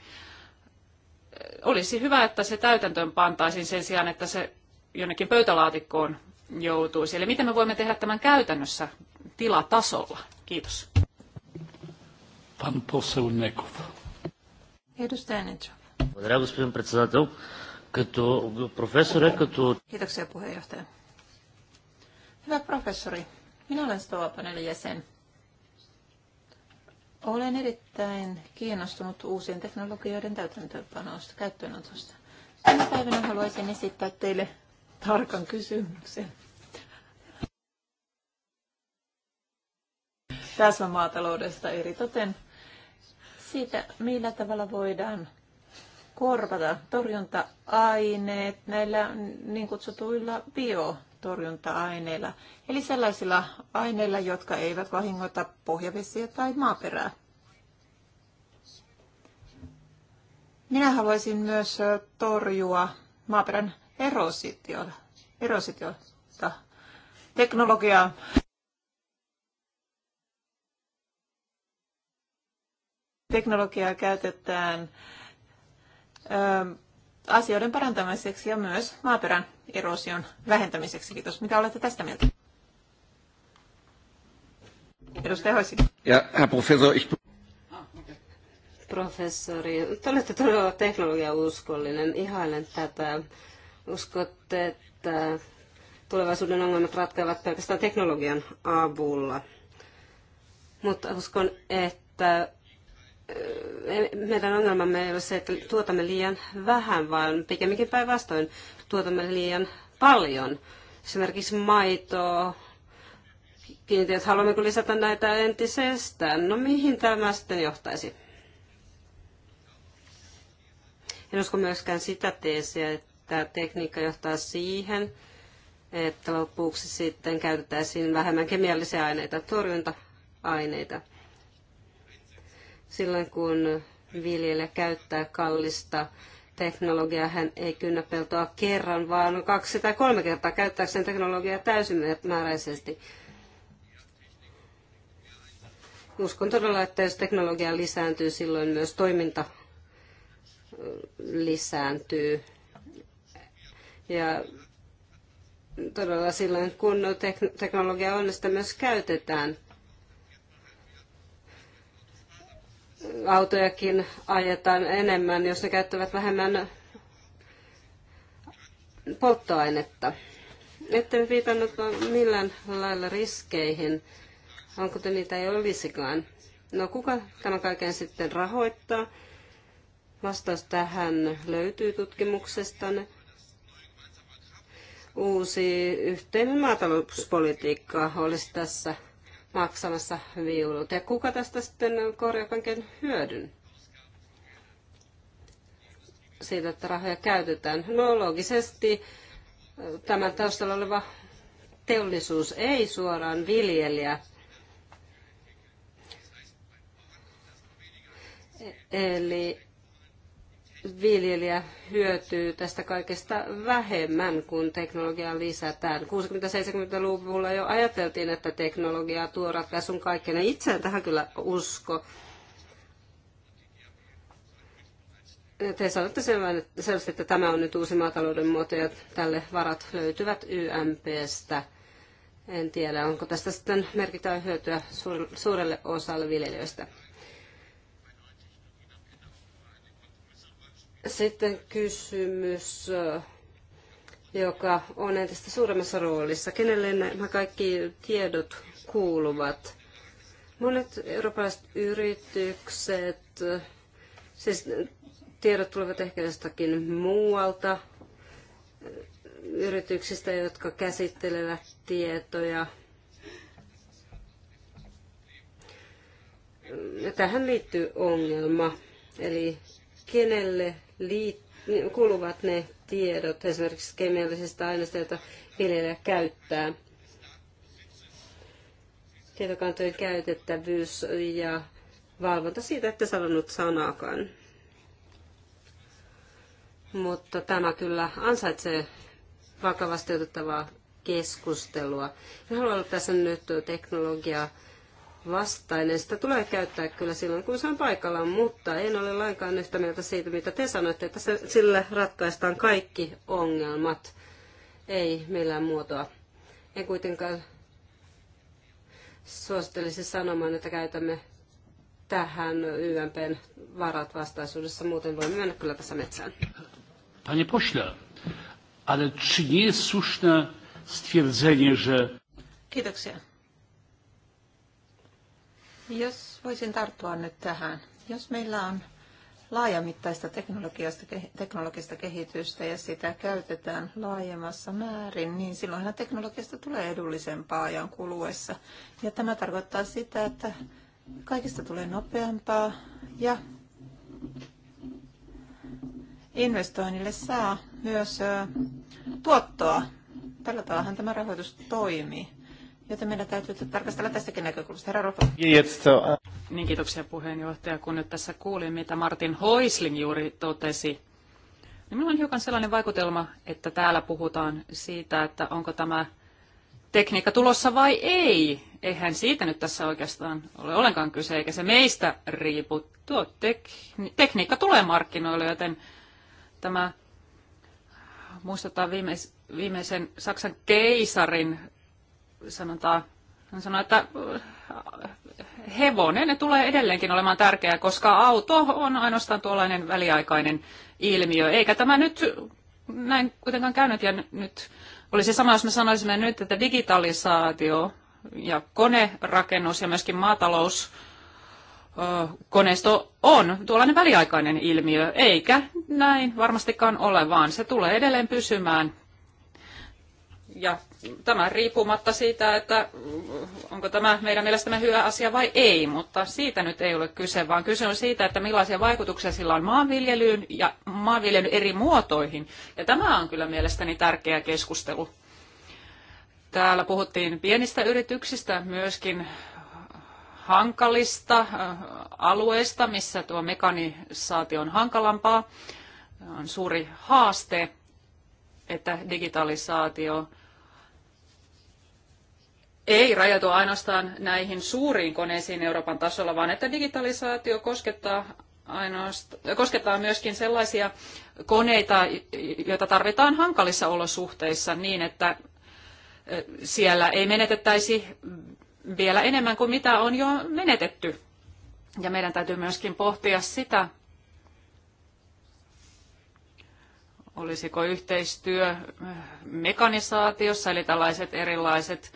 olisi hyvä, että se täytäntöön pantaisiin sen sijaan, että se jonnekin pöytälaatikkoon joutuisi. Eli miten me voimme tehdä tämän käytännössä tilatasolla? Kiitos. Pan poseł Edustaja Kiitoksia puheenjohtaja. Hyvä professori, minä olen Stoa-paneelin jäsen. Olen erittäin kiinnostunut uusien teknologioiden täytäntöönpanosta, käyttöönotosta. Tänä päivänä haluaisin esittää teille tarkan kysymyksen. Tässä maataloudesta eritoten siitä, millä tavalla voidaan korvata torjunta-aineet näillä niin kutsutuilla biotorjunta-aineilla, eli sellaisilla aineilla, jotka eivät vahingoita pohjavesiä tai maaperää. Minä haluaisin myös torjua maaperän erositiota, erositiota teknologiaa. Teknologiaa käytetään ö, ähm, asioiden parantamiseksi ja myös maaperän erosion vähentämiseksi. Kiitos. Mitä olette tästä mieltä? Edustaja Hoisi. Ja, herr professor, ich professori. Te olette todella teknologiauskollinen. Ihailen tätä. Uskotte, että tulevaisuuden ongelmat ratkeavat pelkästään teknologian avulla. Mutta uskon, että meidän ongelmamme ei ole se, että tuotamme liian vähän, vaan pikemminkin päinvastoin tuotamme liian paljon. Esimerkiksi maitoa, kiinteät haluammeko lisätä näitä entisestään? No mihin tämä sitten johtaisi? En usko myöskään sitä teesiä, että tämä tekniikka johtaa siihen, että lopuksi sitten käytettäisiin vähemmän kemiallisia aineita, torjunta-aineita. Silloin kun viljelijä käyttää kallista teknologiaa, hän ei kynnä peltoa kerran, vaan kaksi tai kolme kertaa käyttääkseen teknologiaa täysimääräisesti. Uskon todella, että jos teknologia lisääntyy, silloin myös toiminta lisääntyy ja todella silloin, kun teknologia on, sitä myös käytetään. Autojakin ajetaan enemmän, jos ne käyttävät vähemmän polttoainetta. Ette viitannut millään lailla riskeihin, onko te niitä ei olisikaan. No kuka tämän kaiken sitten rahoittaa? Vastaus tähän löytyy tutkimuksestanne. Uusi yhteinen maatalouspolitiikka olisi tässä maksamassa viulut. Ja kuka tästä sitten korjaa kaiken hyödyn? Siitä, että rahoja käytetään. No loogisesti tämän taustalla oleva teollisuus ei suoraan viljelijä. E- eli viljelijä hyötyy tästä kaikesta vähemmän, kun teknologiaa lisätään. 60-70-luvulla jo ajateltiin, että teknologiaa tuo ratkaisun kaikkeen. Itse en tähän kyllä usko. Te sanotte selvästi, että tämä on nyt uusi maatalouden muoto ja tälle varat löytyvät YMPstä. En tiedä, onko tästä sitten merkittävä hyötyä suurelle osalle viljelijöistä. Sitten kysymys, joka on entistä suuremmassa roolissa. Kenelle nämä kaikki tiedot kuuluvat? Monet eurooppalaiset yritykset, siis tiedot tulevat ehkä jostakin muualta yrityksistä, jotka käsittelevät tietoja. Ja tähän liittyy ongelma, eli kenelle liit- kuuluvat ne tiedot esimerkiksi kemiallisista aineista, joita viljelijä käyttää. Tietokantojen käytettävyys ja valvonta siitä, että sanonut sanakaan. Mutta tämä kyllä ansaitsee vakavasti otettavaa keskustelua. En halua olla tässä nyt teknologiaa vastainen. Sitä tulee käyttää kyllä silloin, kun se on paikallaan, mutta en ole lainkaan yhtä mieltä siitä, mitä te sanoitte, että se, sillä ratkaistaan kaikki ongelmat. Ei millään muotoa. En kuitenkaan suosittelisi sanomaan, että käytämme tähän YMPn varat vastaisuudessa, muuten voimme mennä kyllä tässä metsään. Panie pośle, ale czy nie jest słuszne stwierdzenie, że... Kiitoksia. Jos voisin tarttua nyt tähän. Jos meillä on laajamittaista teknologista, teknologista kehitystä ja sitä käytetään laajemmassa määrin, niin silloin teknologiasta tulee edullisempaa ajan kuluessa. Ja tämä tarkoittaa sitä, että kaikista tulee nopeampaa ja investoinnille saa myös tuottoa. Tällä tavalla tämä rahoitus toimii joten meidän täytyy tarkastella tästäkin näkökulmasta. Herra Rofa. Niin, kiitoksia puheenjohtaja. Kun nyt tässä kuulin, mitä Martin Hoisling juuri totesi, niin minulla on hiukan sellainen vaikutelma, että täällä puhutaan siitä, että onko tämä tekniikka tulossa vai ei. Eihän siitä nyt tässä oikeastaan ole ollenkaan kyse, eikä se meistä riipu. Tuo tek- tekniikka tulee markkinoille, joten tämä muistetaan viimeis- viimeisen Saksan keisarin sanotaan, Hän sanoi, että äh, hevonen ne tulee edelleenkin olemaan tärkeää, koska auto on ainoastaan tuollainen väliaikainen ilmiö. Eikä tämä nyt näin kuitenkaan käynyt. Ja nyt olisi sama, jos me sanoisimme nyt, että digitalisaatio ja konerakennus ja myöskin maatalous koneisto on tuollainen väliaikainen ilmiö, eikä näin varmastikaan ole, vaan se tulee edelleen pysymään ja tämä riippumatta siitä, että mm, onko tämä meidän mielestämme hyvä asia vai ei, mutta siitä nyt ei ole kyse, vaan kyse on siitä, että millaisia vaikutuksia sillä on maanviljelyyn ja maanviljelyn eri muotoihin. Ja tämä on kyllä mielestäni tärkeä keskustelu. Täällä puhuttiin pienistä yrityksistä, myöskin hankalista äh, alueista, missä tuo mekanisaatio on hankalampaa. On suuri haaste, että digitalisaatio ei rajoitu ainoastaan näihin suuriin koneisiin Euroopan tasolla, vaan että digitalisaatio koskettaa, ainoastaan, koskettaa myöskin sellaisia koneita, joita tarvitaan hankalissa olosuhteissa niin, että siellä ei menetettäisi vielä enemmän kuin mitä on jo menetetty. Ja meidän täytyy myöskin pohtia sitä, olisiko yhteistyö mekanisaatiossa, eli tällaiset erilaiset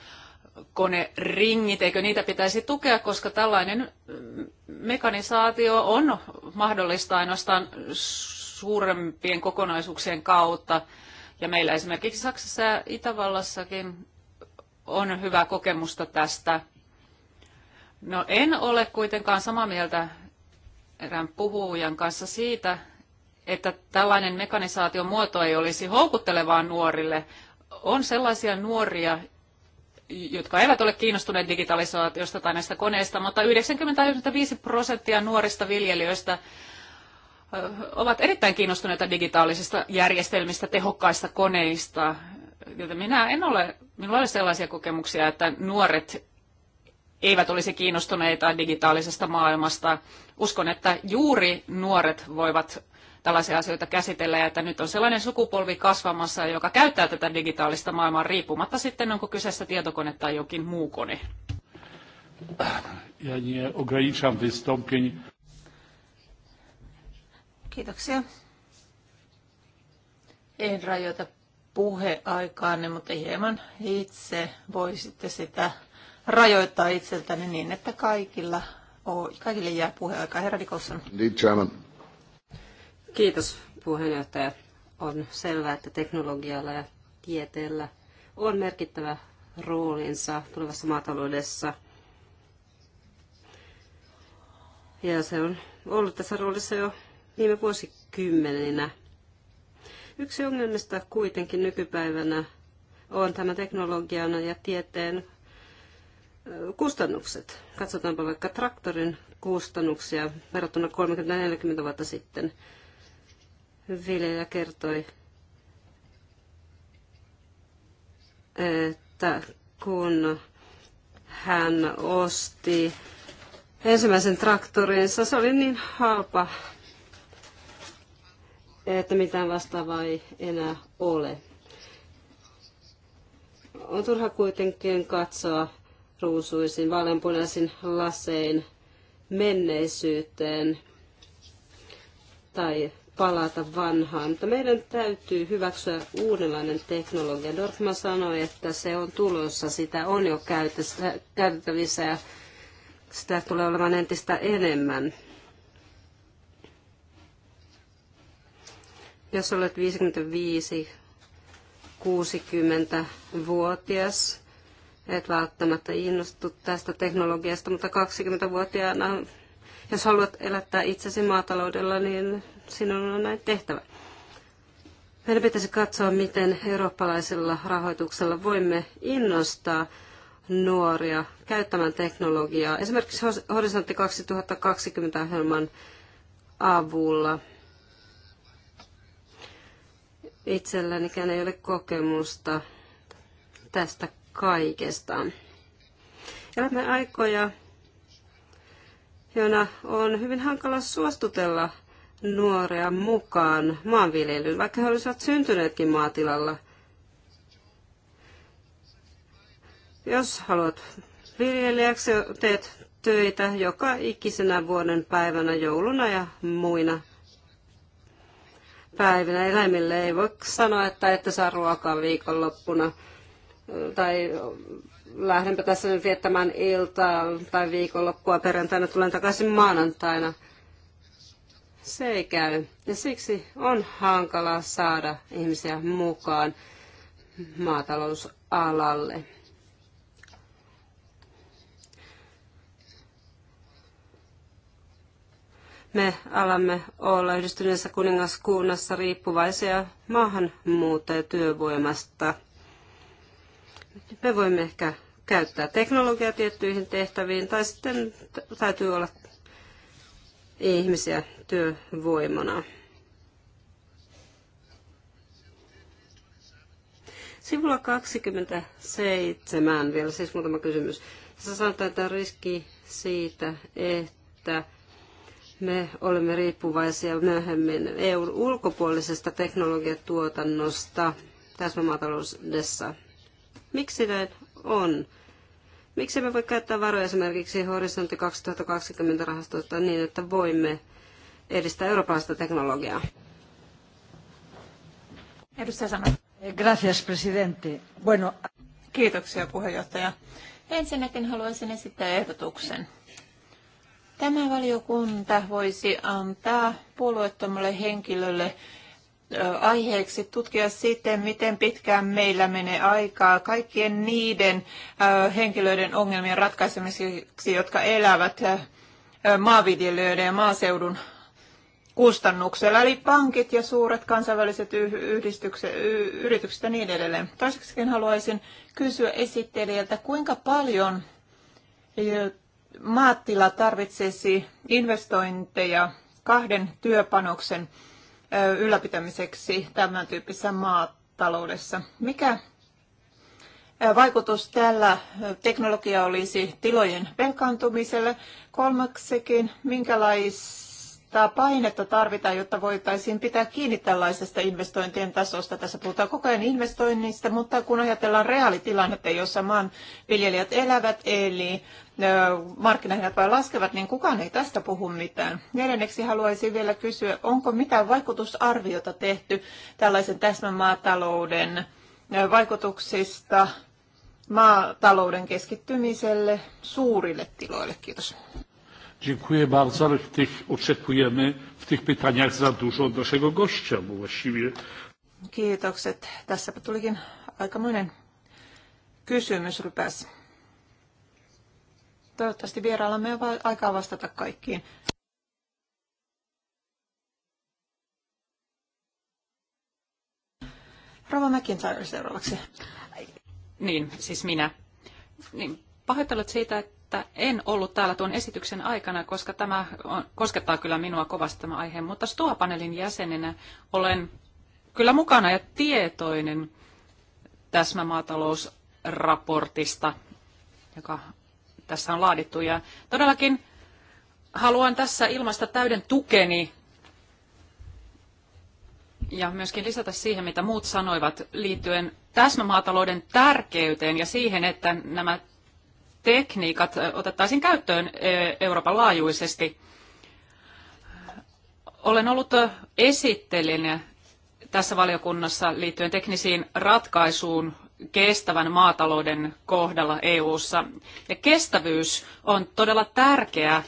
koneringit, eikö niitä pitäisi tukea, koska tällainen mm, mekanisaatio on mahdollista ainoastaan suurempien kokonaisuuksien kautta. Ja meillä esimerkiksi Saksassa ja Itävallassakin on hyvää kokemusta tästä. No en ole kuitenkaan samaa mieltä erään puhujan kanssa siitä, että tällainen mekanisaation muoto ei olisi houkuttelevaa nuorille. On sellaisia nuoria, jotka eivät ole kiinnostuneet digitalisaatiosta tai näistä koneista, mutta 95 prosenttia nuorista viljelijöistä ovat erittäin kiinnostuneita digitaalisista järjestelmistä, tehokkaista koneista. Joten minä en ole, minulla ole sellaisia kokemuksia, että nuoret eivät olisi kiinnostuneita digitaalisesta maailmasta. Uskon, että juuri nuoret voivat tällaisia asioita käsitellä ja että nyt on sellainen sukupolvi kasvamassa, joka käyttää tätä digitaalista maailmaa riippumatta sitten, onko kyseessä tietokone tai jokin muu kone. Ja nie ograniczam wystąpień. Kiitoksia. En rajoita puheaikaanne, mutta hieman itse voisitte sitä rajoittaa itseltäni niin, että kaikilla, kaikille jää puheaika. Herra Nikolson. Kiitos puheenjohtaja. On selvää, että teknologialla ja tieteellä on merkittävä roolinsa tulevassa maataloudessa. Ja se on ollut tässä roolissa jo viime vuosikymmeninä. Yksi ongelmista kuitenkin nykypäivänä on tämä teknologian ja tieteen kustannukset. Katsotaanpa vaikka traktorin kustannuksia verrattuna 30-40 vuotta sitten viljelijä kertoi, että kun hän osti ensimmäisen traktorinsa, se oli niin halpa, että mitään vastaavaa ei enää ole. On turha kuitenkin katsoa ruusuisin, vaaleanpunaisin lasein menneisyyteen tai palata vanhaan, mutta meidän täytyy hyväksyä uudenlainen teknologia. Dorfman sanoi, että se on tulossa, sitä on jo käytettävissä ja sitä tulee olemaan entistä enemmän. Jos olet 55-60-vuotias, et välttämättä innostu tästä teknologiasta, mutta 20-vuotiaana, jos haluat elättää itsesi maataloudella, niin Sinun on näin tehtävä. Meidän pitäisi katsoa, miten eurooppalaisella rahoituksella voimme innostaa nuoria käyttämään teknologiaa. Esimerkiksi Horisontti 2020 ohjelman avulla. Itsellänikään ei ole kokemusta tästä kaikesta. Elämme aikoja, jona on hyvin hankala suostutella nuoria mukaan maanviljelyyn, vaikka he olisivat syntyneetkin maatilalla. Jos haluat viljelijäksi, teet töitä joka ikisenä vuoden päivänä, jouluna ja muina päivinä. Eläimille ei voi sanoa, että että saa ruokaa viikonloppuna tai lähdenpä tässä nyt viettämään iltaa tai viikonloppua perjantaina, tulen takaisin maanantaina – se ei käy. Ja siksi on hankalaa saada ihmisiä mukaan maatalousalalle. me alamme olla yhdistyneessä kuningaskunnassa riippuvaisia maahanmuuttajatyövoimasta. Me voimme ehkä käyttää teknologiaa tiettyihin tehtäviin tai sitten täytyy olla ihmisiä työvoimana. Sivulla 27 vielä siis muutama kysymys. Tässä sanotaan, että riski siitä, että me olemme riippuvaisia myöhemmin EUn ulkopuolisesta teknologiatuotannosta täsmämaataloudessa. Miksi näin on? Miksi me voi käyttää varoja esimerkiksi Horisontti 2020 rahastosta niin, että voimme edistää eurooppalaista teknologiaa? Edustaja Sama. Gracias, presidente. Bueno. Kiitoksia, puheenjohtaja. Ensinnäkin haluaisin esittää ehdotuksen. Tämä valiokunta voisi antaa puolueettomalle henkilölle aiheeksi tutkia sitten, miten pitkään meillä menee aikaa kaikkien niiden henkilöiden ongelmien ratkaisemiseksi, jotka elävät maanviljelijöiden ja maaseudun kustannuksella, eli pankit ja suuret kansainväliset yhdistykset, yritykset ja niin edelleen. Toiseksikin haluaisin kysyä esittelijältä, kuinka paljon maatila tarvitsisi investointeja kahden työpanoksen ylläpitämiseksi tämän tyyppisessä maataloudessa. Mikä vaikutus tällä teknologia olisi tilojen velkaantumiselle? Kolmaksikin, minkälaisia kohtaa painetta tarvitaan, jotta voitaisiin pitää kiinni tällaisesta investointien tasosta. Tässä puhutaan koko ajan investoinnista, mutta kun ajatellaan reaalitilannetta, jossa maanviljelijät elävät, eli markkinahinnat vain laskevat, niin kukaan ei tästä puhu mitään. Neljänneksi haluaisin vielä kysyä, onko mitään vaikutusarviota tehty tällaisen täsmämaatalouden vaikutuksista maatalouden keskittymiselle suurille tiloille? Kiitos. Dziękuję bardzo, ale w tych oczekujemy w tych pytaniach za dużo od naszego gościa, bo właściwie... Kiitokset. Tässä tulikin aikamoinen kysymys rupes. Toivottavasti vieraillamme on aikaa vastata kaikkiin. Rova McIntyre seuraavaksi. Niin, siis minä. Niin, pahoittelut siitä, että että en ollut täällä tuon esityksen aikana, koska tämä on, koskettaa kyllä minua kovasti tämä aihe, mutta stoa paneelin jäsenenä olen kyllä mukana ja tietoinen täsmämaatalousraportista, joka tässä on laadittu. Ja todellakin haluan tässä ilmaista täyden tukeni ja myöskin lisätä siihen, mitä muut sanoivat liittyen täsmämaatalouden tärkeyteen ja siihen, että nämä tekniikat otettaisiin käyttöön e, Euroopan laajuisesti. Olen ollut esittelin tässä valiokunnassa liittyen teknisiin ratkaisuun kestävän maatalouden kohdalla EU:ssa. Ja kestävyys on todella tärkeä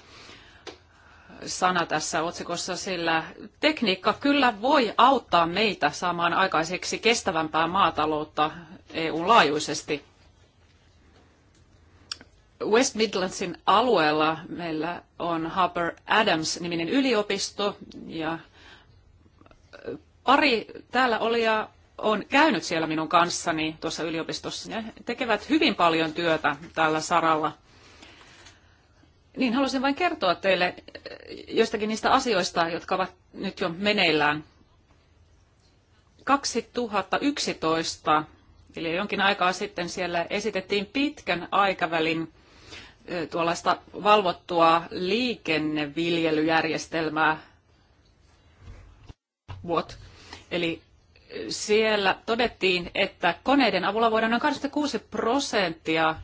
sana tässä otsikossa, sillä tekniikka kyllä voi auttaa meitä saamaan aikaiseksi kestävämpää maataloutta EUn laajuisesti. West Midlandsin alueella meillä on Harper Adams-niminen yliopisto ja pari täällä oli ja on käynyt siellä minun kanssani tuossa yliopistossa. ja tekevät hyvin paljon työtä tällä saralla. Niin haluaisin vain kertoa teille joistakin niistä asioista, jotka ovat nyt jo meneillään. 2011, eli jonkin aikaa sitten siellä esitettiin pitkän aikavälin tuollaista valvottua liikenneviljelyjärjestelmää. What? Eli siellä todettiin, että koneiden avulla voidaan noin 26 prosenttia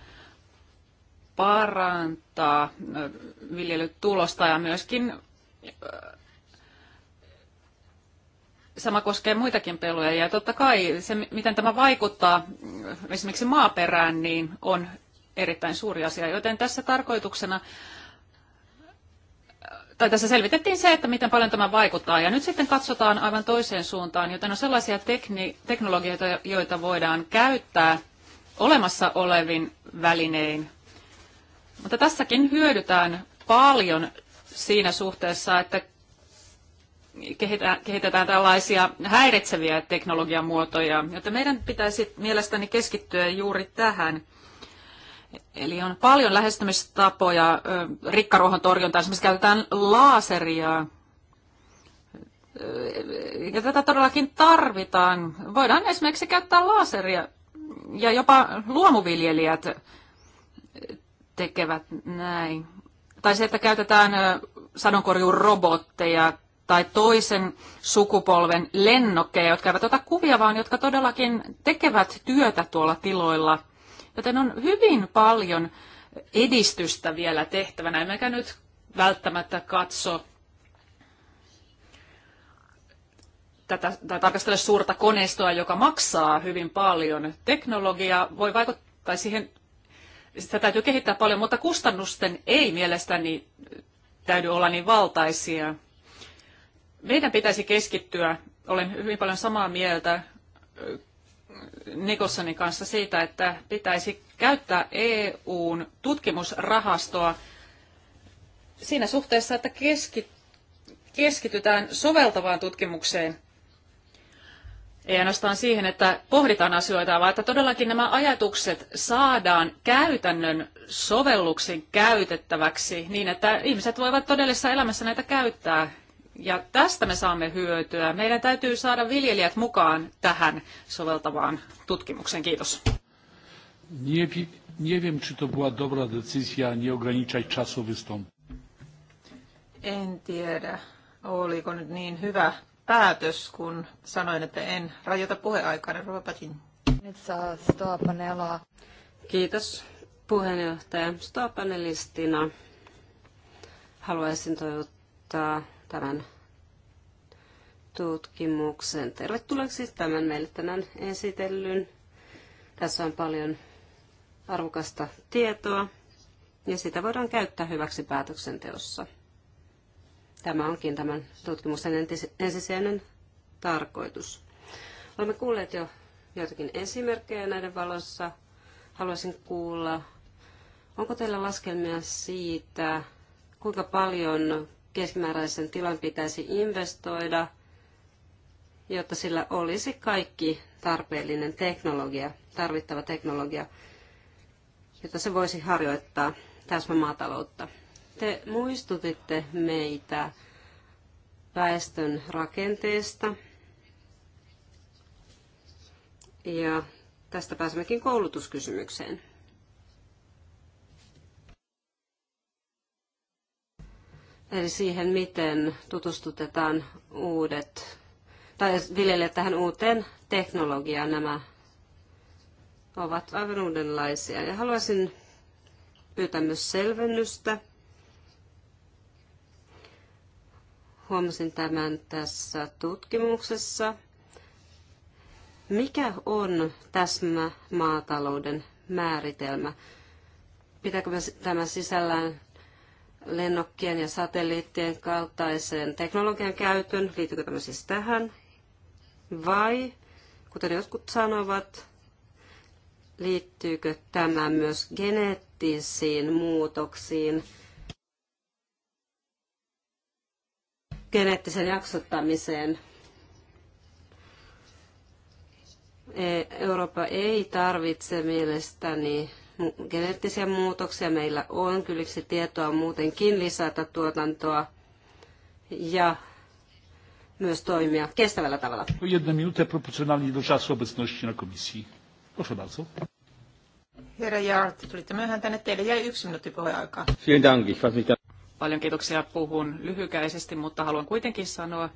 parantaa viljelytulosta ja myöskin sama koskee muitakin peluja. Ja totta kai se, miten tämä vaikuttaa esimerkiksi maaperään, niin on erittäin suuri asia, joten tässä tarkoituksena tai tässä selvitettiin se, että miten paljon tämä vaikuttaa. Ja nyt sitten katsotaan aivan toiseen suuntaan, joten on sellaisia tekni- teknologioita, joita voidaan käyttää olemassa olevin välinein. Mutta tässäkin hyödytään paljon siinä suhteessa, että kehitetään tällaisia häiritseviä teknologiamuotoja. muotoja. Joten meidän pitäisi mielestäni keskittyä juuri tähän – Eli on paljon lähestymistapoja rikkaruohon torjuntaan. Esimerkiksi käytetään laaseria. Ja tätä todellakin tarvitaan. Voidaan esimerkiksi käyttää laaseria ja jopa luomuviljelijät tekevät näin. Tai se, että käytetään sadonkorjuun robotteja tai toisen sukupolven lennokkeja, jotka eivät ota kuvia, vaan jotka todellakin tekevät työtä tuolla tiloilla – Joten on hyvin paljon edistystä vielä tehtävänä, emmekä nyt välttämättä katso tätä, tai tarkastele suurta koneistoa, joka maksaa hyvin paljon. Teknologia voi vaikuttaa siihen, sitä täytyy kehittää paljon, mutta kustannusten ei mielestäni täytyy olla niin valtaisia. Meidän pitäisi keskittyä, olen hyvin paljon samaa mieltä Nikolsonin kanssa siitä, että pitäisi käyttää EUn tutkimusrahastoa siinä suhteessa, että keskitytään soveltavaan tutkimukseen. Ei ainoastaan siihen, että pohditaan asioita, vaan että todellakin nämä ajatukset saadaan käytännön sovelluksen käytettäväksi niin, että ihmiset voivat todellisessa elämässä näitä käyttää ja tästä me saamme hyötyä. Meidän täytyy saada viljelijät mukaan tähän soveltavaan tutkimukseen. Kiitos. Nie, nie wiem, czy to była dobra decyzja nie ograniczać czasu En tiedä, oliko nyt niin hyvä päätös, kun sanoin, että en rajoita puheaikaa. Ruopatin. Nyt saa stoapanelaa. Kiitos puheenjohtaja. Stoapanelistina haluaisin toivottaa tämän tutkimuksen. Tervetulleeksi tämän meille tänään esitellyn. Tässä on paljon arvokasta tietoa ja sitä voidaan käyttää hyväksi päätöksenteossa. Tämä onkin tämän tutkimuksen ensisijainen tarkoitus. Olemme kuulleet jo joitakin esimerkkejä näiden valossa. Haluaisin kuulla, onko teillä laskelmia siitä, kuinka paljon keskimääräisen tilan pitäisi investoida, jotta sillä olisi kaikki tarpeellinen teknologia, tarvittava teknologia, jotta se voisi harjoittaa täsmämaataloutta. Te muistutitte meitä väestön rakenteesta ja tästä pääsemmekin koulutuskysymykseen. eli siihen, miten tutustutetaan uudet, tai viljelijät tähän uuteen teknologiaan, nämä ovat aivan uudenlaisia. Ja haluaisin pyytää myös selvennystä. Huomasin tämän tässä tutkimuksessa. Mikä on täsmä maatalouden määritelmä? Pitääkö tämä sisällään lennokkien ja satelliittien kaltaisen teknologian käytön, liittyykö tämä siis tähän, vai kuten jotkut sanovat, liittyykö tämä myös geneettisiin muutoksiin, geneettisen jaksottamiseen. E, Eurooppa ei tarvitse mielestäni geneettisiä muutoksia. Meillä on kylliksi tietoa muutenkin lisätä tuotantoa ja myös toimia kestävällä tavalla. Jedna minuuttia proporcjonalnie do czasu obecności na komisji. Proszę bardzo. Herra Jart, tulitte myöhään tänne. Teille jäi yksi minuutti puheaikaa. Vielen dank. Paljon kiitoksia. Puhun lyhykäisesti, mutta haluan kuitenkin sanoa,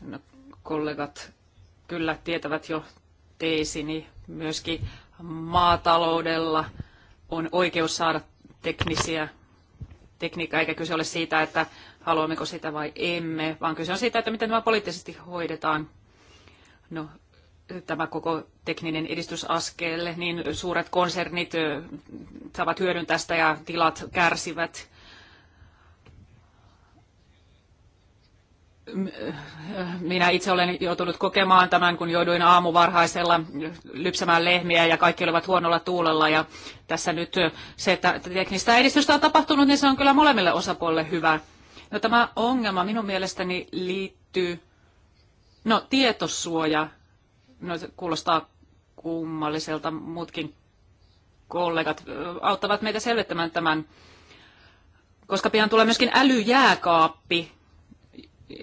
no, kollegat kyllä tietävät jo teesini myöskin maataloudella on oikeus saada teknisiä tekniikkaa, eikä kyse ole siitä, että haluammeko sitä vai emme, vaan kyse on siitä, että miten tämä poliittisesti hoidetaan. No, tämä koko tekninen edistysaskel, niin suuret konsernit saavat hyödyn tästä ja tilat kärsivät. minä itse olen joutunut kokemaan tämän, kun jouduin aamuvarhaisella lypsämään lehmiä ja kaikki olivat huonolla tuulella. Ja tässä nyt se, että teknistä edistystä on tapahtunut, niin se on kyllä molemmille osapuolille hyvä. No tämä ongelma minun mielestäni liittyy, no tietosuoja, no se kuulostaa kummalliselta, muutkin kollegat auttavat meitä selvittämään tämän, koska pian tulee myöskin älyjääkaappi,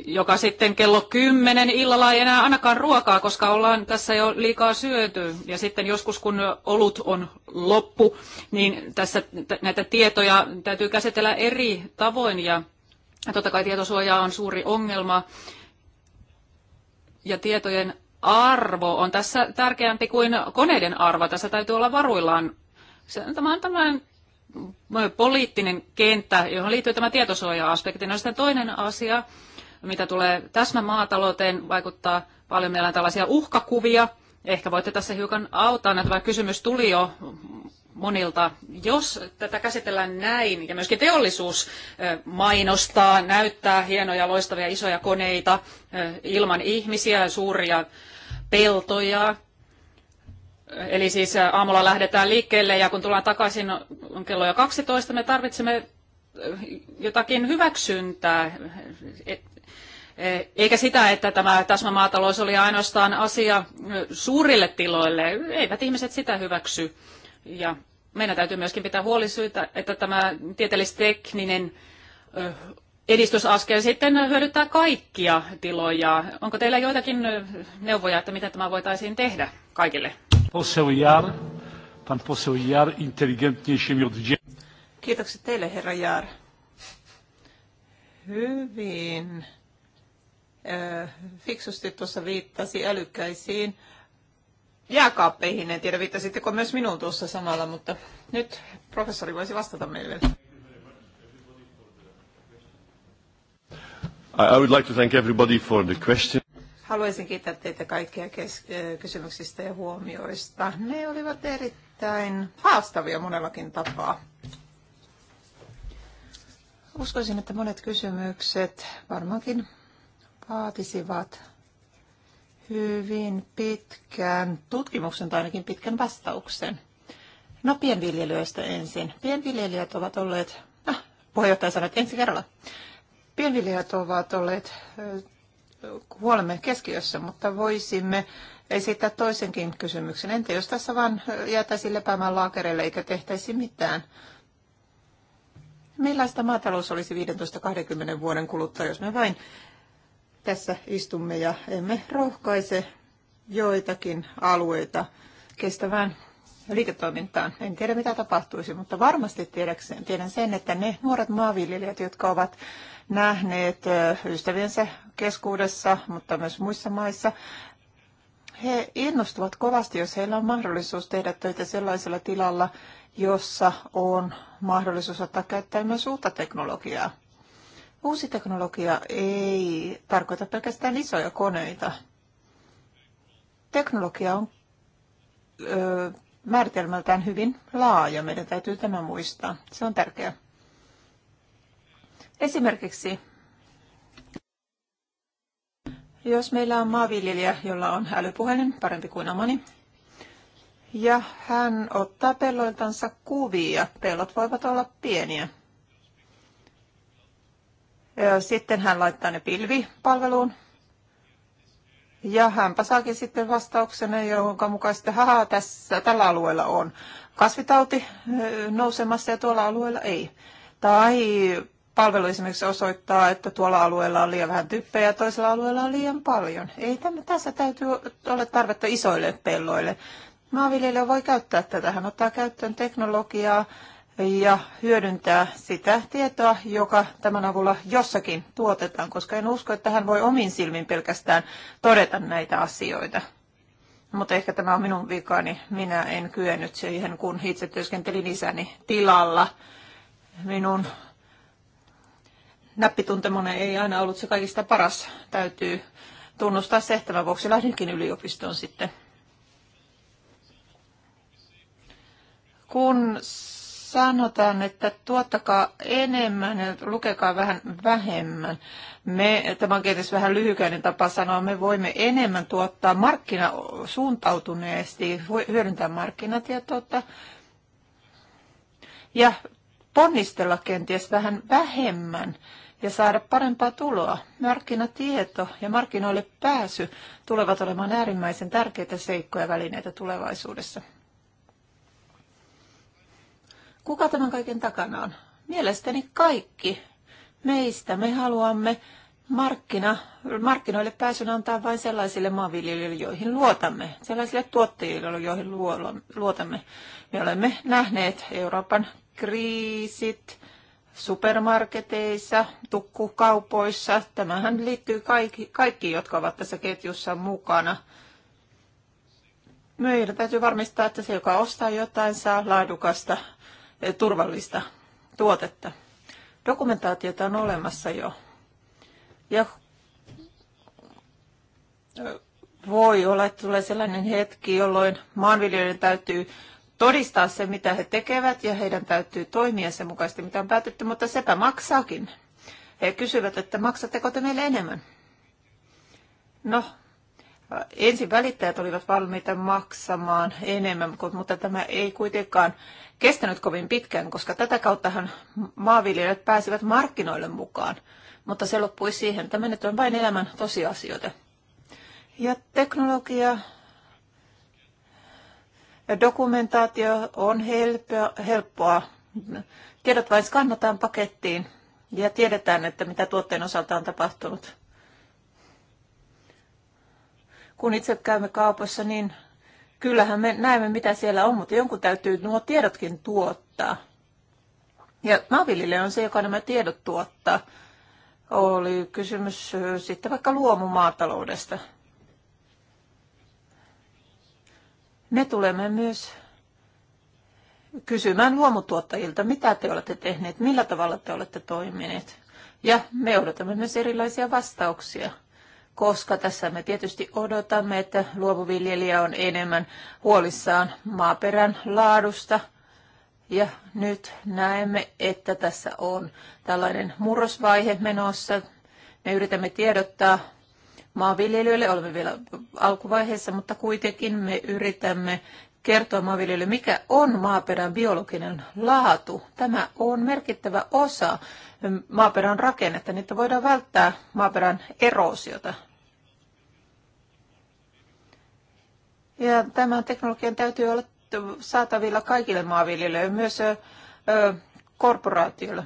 joka sitten kello 10 illalla ei enää ainakaan ruokaa, koska ollaan tässä jo liikaa syöty. Ja sitten joskus kun olut on loppu, niin tässä näitä tietoja täytyy käsitellä eri tavoin ja totta kai tietosuoja on suuri ongelma ja tietojen arvo on tässä tärkeämpi kuin koneiden arvo. Tässä täytyy olla varuillaan. Tämä on tämmöinen poliittinen kenttä, johon liittyy tämä tietosuoja-aspekti. No sitten toinen asia, mitä tulee täsmämaatalouteen, vaikuttaa paljon. Meillä on tällaisia uhkakuvia. Ehkä voitte tässä hiukan auttaa. Tämä kysymys tuli jo monilta. Jos tätä käsitellään näin, ja myöskin teollisuus mainostaa, näyttää hienoja, loistavia, isoja koneita ilman ihmisiä, suuria peltoja, Eli siis aamulla lähdetään liikkeelle ja kun tullaan takaisin on kello jo 12, me tarvitsemme jotakin hyväksyntää. Eh, eikä sitä, että tämä täsmämaatalous oli ainoastaan asia eh, suurille tiloille. Eivät ihmiset sitä hyväksy. Ja meidän täytyy myöskin pitää huoli siitä, että tämä tieteellistekninen eh, edistysaskel sitten hyödyttää kaikkia tiloja. Onko teillä joitakin neuvoja, että miten tämä voitaisiin tehdä kaikille? Pan Kiitokset teille, herra Jaar. Hyvin Äh, fiksusti tuossa viittasi älykkäisiin jääkaappeihin. En tiedä, viittasitteko myös minuun tuossa samalla, mutta nyt professori voisi vastata meille. I would like to thank everybody for the question. Haluaisin kiittää teitä kaikkia kes- äh, kysymyksistä ja huomioista. Ne olivat erittäin haastavia monellakin tapaa. Uskoisin, että monet kysymykset varmaankin vaatisivat hyvin pitkän tutkimuksen tai ainakin pitkän vastauksen. No pienviljelijöistä ensin. Pienviljelijät ovat olleet, no, puheenjohtaja sanoi, että ensi kerralla. Pienviljelijät ovat olleet eh, huolemme keskiössä, mutta voisimme esittää toisenkin kysymyksen. Entä jos tässä vaan eh, jäätäisiin lepäämään laakereille eikä tehtäisi mitään? Millaista maatalous olisi 15-20 vuoden kuluttua, jos me vain tässä istumme ja emme rohkaise joitakin alueita kestävään liiketoimintaan. En tiedä mitä tapahtuisi, mutta varmasti tiedäkseen, tiedän sen, että ne nuoret maanviljelijät, jotka ovat nähneet ystäviensä keskuudessa, mutta myös muissa maissa, he innostuvat kovasti, jos heillä on mahdollisuus tehdä töitä sellaisella tilalla, jossa on mahdollisuus ottaa käyttää myös uutta teknologiaa. Uusi teknologia ei tarkoita pelkästään isoja koneita. Teknologia on ö, määritelmältään hyvin laaja, meidän täytyy tämä muistaa. Se on tärkeää. Esimerkiksi jos meillä on maanviljelijä, jolla on älypuhelin, parempi kuin omani, ja hän ottaa pelloiltansa kuvia. Pellot voivat olla pieniä. Sitten hän laittaa ne pilvipalveluun. Ja hänpä saakin sitten vastauksen, jonka mukaan sitten, haha, tässä, tällä alueella on kasvitauti nousemassa ja tuolla alueella ei. Tai palvelu esimerkiksi osoittaa, että tuolla alueella on liian vähän typpejä ja toisella alueella on liian paljon. Ei tämä, tässä täytyy olla tarvetta isoille pelloille. Maanviljelijä voi käyttää tätä. Hän ottaa käyttöön teknologiaa, ja hyödyntää sitä tietoa, joka tämän avulla jossakin tuotetaan, koska en usko, että hän voi omin silmin pelkästään todeta näitä asioita. Mutta ehkä tämä on minun vikani. Minä en kyennyt siihen, kun itse työskentelin isäni tilalla. Minun näppituntemoni ei aina ollut se kaikista paras. Täytyy tunnustaa se, että vuoksi lähdinkin yliopistoon sitten. Kun sanotaan, että tuottakaa enemmän ja lukekaa vähän vähemmän. Me, tämä on tietysti vähän lyhykäinen tapa sanoa, me voimme enemmän tuottaa markkina suuntautuneesti, hyödyntää markkinatietoutta ja ponnistella kenties vähän vähemmän ja saada parempaa tuloa. Markkinatieto ja markkinoille pääsy tulevat olemaan äärimmäisen tärkeitä seikkoja välineitä tulevaisuudessa. Kuka tämän kaiken takana on? Mielestäni kaikki meistä. Me haluamme markkina, markkinoille pääsyn antaa vain sellaisille maanviljelijöille, joihin luotamme, sellaisille tuottajille, joihin luotamme. Me olemme nähneet Euroopan kriisit supermarketeissa, tukkukaupoissa. Tämähän liittyy kaikki, kaikki, jotka ovat tässä ketjussa mukana. Meidän täytyy varmistaa, että se, joka ostaa jotain, saa laadukasta Eh, turvallista tuotetta. Dokumentaatiota on olemassa jo. Ja voi olla, että tulee sellainen hetki, jolloin maanviljelijöiden täytyy todistaa se, mitä he tekevät, ja heidän täytyy toimia sen mukaisesti, mitä on päätetty, mutta sepä maksaakin. He kysyvät, että maksatteko te meille enemmän? No, ensin välittäjät olivat valmiita maksamaan enemmän, mutta tämä ei kuitenkaan kestänyt kovin pitkään, koska tätä kauttahan maanviljelijät pääsivät markkinoille mukaan, mutta se loppui siihen. Tämä nyt on vain elämän tosiasioita. Ja teknologia, ja dokumentaatio on helppoa. Tiedot vain skannataan pakettiin ja tiedetään, että mitä tuotteen osalta on tapahtunut. Kun itse käymme kaupassa, niin kyllähän me näemme, mitä siellä on, mutta jonkun täytyy nuo tiedotkin tuottaa. Ja maanviljelijä on se, joka nämä tiedot tuottaa. Oli kysymys sitten vaikka luomumaataloudesta. Me tulemme myös kysymään luomutuottajilta, mitä te olette tehneet, millä tavalla te olette toimineet. Ja me odotamme myös erilaisia vastauksia koska tässä me tietysti odotamme, että luovuviljelijä on enemmän huolissaan maaperän laadusta. Ja nyt näemme, että tässä on tällainen murrosvaihe menossa. Me yritämme tiedottaa maanviljelijöille, olemme vielä alkuvaiheessa, mutta kuitenkin me yritämme kertoa maanviljelijöille, mikä on maaperän biologinen laatu. Tämä on merkittävä osa maaperän rakennetta, niin että voidaan välttää maaperän eroosiota. Ja tämän teknologian täytyy olla saatavilla kaikille maanviljelijöille, myös korporaatioille.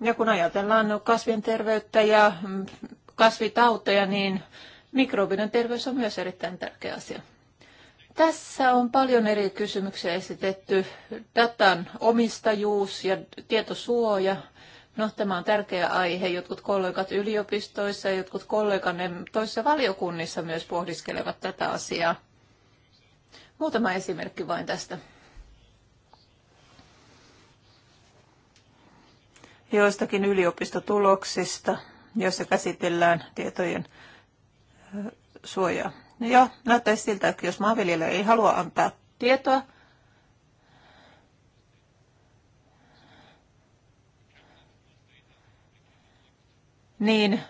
Ja kun ajatellaan kasvien terveyttä ja kasvitauteja, niin mikrobinen terveys on myös erittäin tärkeä asia. Tässä on paljon eri kysymyksiä esitetty. Datan omistajuus ja tietosuoja. No, tämä on tärkeä aihe. Jotkut kollegat yliopistoissa ja jotkut kolleganne toissa valiokunnissa myös pohdiskelevat tätä asiaa. Muutama esimerkki vain tästä. joistakin yliopistotuloksista, joissa käsitellään tietojen suojaa. Ja näyttäisi siltä, että jos maanviljelijä ei halua antaa tietoa, niin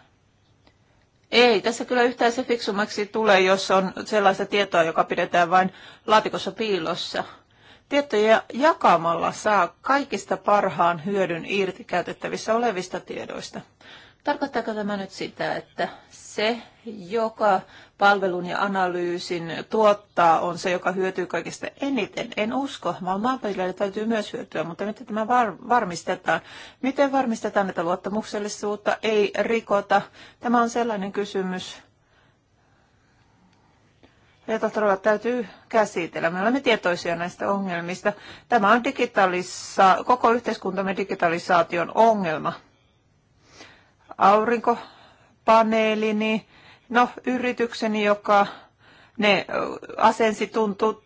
ei, tässä kyllä yhtään se fiksummaksi tulee, jos on sellaista tietoa, joka pidetään vain laatikossa piilossa – Tietoja jakamalla saa kaikista parhaan hyödyn irti käytettävissä olevista tiedoista. Tarkoittaako tämä nyt sitä, että se, joka palvelun ja analyysin tuottaa, on se, joka hyötyy kaikista eniten? En usko, vaan maanpäivillä täytyy myös hyötyä, mutta miten tämä var- varmistetaan? Miten varmistetaan, että luottamuksellisuutta ei rikota? Tämä on sellainen kysymys, jota todella täytyy käsitellä. Me olemme tietoisia näistä ongelmista. Tämä on digitalisa- koko yhteiskuntamme digitalisaation ongelma. Aurinkopaneelini, no yritykseni, joka ne asensi tuntuu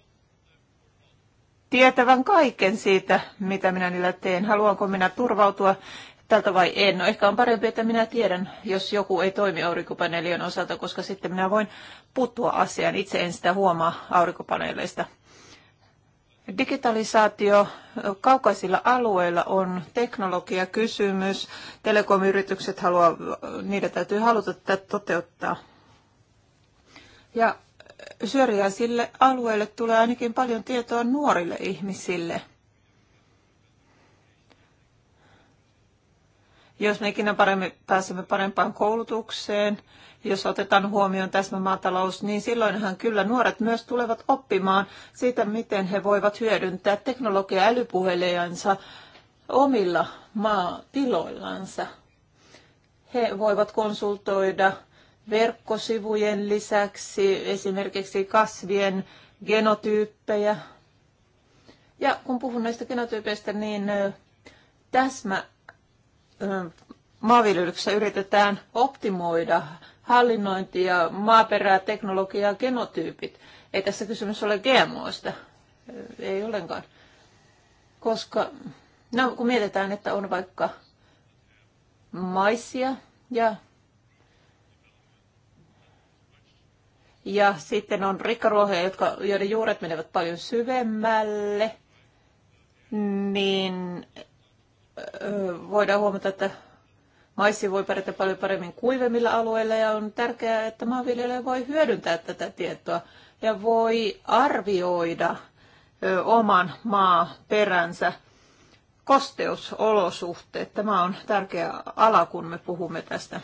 tietävän kaiken siitä, mitä minä niillä teen. Haluanko minä turvautua tältä vai en. No ehkä on parempi, että minä tiedän, jos joku ei toimi aurinkopaneelien osalta, koska sitten minä voin puuttua asiaan. Itse en sitä huomaa aurinkopaneeleista. Digitalisaatio kaukaisilla alueilla on teknologiakysymys. Telekomyritykset haluaa, niitä täytyy haluta tätä toteuttaa. Ja syrjäisille alueille tulee ainakin paljon tietoa nuorille ihmisille – Jos me ikinä paremmin, pääsemme parempaan koulutukseen, jos otetaan huomioon täsmämaatalous, niin silloinhan kyllä nuoret myös tulevat oppimaan siitä, miten he voivat hyödyntää teknologia älypuhelijansa omilla maatiloillansa. He voivat konsultoida verkkosivujen lisäksi esimerkiksi kasvien genotyyppejä. Ja kun puhun näistä genotyypeistä, niin täsmä maanviljelyksessä yritetään optimoida hallinnointia, maaperää, teknologiaa, genotyypit. Ei tässä kysymys ole GMOista. Ei ollenkaan. Koska, no kun mietitään, että on vaikka maisia ja Ja sitten on rikkaruohoja, jotka, joiden juuret menevät paljon syvemmälle, niin voidaan huomata, että maissi voi pärjätä paljon paremmin kuivemmilla alueilla ja on tärkeää, että maanviljelijä voi hyödyntää tätä tietoa ja voi arvioida oman maaperänsä kosteusolosuhteet. Tämä on tärkeä ala, kun me puhumme tästä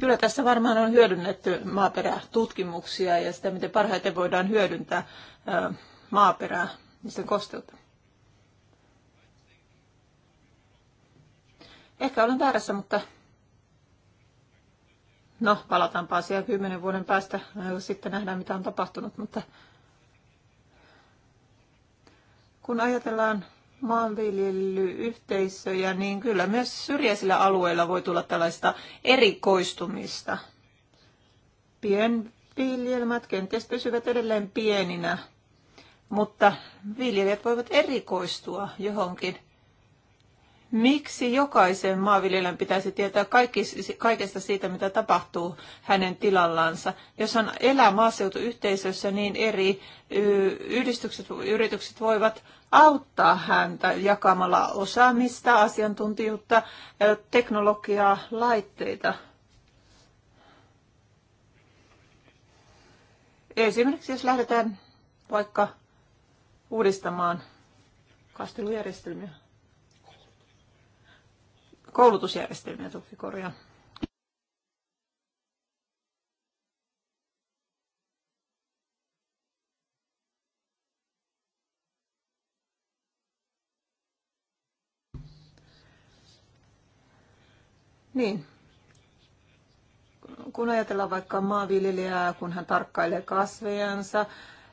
Kyllä tässä varmaan on hyödynnetty maaperätutkimuksia ja sitä, miten parhaiten voidaan hyödyntää maaperää ja sen kosteutta. Ehkä olen väärässä, mutta no, palataanpa asiaan kymmenen vuoden päästä. Sitten nähdään, mitä on tapahtunut, mutta kun ajatellaan maanviljelyyhteisöjä, niin kyllä myös syrjäisillä alueilla voi tulla tällaista erikoistumista. Pienviljelmät kenties pysyvät edelleen pieninä, mutta viljelijät voivat erikoistua johonkin Miksi jokaisen maanviljelijän pitäisi tietää kaikki, kaikesta siitä, mitä tapahtuu hänen tilallansa? Jos hän elää maaseutuyhteisössä, niin eri yhdistykset, yritykset voivat auttaa häntä jakamalla osaamista, asiantuntijuutta, teknologiaa, laitteita. Esimerkiksi jos lähdetään vaikka uudistamaan kastelujärjestelmiä koulutusjärjestelmiä korjaa. Niin. Kun ajatellaan vaikka maanviljelijää, kun hän tarkkailee kasvejansa,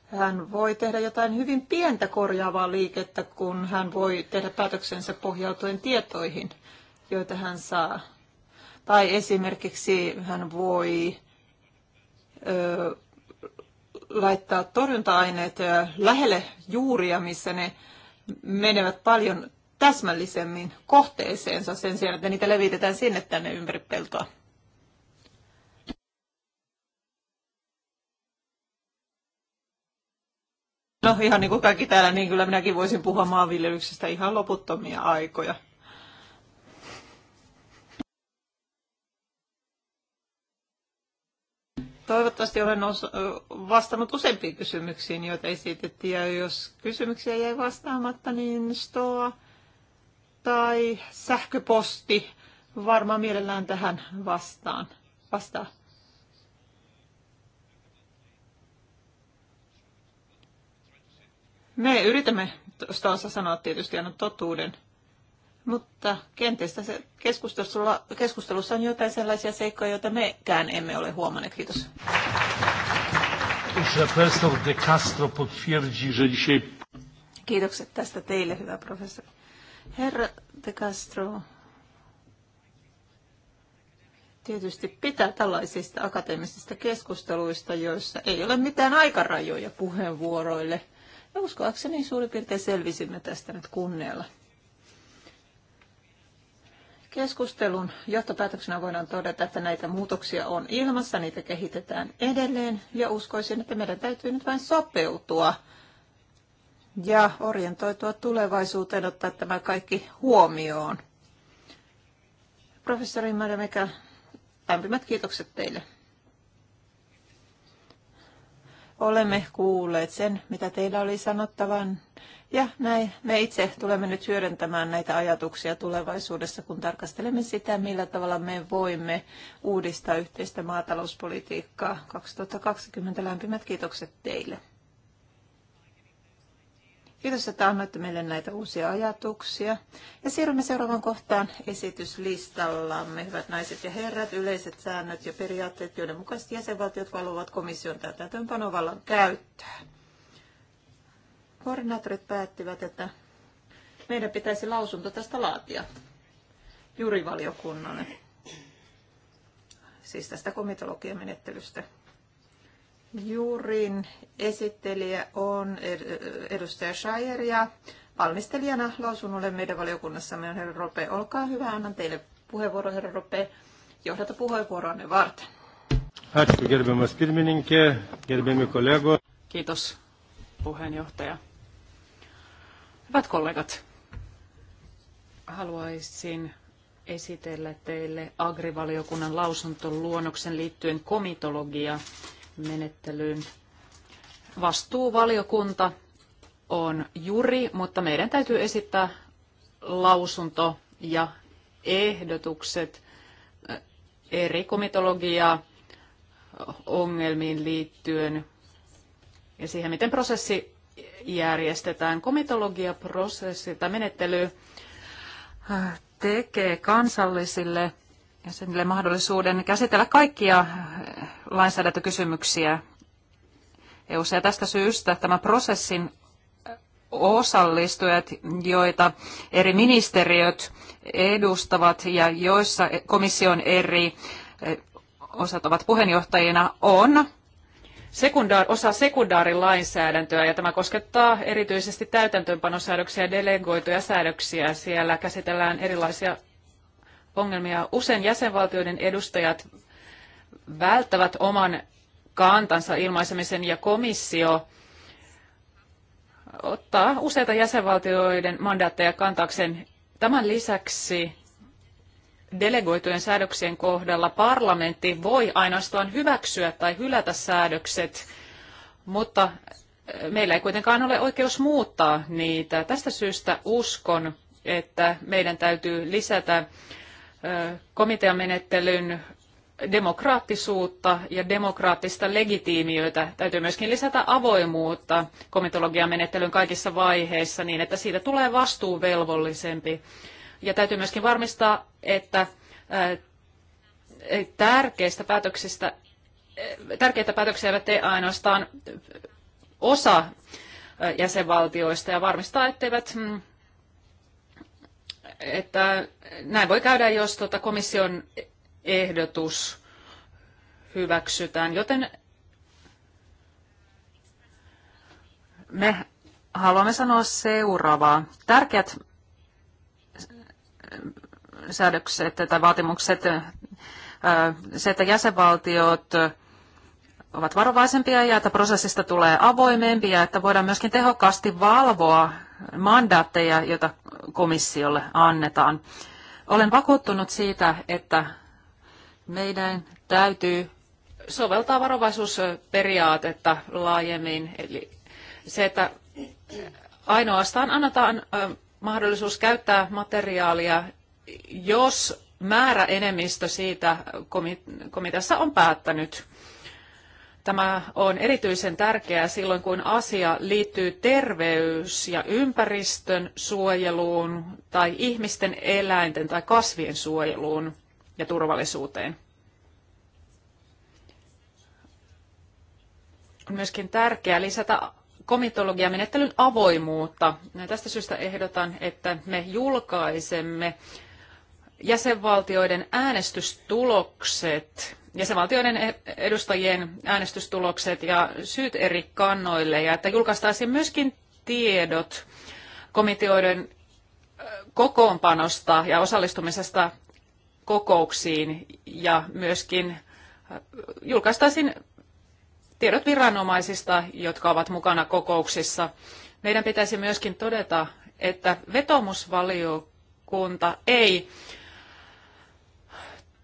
hän voi tehdä jotain hyvin pientä korjaavaa liikettä, kun hän voi tehdä päätöksensä pohjautuen tietoihin joita hän saa. Tai esimerkiksi hän voi ö, laittaa torjunta-aineet lähelle juuria, missä ne menevät paljon täsmällisemmin kohteeseensa sen sijaan, että niitä levitetään sinne tänne ympäri peltoa. No ihan niin kuin kaikki täällä, niin kyllä minäkin voisin puhua maanviljelyksestä ihan loputtomia aikoja. Toivottavasti olen vastannut useampiin kysymyksiin, joita esitettiin. Ja jos kysymyksiä jäi vastaamatta, niin STOA tai sähköposti varmaan mielellään tähän vastaan. Vastaa. Me yritämme Stoassa sanoa tietysti aina totuuden. Mutta kenties tässä keskustelussa, keskustelussa on jotain sellaisia seikkoja, joita mekään emme ole huomanneet. Kiitos. Professor De Castro że dzisiaj... Kiitokset tästä teille, hyvä professori. Herra De Castro, tietysti pitää tällaisista akateemisista keskusteluista, joissa ei ole mitään aikarajoja puheenvuoroille. Ja uskoakseni suurin piirtein selvisimme tästä nyt kunnialla keskustelun johtopäätöksenä voidaan todeta, että näitä muutoksia on ilmassa, niitä kehitetään edelleen ja uskoisin, että meidän täytyy nyt vain sopeutua ja orientoitua tulevaisuuteen, ottaa tämä kaikki huomioon. Professori Mekä, lämpimät kiitokset teille. Olemme kuulleet sen, mitä teillä oli sanottavan ja näin me itse tulemme nyt hyödyntämään näitä ajatuksia tulevaisuudessa, kun tarkastelemme sitä, millä tavalla me voimme uudistaa yhteistä maatalouspolitiikkaa 2020. Lämpimät kiitokset teille. Kiitos, että annoitte meille näitä uusia ajatuksia. Ja siirrymme seuraavaan kohtaan esityslistallamme. Hyvät naiset ja herrat, yleiset säännöt ja periaatteet, joiden mukaisesti jäsenvaltiot valvovat komission täytäntöönpanovallan käyttöön. Koordinaattorit päättivät, että meidän pitäisi lausunto tästä laatia jurivaliokunnalle, siis tästä komitologiamenettelystä. Jurin esittelijä on edustaja Schaier ja valmistelijana lausunnolle meidän valiokunnassamme on herra Rope. Olkaa hyvä, annan teille puheenvuoro herra Rope johdata ne varten. Ačiū gerbiamas Kiitos puheenjohtaja. Hyvät kollegat, haluaisin esitellä teille agrivaliokunnan luonnoksen liittyen komitologia-menettelyyn. Vastuuvaliokunta on juri, mutta meidän täytyy esittää lausunto ja ehdotukset eh, eri komitologia ongelmiin liittyen ja siihen, miten prosessi järjestetään. Komitologiaprosessi tai menettely äh, tekee kansallisille jäsenille mahdollisuuden käsitellä kaikkia äh, lainsäädäntökysymyksiä eu Ja tästä syystä tämä prosessin äh, osallistujat, joita eri ministeriöt edustavat ja joissa e-, komission eri e, osat ovat puheenjohtajina, on sekundaar, osa sekundaarilainsäädäntöä, ja tämä koskettaa erityisesti täytäntöönpanosäädöksiä ja delegoituja säädöksiä. Siellä käsitellään erilaisia ongelmia. Usein jäsenvaltioiden edustajat välttävät oman kantansa ilmaisemisen ja komissio ottaa useita jäsenvaltioiden mandaatteja kantaakseen. Tämän lisäksi delegoitujen säädöksien kohdalla parlamentti voi ainoastaan hyväksyä tai hylätä säädökset, mutta eh, meillä ei kuitenkaan ole oikeus muuttaa niitä. Tästä syystä uskon, että meidän täytyy lisätä eh, komiteamenettelyn demokraattisuutta ja demokraattista legitiimiötä. Täytyy myöskin lisätä avoimuutta komitologiamenettelyn kaikissa vaiheissa niin, että siitä tulee vastuuvelvollisempi. Ja täytyy myöskin varmistaa, että äh, tärkeistä päätöksistä, äh, tärkeitä päätöksiä eivät tee ainoastaan osa äh, jäsenvaltioista ja varmistaa, etteivät mm, että näin voi käydä, jos tuota komission ehdotus hyväksytään. Joten me haluamme sanoa seuraavaa. Tärkeät säädökset tai vaatimukset, se, että jäsenvaltiot ovat varovaisempia ja että prosessista tulee avoimempi ja että voidaan myöskin tehokkaasti valvoa mandaatteja, joita komissiolle annetaan. Olen vakuuttunut siitä, että meidän täytyy soveltaa varovaisuusperiaatetta laajemmin. Eli se, että ainoastaan annetaan mahdollisuus käyttää materiaalia, jos määräenemmistö siitä komiteassa on päättänyt. Tämä on erityisen tärkeää silloin, kun asia liittyy terveys- ja ympäristön suojeluun tai ihmisten, eläinten tai kasvien suojeluun ja turvallisuuteen. On myöskin tärkeää lisätä komitologiamenettelyn avoimuutta. Tästä syystä ehdotan, että me julkaisemme jäsenvaltioiden äänestystulokset, jäsenvaltioiden edustajien äänestystulokset ja syyt eri kannoille, ja että julkaistaisiin myöskin tiedot komiteoiden kokoonpanosta ja osallistumisesta kokouksiin ja myöskin julkaistaisiin tiedot viranomaisista, jotka ovat mukana kokouksissa. Meidän pitäisi myöskin todeta, että vetomusvaliokunta ei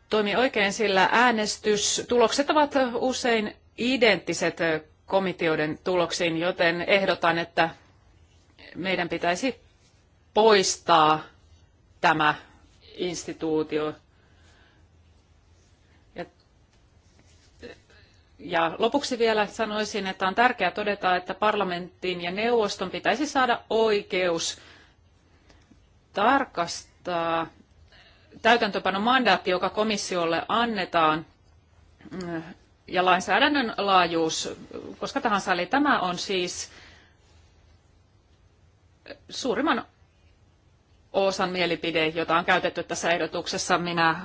toimi oikein, sillä äänestystulokset ovat usein identtiset komiteoiden tuloksiin, joten ehdotan, että meidän pitäisi poistaa tämä instituutio Ja lopuksi vielä sanoisin, että on tärkeää todeta, että parlamenttiin ja neuvoston pitäisi saada oikeus tarkastaa täytäntöpanon mandaatti, joka komissiolle annetaan, mm, ja lainsäädännön laajuus, koska tahansa. Eli tämä on siis suurimman osan mielipide, jota on käytetty tässä ehdotuksessa. Minä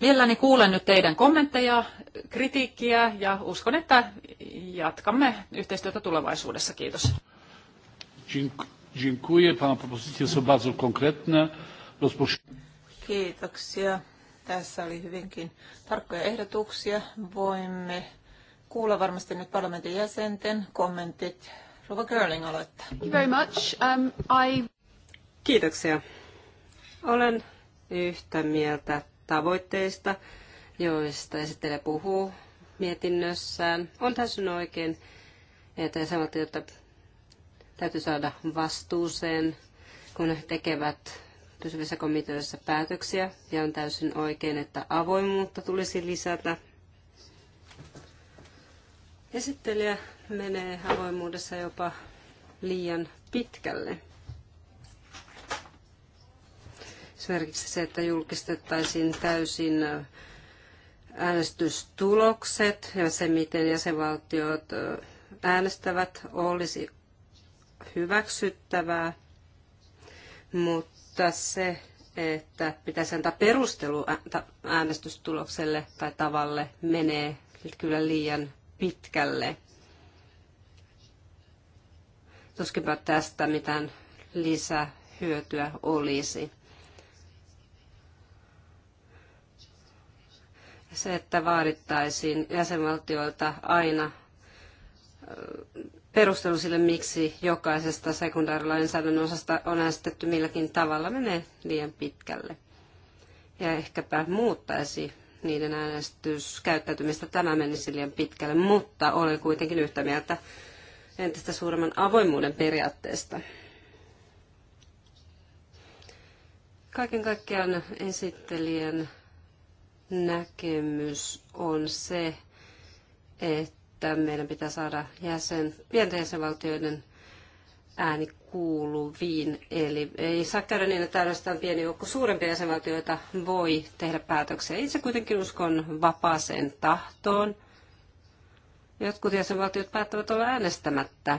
Mielelläni kuulen nyt teidän kommentteja, kritiikkiä ja uskon, että jatkamme yhteistyötä tulevaisuudessa. Kiitos. Kiitoksia. Tässä oli hyvinkin tarkkoja ehdotuksia. Voimme kuulla varmasti nyt parlamentin jäsenten kommentit. Rova Curling aloittaa. Thank you very much. Um, I... Kiitoksia. Olen yhtä mieltä tavoitteista, joista esittelee puhuu mietinnössään. On täysin oikein, että sanottiin, että täytyy saada vastuuseen, kun he tekevät pysyvissä komiteoissa päätöksiä, ja on täysin oikein, että avoimuutta tulisi lisätä. Esittelijä menee avoimuudessa jopa liian pitkälle. Esimerkiksi se, että julkistettaisiin täysin äänestystulokset ja se, miten jäsenvaltiot äänestävät, olisi hyväksyttävää, mutta se, että pitäisi antaa perustelu äänestystulokselle tai tavalle, menee kyllä liian pitkälle. Tuskinpa tästä mitään lisähyötyä olisi. se, että vaadittaisiin jäsenvaltioilta aina perustelu sille, miksi jokaisesta sekundaarilainsäädännön osasta on äänestetty milläkin tavalla, menee liian pitkälle. Ja ehkäpä muuttaisi niiden äänestyskäyttäytymistä, tämä menisi liian pitkälle, mutta olen kuitenkin yhtä mieltä entistä suuremman avoimuuden periaatteesta. Kaiken kaikkiaan esittelijän näkemys on se, että meidän pitää saada jäsen, pienten jäsenvaltioiden ääni kuuluviin. Eli ei saa käydä niin, että ainoastaan pieni joukko suurempia jäsenvaltioita voi tehdä päätöksiä. Itse kuitenkin uskon vapaaseen tahtoon. Jotkut jäsenvaltiot päättävät olla äänestämättä,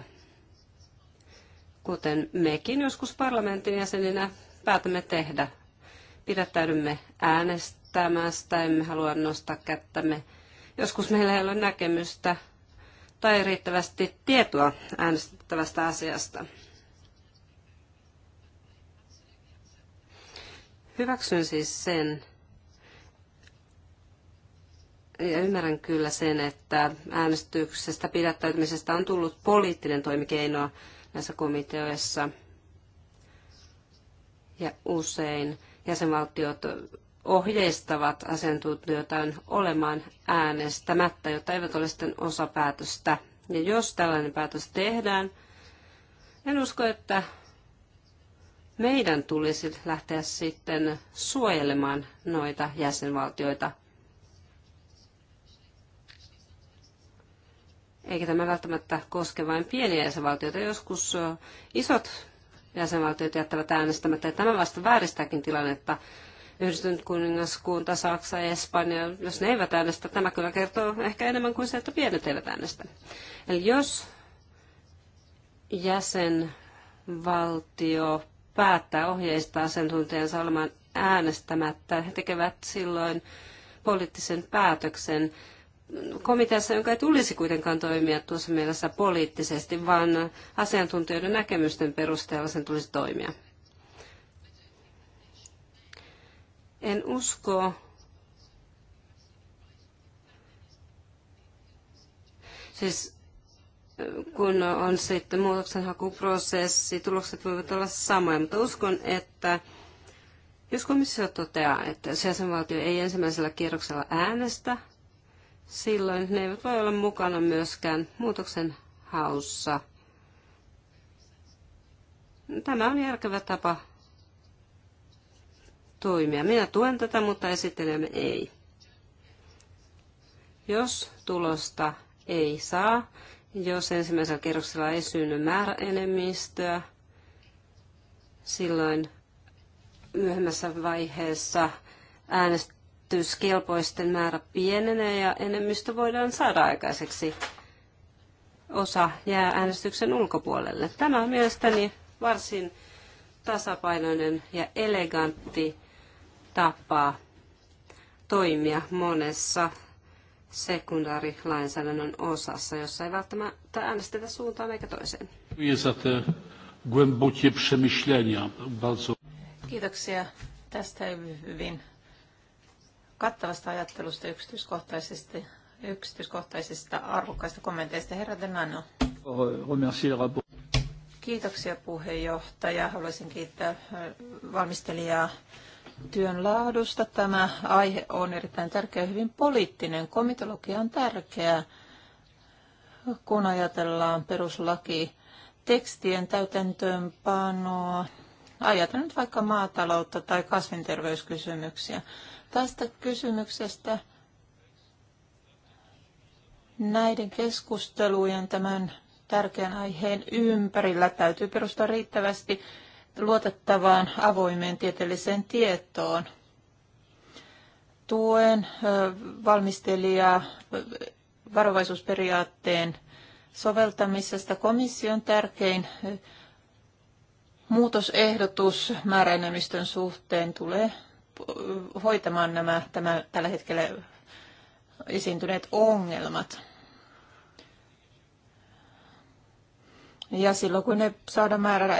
kuten mekin joskus parlamentin jäseninä päätämme tehdä. Pidättäydymme äänestä tämästä, emme halua nostaa kättämme. Joskus meillä ei ole näkemystä tai riittävästi tietoa äänestettävästä asiasta. Hyväksyn siis sen, ja ymmärrän kyllä sen, että äänestyksestä pidättäytymisestä on tullut poliittinen toimikeino näissä komiteoissa. Ja usein jäsenvaltiot ohjeistavat asiantuntijoitaan olemaan äänestämättä, jotta eivät ole sitten osa päätöstä. Ja jos tällainen päätös tehdään, en usko, että meidän tulisi lähteä sitten suojelemaan noita jäsenvaltioita. Eikä tämä välttämättä koske vain pieniä jäsenvaltioita. Joskus isot jäsenvaltiot jättävät äänestämättä, ja tämä vasta vääristääkin tilannetta Yhdistynyt kuningaskunta, Saksa, Espanja, jos ne eivät äänestä, tämä kyllä kertoo ehkä enemmän kuin se, että pienet eivät äänestä. Eli jos jäsenvaltio päättää ohjeistaa asiantuntijansa olemaan äänestämättä, he tekevät silloin poliittisen päätöksen komiteassa, jonka ei tulisi kuitenkaan toimia tuossa mielessä poliittisesti, vaan asiantuntijoiden näkemysten perusteella sen tulisi toimia. En usko, siis kun on sitten muutoksenhakuprosessi, tulokset voivat olla samoja, mutta uskon, että jos komissio toteaa, että jos jäsenvaltio ei ensimmäisellä kierroksella äänestä, silloin ne eivät voi olla mukana myöskään muutoksen haussa. Tämä on järkevä tapa toimia. Minä tuen tätä, mutta esittelemme ei. Jos tulosta ei saa, jos ensimmäisellä kerroksella ei synny määräenemmistöä, silloin myöhemmässä vaiheessa äänestyskelpoisten määrä pienenee ja enemmistö voidaan saada aikaiseksi. Osa jää äänestyksen ulkopuolelle. Tämä on mielestäni varsin tasapainoinen ja elegantti tapa toimia monessa sekundaarilainsäädännön osassa, jossa ei välttämättä äänestetä suuntaan eikä toiseen. Kiitoksia tästä hyvin kattavasta ajattelusta yksityiskohtaisesti, yksityiskohtaisista arvokkaista kommenteista. Herra Denano. Kiitoksia puheenjohtaja. Haluaisin kiittää valmistelijaa työn laadusta. Tämä aihe on erittäin tärkeä, hyvin poliittinen. Komitologia on tärkeä, kun ajatellaan peruslaki tekstien täytäntöönpanoa. Ajatellaan nyt vaikka maataloutta tai kasvinterveyskysymyksiä. Tästä kysymyksestä näiden keskustelujen tämän tärkeän aiheen ympärillä täytyy perustaa riittävästi luotettavaan avoimeen tieteelliseen tietoon. Tuen valmistelijaa varovaisuusperiaatteen soveltamisesta komission tärkein muutosehdotus määräenemmistön suhteen tulee hoitamaan nämä tämä, tällä hetkellä esiintyneet ongelmat. Ja silloin kun ne saadaan määrällä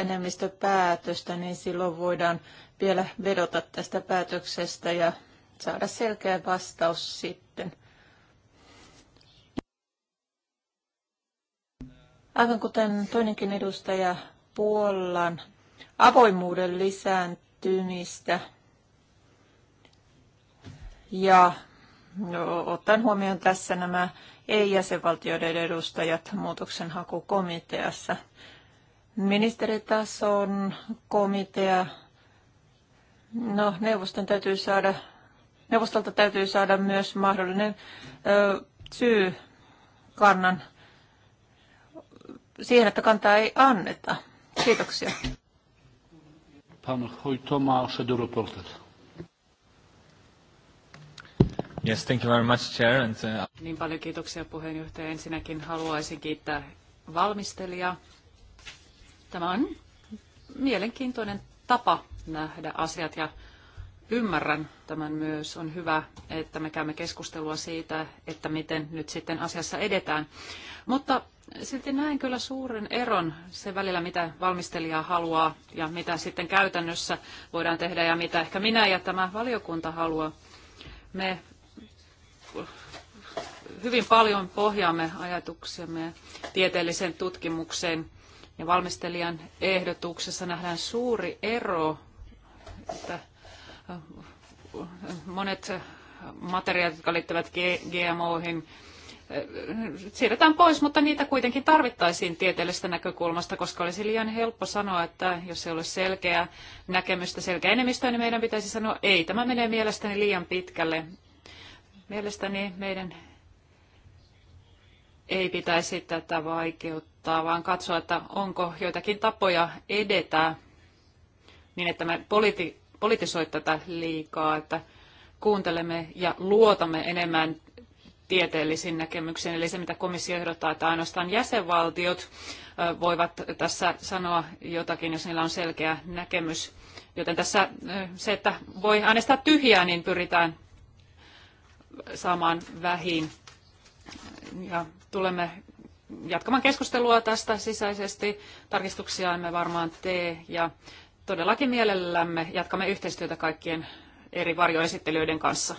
päätöstä, niin silloin voidaan vielä vedota tästä päätöksestä ja saada selkeä vastaus sitten. Aivan kuten toinenkin edustaja Puolan avoimuuden lisääntymistä ja otan huomioon tässä nämä ei-jäsenvaltioiden edustajat muutoksenhakukomiteassa. Ministeritason komitea, no neuvoston täytyy saada, neuvostolta täytyy saada myös mahdollinen ö, syy kannan siihen, että kantaa ei anneta. Kiitoksia. Pano, Hoitoma, Shadow Yes, thank you very much, Chair. And, uh... Niin paljon kiitoksia puheenjohtaja. Ensinnäkin haluaisin kiittää valmistelijaa. Tämä on mielenkiintoinen tapa nähdä asiat ja ymmärrän tämän myös. On hyvä, että me käymme keskustelua siitä, että miten nyt sitten asiassa edetään. Mutta silti näen kyllä suuren eron sen välillä, mitä valmistelija haluaa ja mitä sitten käytännössä voidaan tehdä ja mitä ehkä minä ja tämä valiokunta haluaa. Me hyvin paljon pohjaamme ajatuksemme tieteelliseen tutkimukseen ja valmistelijan ehdotuksessa nähdään suuri ero, että äh, monet materiaalit, jotka liittyvät GMOihin, äh, siirretään pois, mutta niitä kuitenkin tarvittaisiin tieteellisestä näkökulmasta, koska olisi liian helppo sanoa, että jos ei ole selkeää näkemystä, selkeä enemmistö, niin meidän pitäisi sanoa, että ei, tämä menee mielestäni liian pitkälle. Mielestäni meidän ei pitäisi tätä vaikeuttaa, vaan katsoa, että onko joitakin tapoja edetä niin, että me politi- politisoi tätä liikaa, että kuuntelemme ja luotamme enemmän tieteellisiin näkemyksiin. Eli se, mitä komissio ehdottaa, että ainoastaan jäsenvaltiot voivat tässä sanoa jotakin, jos niillä on selkeä näkemys. Joten tässä se, että voi äänestää tyhjää, niin pyritään saamaan vähin. Ja tulemme jatkamaan keskustelua tästä sisäisesti. Tarkistuksia emme varmaan tee ja todellakin mielellämme jatkamme yhteistyötä kaikkien eri varjoesittelijöiden kanssa.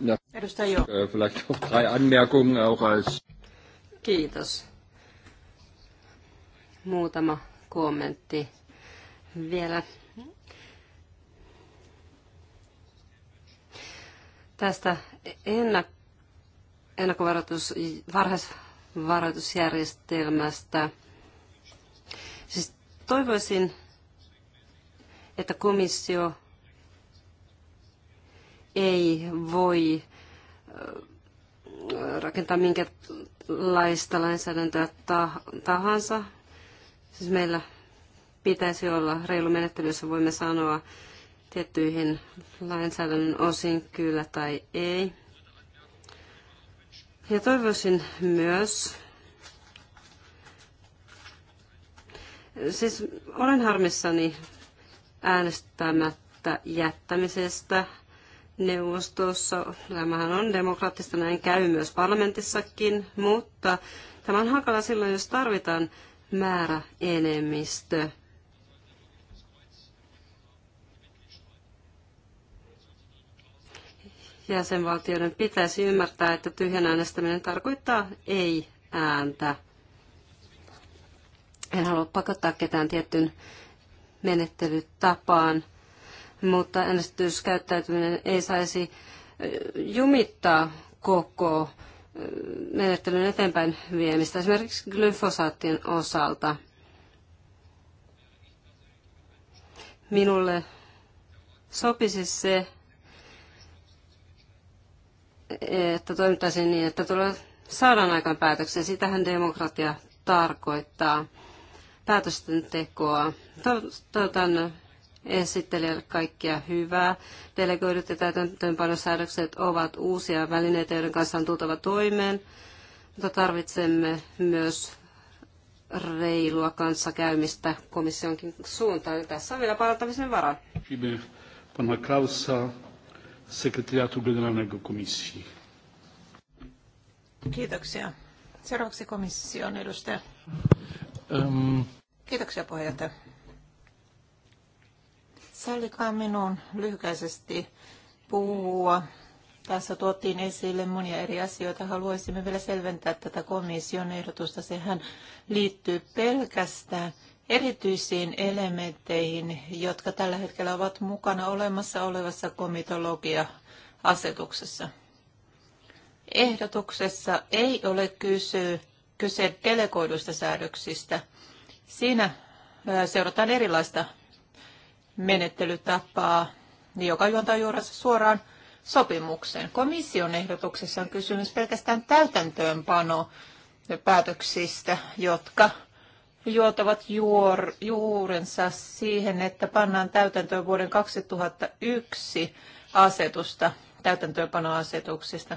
Ja, Edustaja Jo. Äh, Kiitos. Muutama kommentti vielä Tästä ennak- ennakkovaroitus, varhaisvaroitusjärjestelmästä. Siis toivoisin, että komissio ei voi rakentaa minkälaista lainsäädäntöä tahansa. Siis meillä pitäisi olla reilu menettely, jossa voimme sanoa, tiettyihin lainsäädännön osin kyllä tai ei. Ja toivoisin myös, siis olen harmissani äänestämättä jättämisestä neuvostossa. Tämähän on demokraattista, näin käy myös parlamentissakin, mutta tämä on hankala silloin, jos tarvitaan määrä enemmistö jäsenvaltioiden pitäisi ymmärtää, että tyhjän äänestäminen tarkoittaa ei-ääntä. En halua pakottaa ketään tiettyyn menettelytapaan, mutta äänestyskäyttäytyminen ei saisi jumittaa koko menettelyn eteenpäin viemistä, esimerkiksi glyfosaattien osalta. Minulle sopisi se, että toimittaisiin niin, että tulee saadaan aikaan päätöksiä. Sitähän demokratia tarkoittaa päätösten tekoa. Toivotan esittelijälle kaikkia hyvää. Delegoidut ja täytäntöönpanosäädökset ovat uusia välineitä, joiden kanssa on tultava toimeen, mutta tarvitsemme myös reilua kanssakäymistä komissionkin suuntaan. Tässä on vielä parantamisen varaa. Kiitos. Pana Klausa, sekretariatu generalnego komisji. Kiitoksia. Seuraavaksi komission edustaja. Um. Kiitoksia puheenjohtaja. Sallikaa minun lyhykäisesti puhua. Tässä tuotiin esille monia eri asioita. Haluaisimme vielä selventää tätä komission ehdotusta. Sehän liittyy pelkästään erityisiin elementteihin, jotka tällä hetkellä ovat mukana olemassa olevassa komitologia-asetuksessa. Ehdotuksessa ei ole kyse, kyse delegoiduista säädöksistä. Siinä seurataan erilaista menettelytapaa, joka juontaa juurensa suoraan sopimukseen. Komission ehdotuksessa on kysymys pelkästään täytäntöönpano päätöksistä, jotka juotavat juor, juurensa siihen, että pannaan täytäntöön vuoden 2001 asetusta, täytäntöönpanoasetuksista,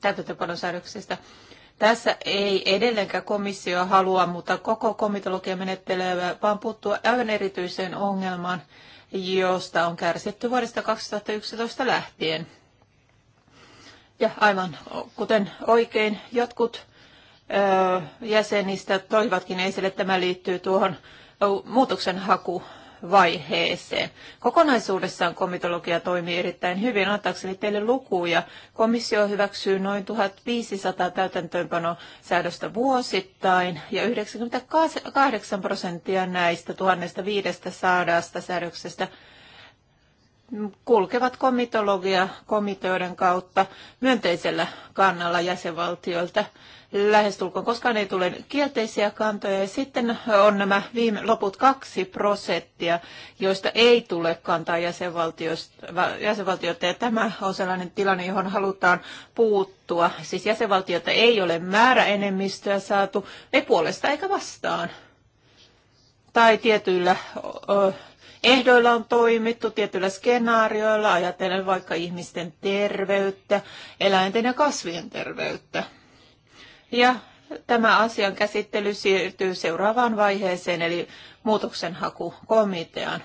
täytäntöönpanosäädöksistä. Tässä ei edelleenkään komissio halua, mutta koko komitologia menettelee, vaan puuttua aivan erityiseen ongelmaan, josta on kärsitty vuodesta 2011 lähtien. Ja aivan kuten oikein jotkut jäsenistä toivatkin esille, tämä liittyy tuohon muutoksenhaku vaiheeseen. Kokonaisuudessaan komitologia toimii erittäin hyvin. Antaakseni teille lukuja. Komissio hyväksyy noin 1500 täytäntöönpanosäädöstä vuosittain ja 98 prosenttia näistä 1500 säädöksestä kulkevat komitologia komiteoiden kautta myönteisellä kannalla jäsenvaltioilta lähestulkoon koskaan ei tule kielteisiä kantoja. Ja sitten on nämä viime, loput kaksi prosenttia, joista ei tule kantaa jäsenvaltioita. Ja tämä on sellainen tilanne, johon halutaan puuttua. Siis jäsenvaltioita ei ole määräenemmistöä saatu, ei puolesta eikä vastaan. Tai tietyillä ehdoilla on toimittu, tietyillä skenaarioilla, ajatellen vaikka ihmisten terveyttä, eläinten ja kasvien terveyttä ja tämä asian käsittely siirtyy seuraavaan vaiheeseen, eli muutoksenhakukomiteaan.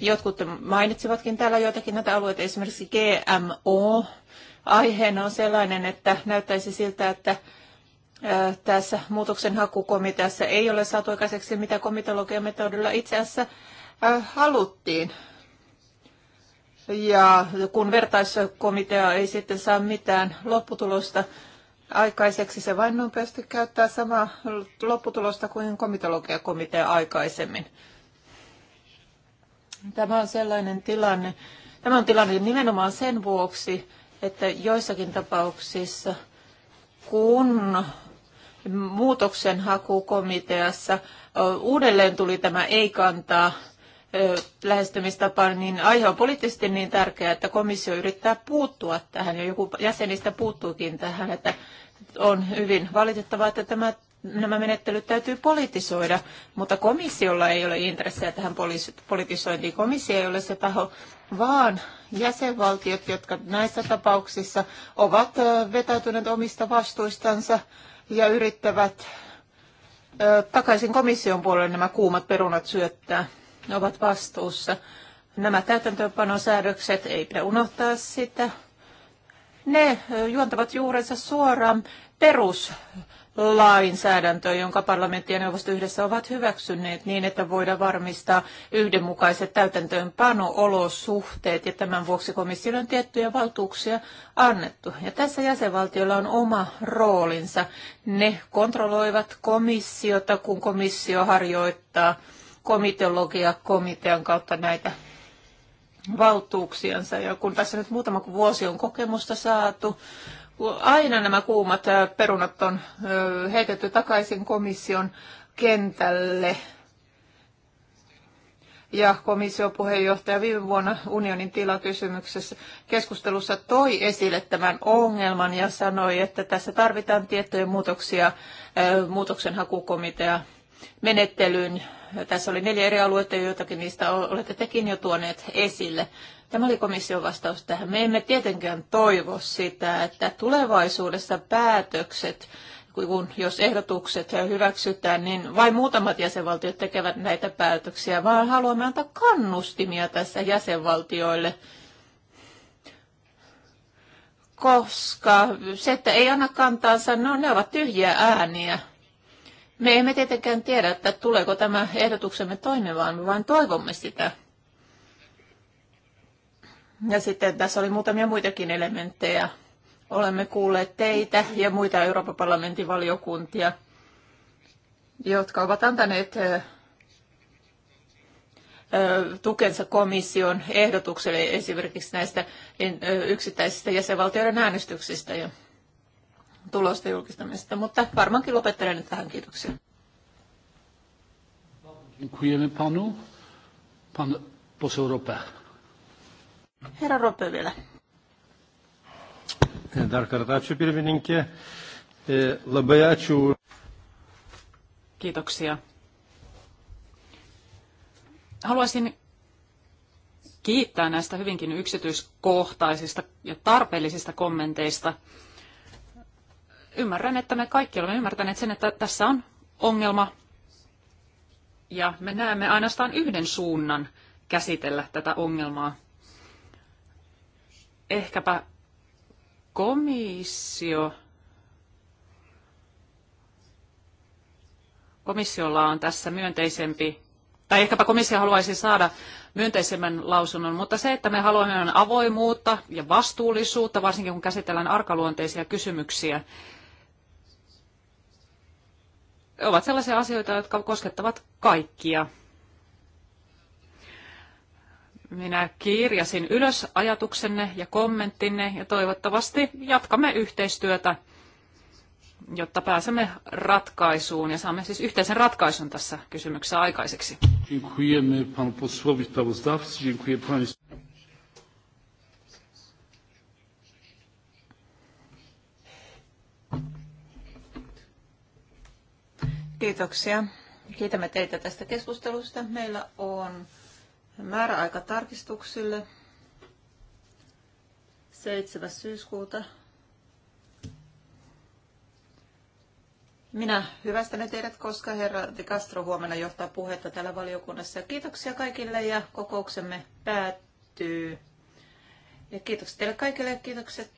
Jotkut mainitsivatkin täällä joitakin näitä alueita, esimerkiksi GMO. Aiheena on sellainen, että näyttäisi siltä, että tässä muutoksenhakukomiteassa ei ole saatu aikaiseksi, mitä komitologian metodilla itse asiassa haluttiin. Ja kun vertaiskomitea ei sitten saa mitään lopputulosta aikaiseksi. Se vain on päästy käyttää samaa lopputulosta kuin komitologiakomitea aikaisemmin. Tämä on sellainen tilanne, tämä on tilanne nimenomaan sen vuoksi, että joissakin tapauksissa, kun muutoksenhakukomiteassa uudelleen tuli tämä ei-kantaa lähestymistapa, niin aihe on poliittisesti niin tärkeä, että komissio yrittää puuttua tähän, ja joku jäsenistä puuttuukin tähän, että on hyvin valitettavaa, että tämä, nämä menettelyt täytyy politisoida, mutta komissiolla ei ole intressejä tähän politisointiin. Komissio ei ole se taho, vaan jäsenvaltiot, jotka näissä tapauksissa ovat vetäytyneet omista vastuistansa ja yrittävät takaisin komission puolelle nämä kuumat perunat syöttää, ne ovat vastuussa. Nämä täytäntöönpanosäädökset, ei pidä unohtaa sitä ne juontavat juurensa suoraan perus lainsäädäntöön, jonka parlamentti ja neuvosto yhdessä ovat hyväksyneet niin, että voidaan varmistaa yhdenmukaiset täytäntöönpano-olosuhteet ja tämän vuoksi komissiolle on tiettyjä valtuuksia annettu. Ja tässä jäsenvaltiolla on oma roolinsa. Ne kontrolloivat komissiota, kun komissio harjoittaa komiteologia komitean kautta näitä valtuuksiansa. Ja kun tässä nyt muutama vuosi on kokemusta saatu, aina nämä kuumat perunat on heitetty takaisin komission kentälle. Ja komission puheenjohtaja viime vuonna unionin tilakysymyksessä keskustelussa toi esille tämän ongelman ja sanoi, että tässä tarvitaan tiettyjä muutoksia muutoksenhakukomitea menettelyyn tässä oli neljä eri aluetta, joitakin niistä olette tekin jo tuoneet esille. Tämä oli komission vastaus tähän. Me emme tietenkään toivo sitä, että tulevaisuudessa päätökset kun jos ehdotukset hyväksytään, niin vain muutamat jäsenvaltiot tekevät näitä päätöksiä, vaan haluamme antaa kannustimia tässä jäsenvaltioille. Koska se, että ei anna kantaansa, no ne ovat tyhjiä ääniä. Me emme tietenkään tiedä, että tuleeko tämä ehdotuksemme toimivaan, vaan toivomme sitä. Ja sitten tässä oli muutamia muitakin elementtejä. Olemme kuulleet teitä ja muita Euroopan parlamentin valiokuntia, jotka ovat antaneet tukensa komission ehdotukselle esimerkiksi näistä yksittäisistä jäsenvaltioiden äänestyksistä. Ja tulosten julkistamisesta, mutta varmaankin lopettelen nyt tähän. Kiitoksia. Dziękujemy panu. Pan poseł Rope. Herra Rope vielä. Dar kartą ačiū e, Labai ačiū. Kiitoksia. Haluaisin kiittää näistä hyvinkin yksityiskohtaisista ja tarpeellisista kommenteista ymmärrän, että me kaikki olemme ymmärtäneet sen, että tässä on ongelma ja me näemme ainoastaan yhden suunnan käsitellä tätä ongelmaa. Ehkäpä komissio. Komissiolla on tässä myönteisempi, tai ehkäpä komissio haluaisi saada myönteisemmän lausunnon, mutta se, että me haluamme avoimuutta ja vastuullisuutta, varsinkin kun käsitellään arkaluonteisia kysymyksiä, ovat sellaisia asioita, jotka koskettavat kaikkia. Minä kirjasin ylös ajatuksenne ja kommenttinne ja toivottavasti jatkamme yhteistyötä, jotta pääsemme ratkaisuun ja saamme siis yhteisen ratkaisun tässä kysymyksessä aikaiseksi. Kiitoksia. Kiitämme teitä tästä keskustelusta. Meillä on määräaika tarkistuksille 7. syyskuuta. Minä hyvästän teidät, koska herra De Castro huomenna johtaa puhetta täällä valiokunnassa. Kiitoksia kaikille ja kokouksemme päättyy. Ja kiitokset teille kaikille ja kiitokset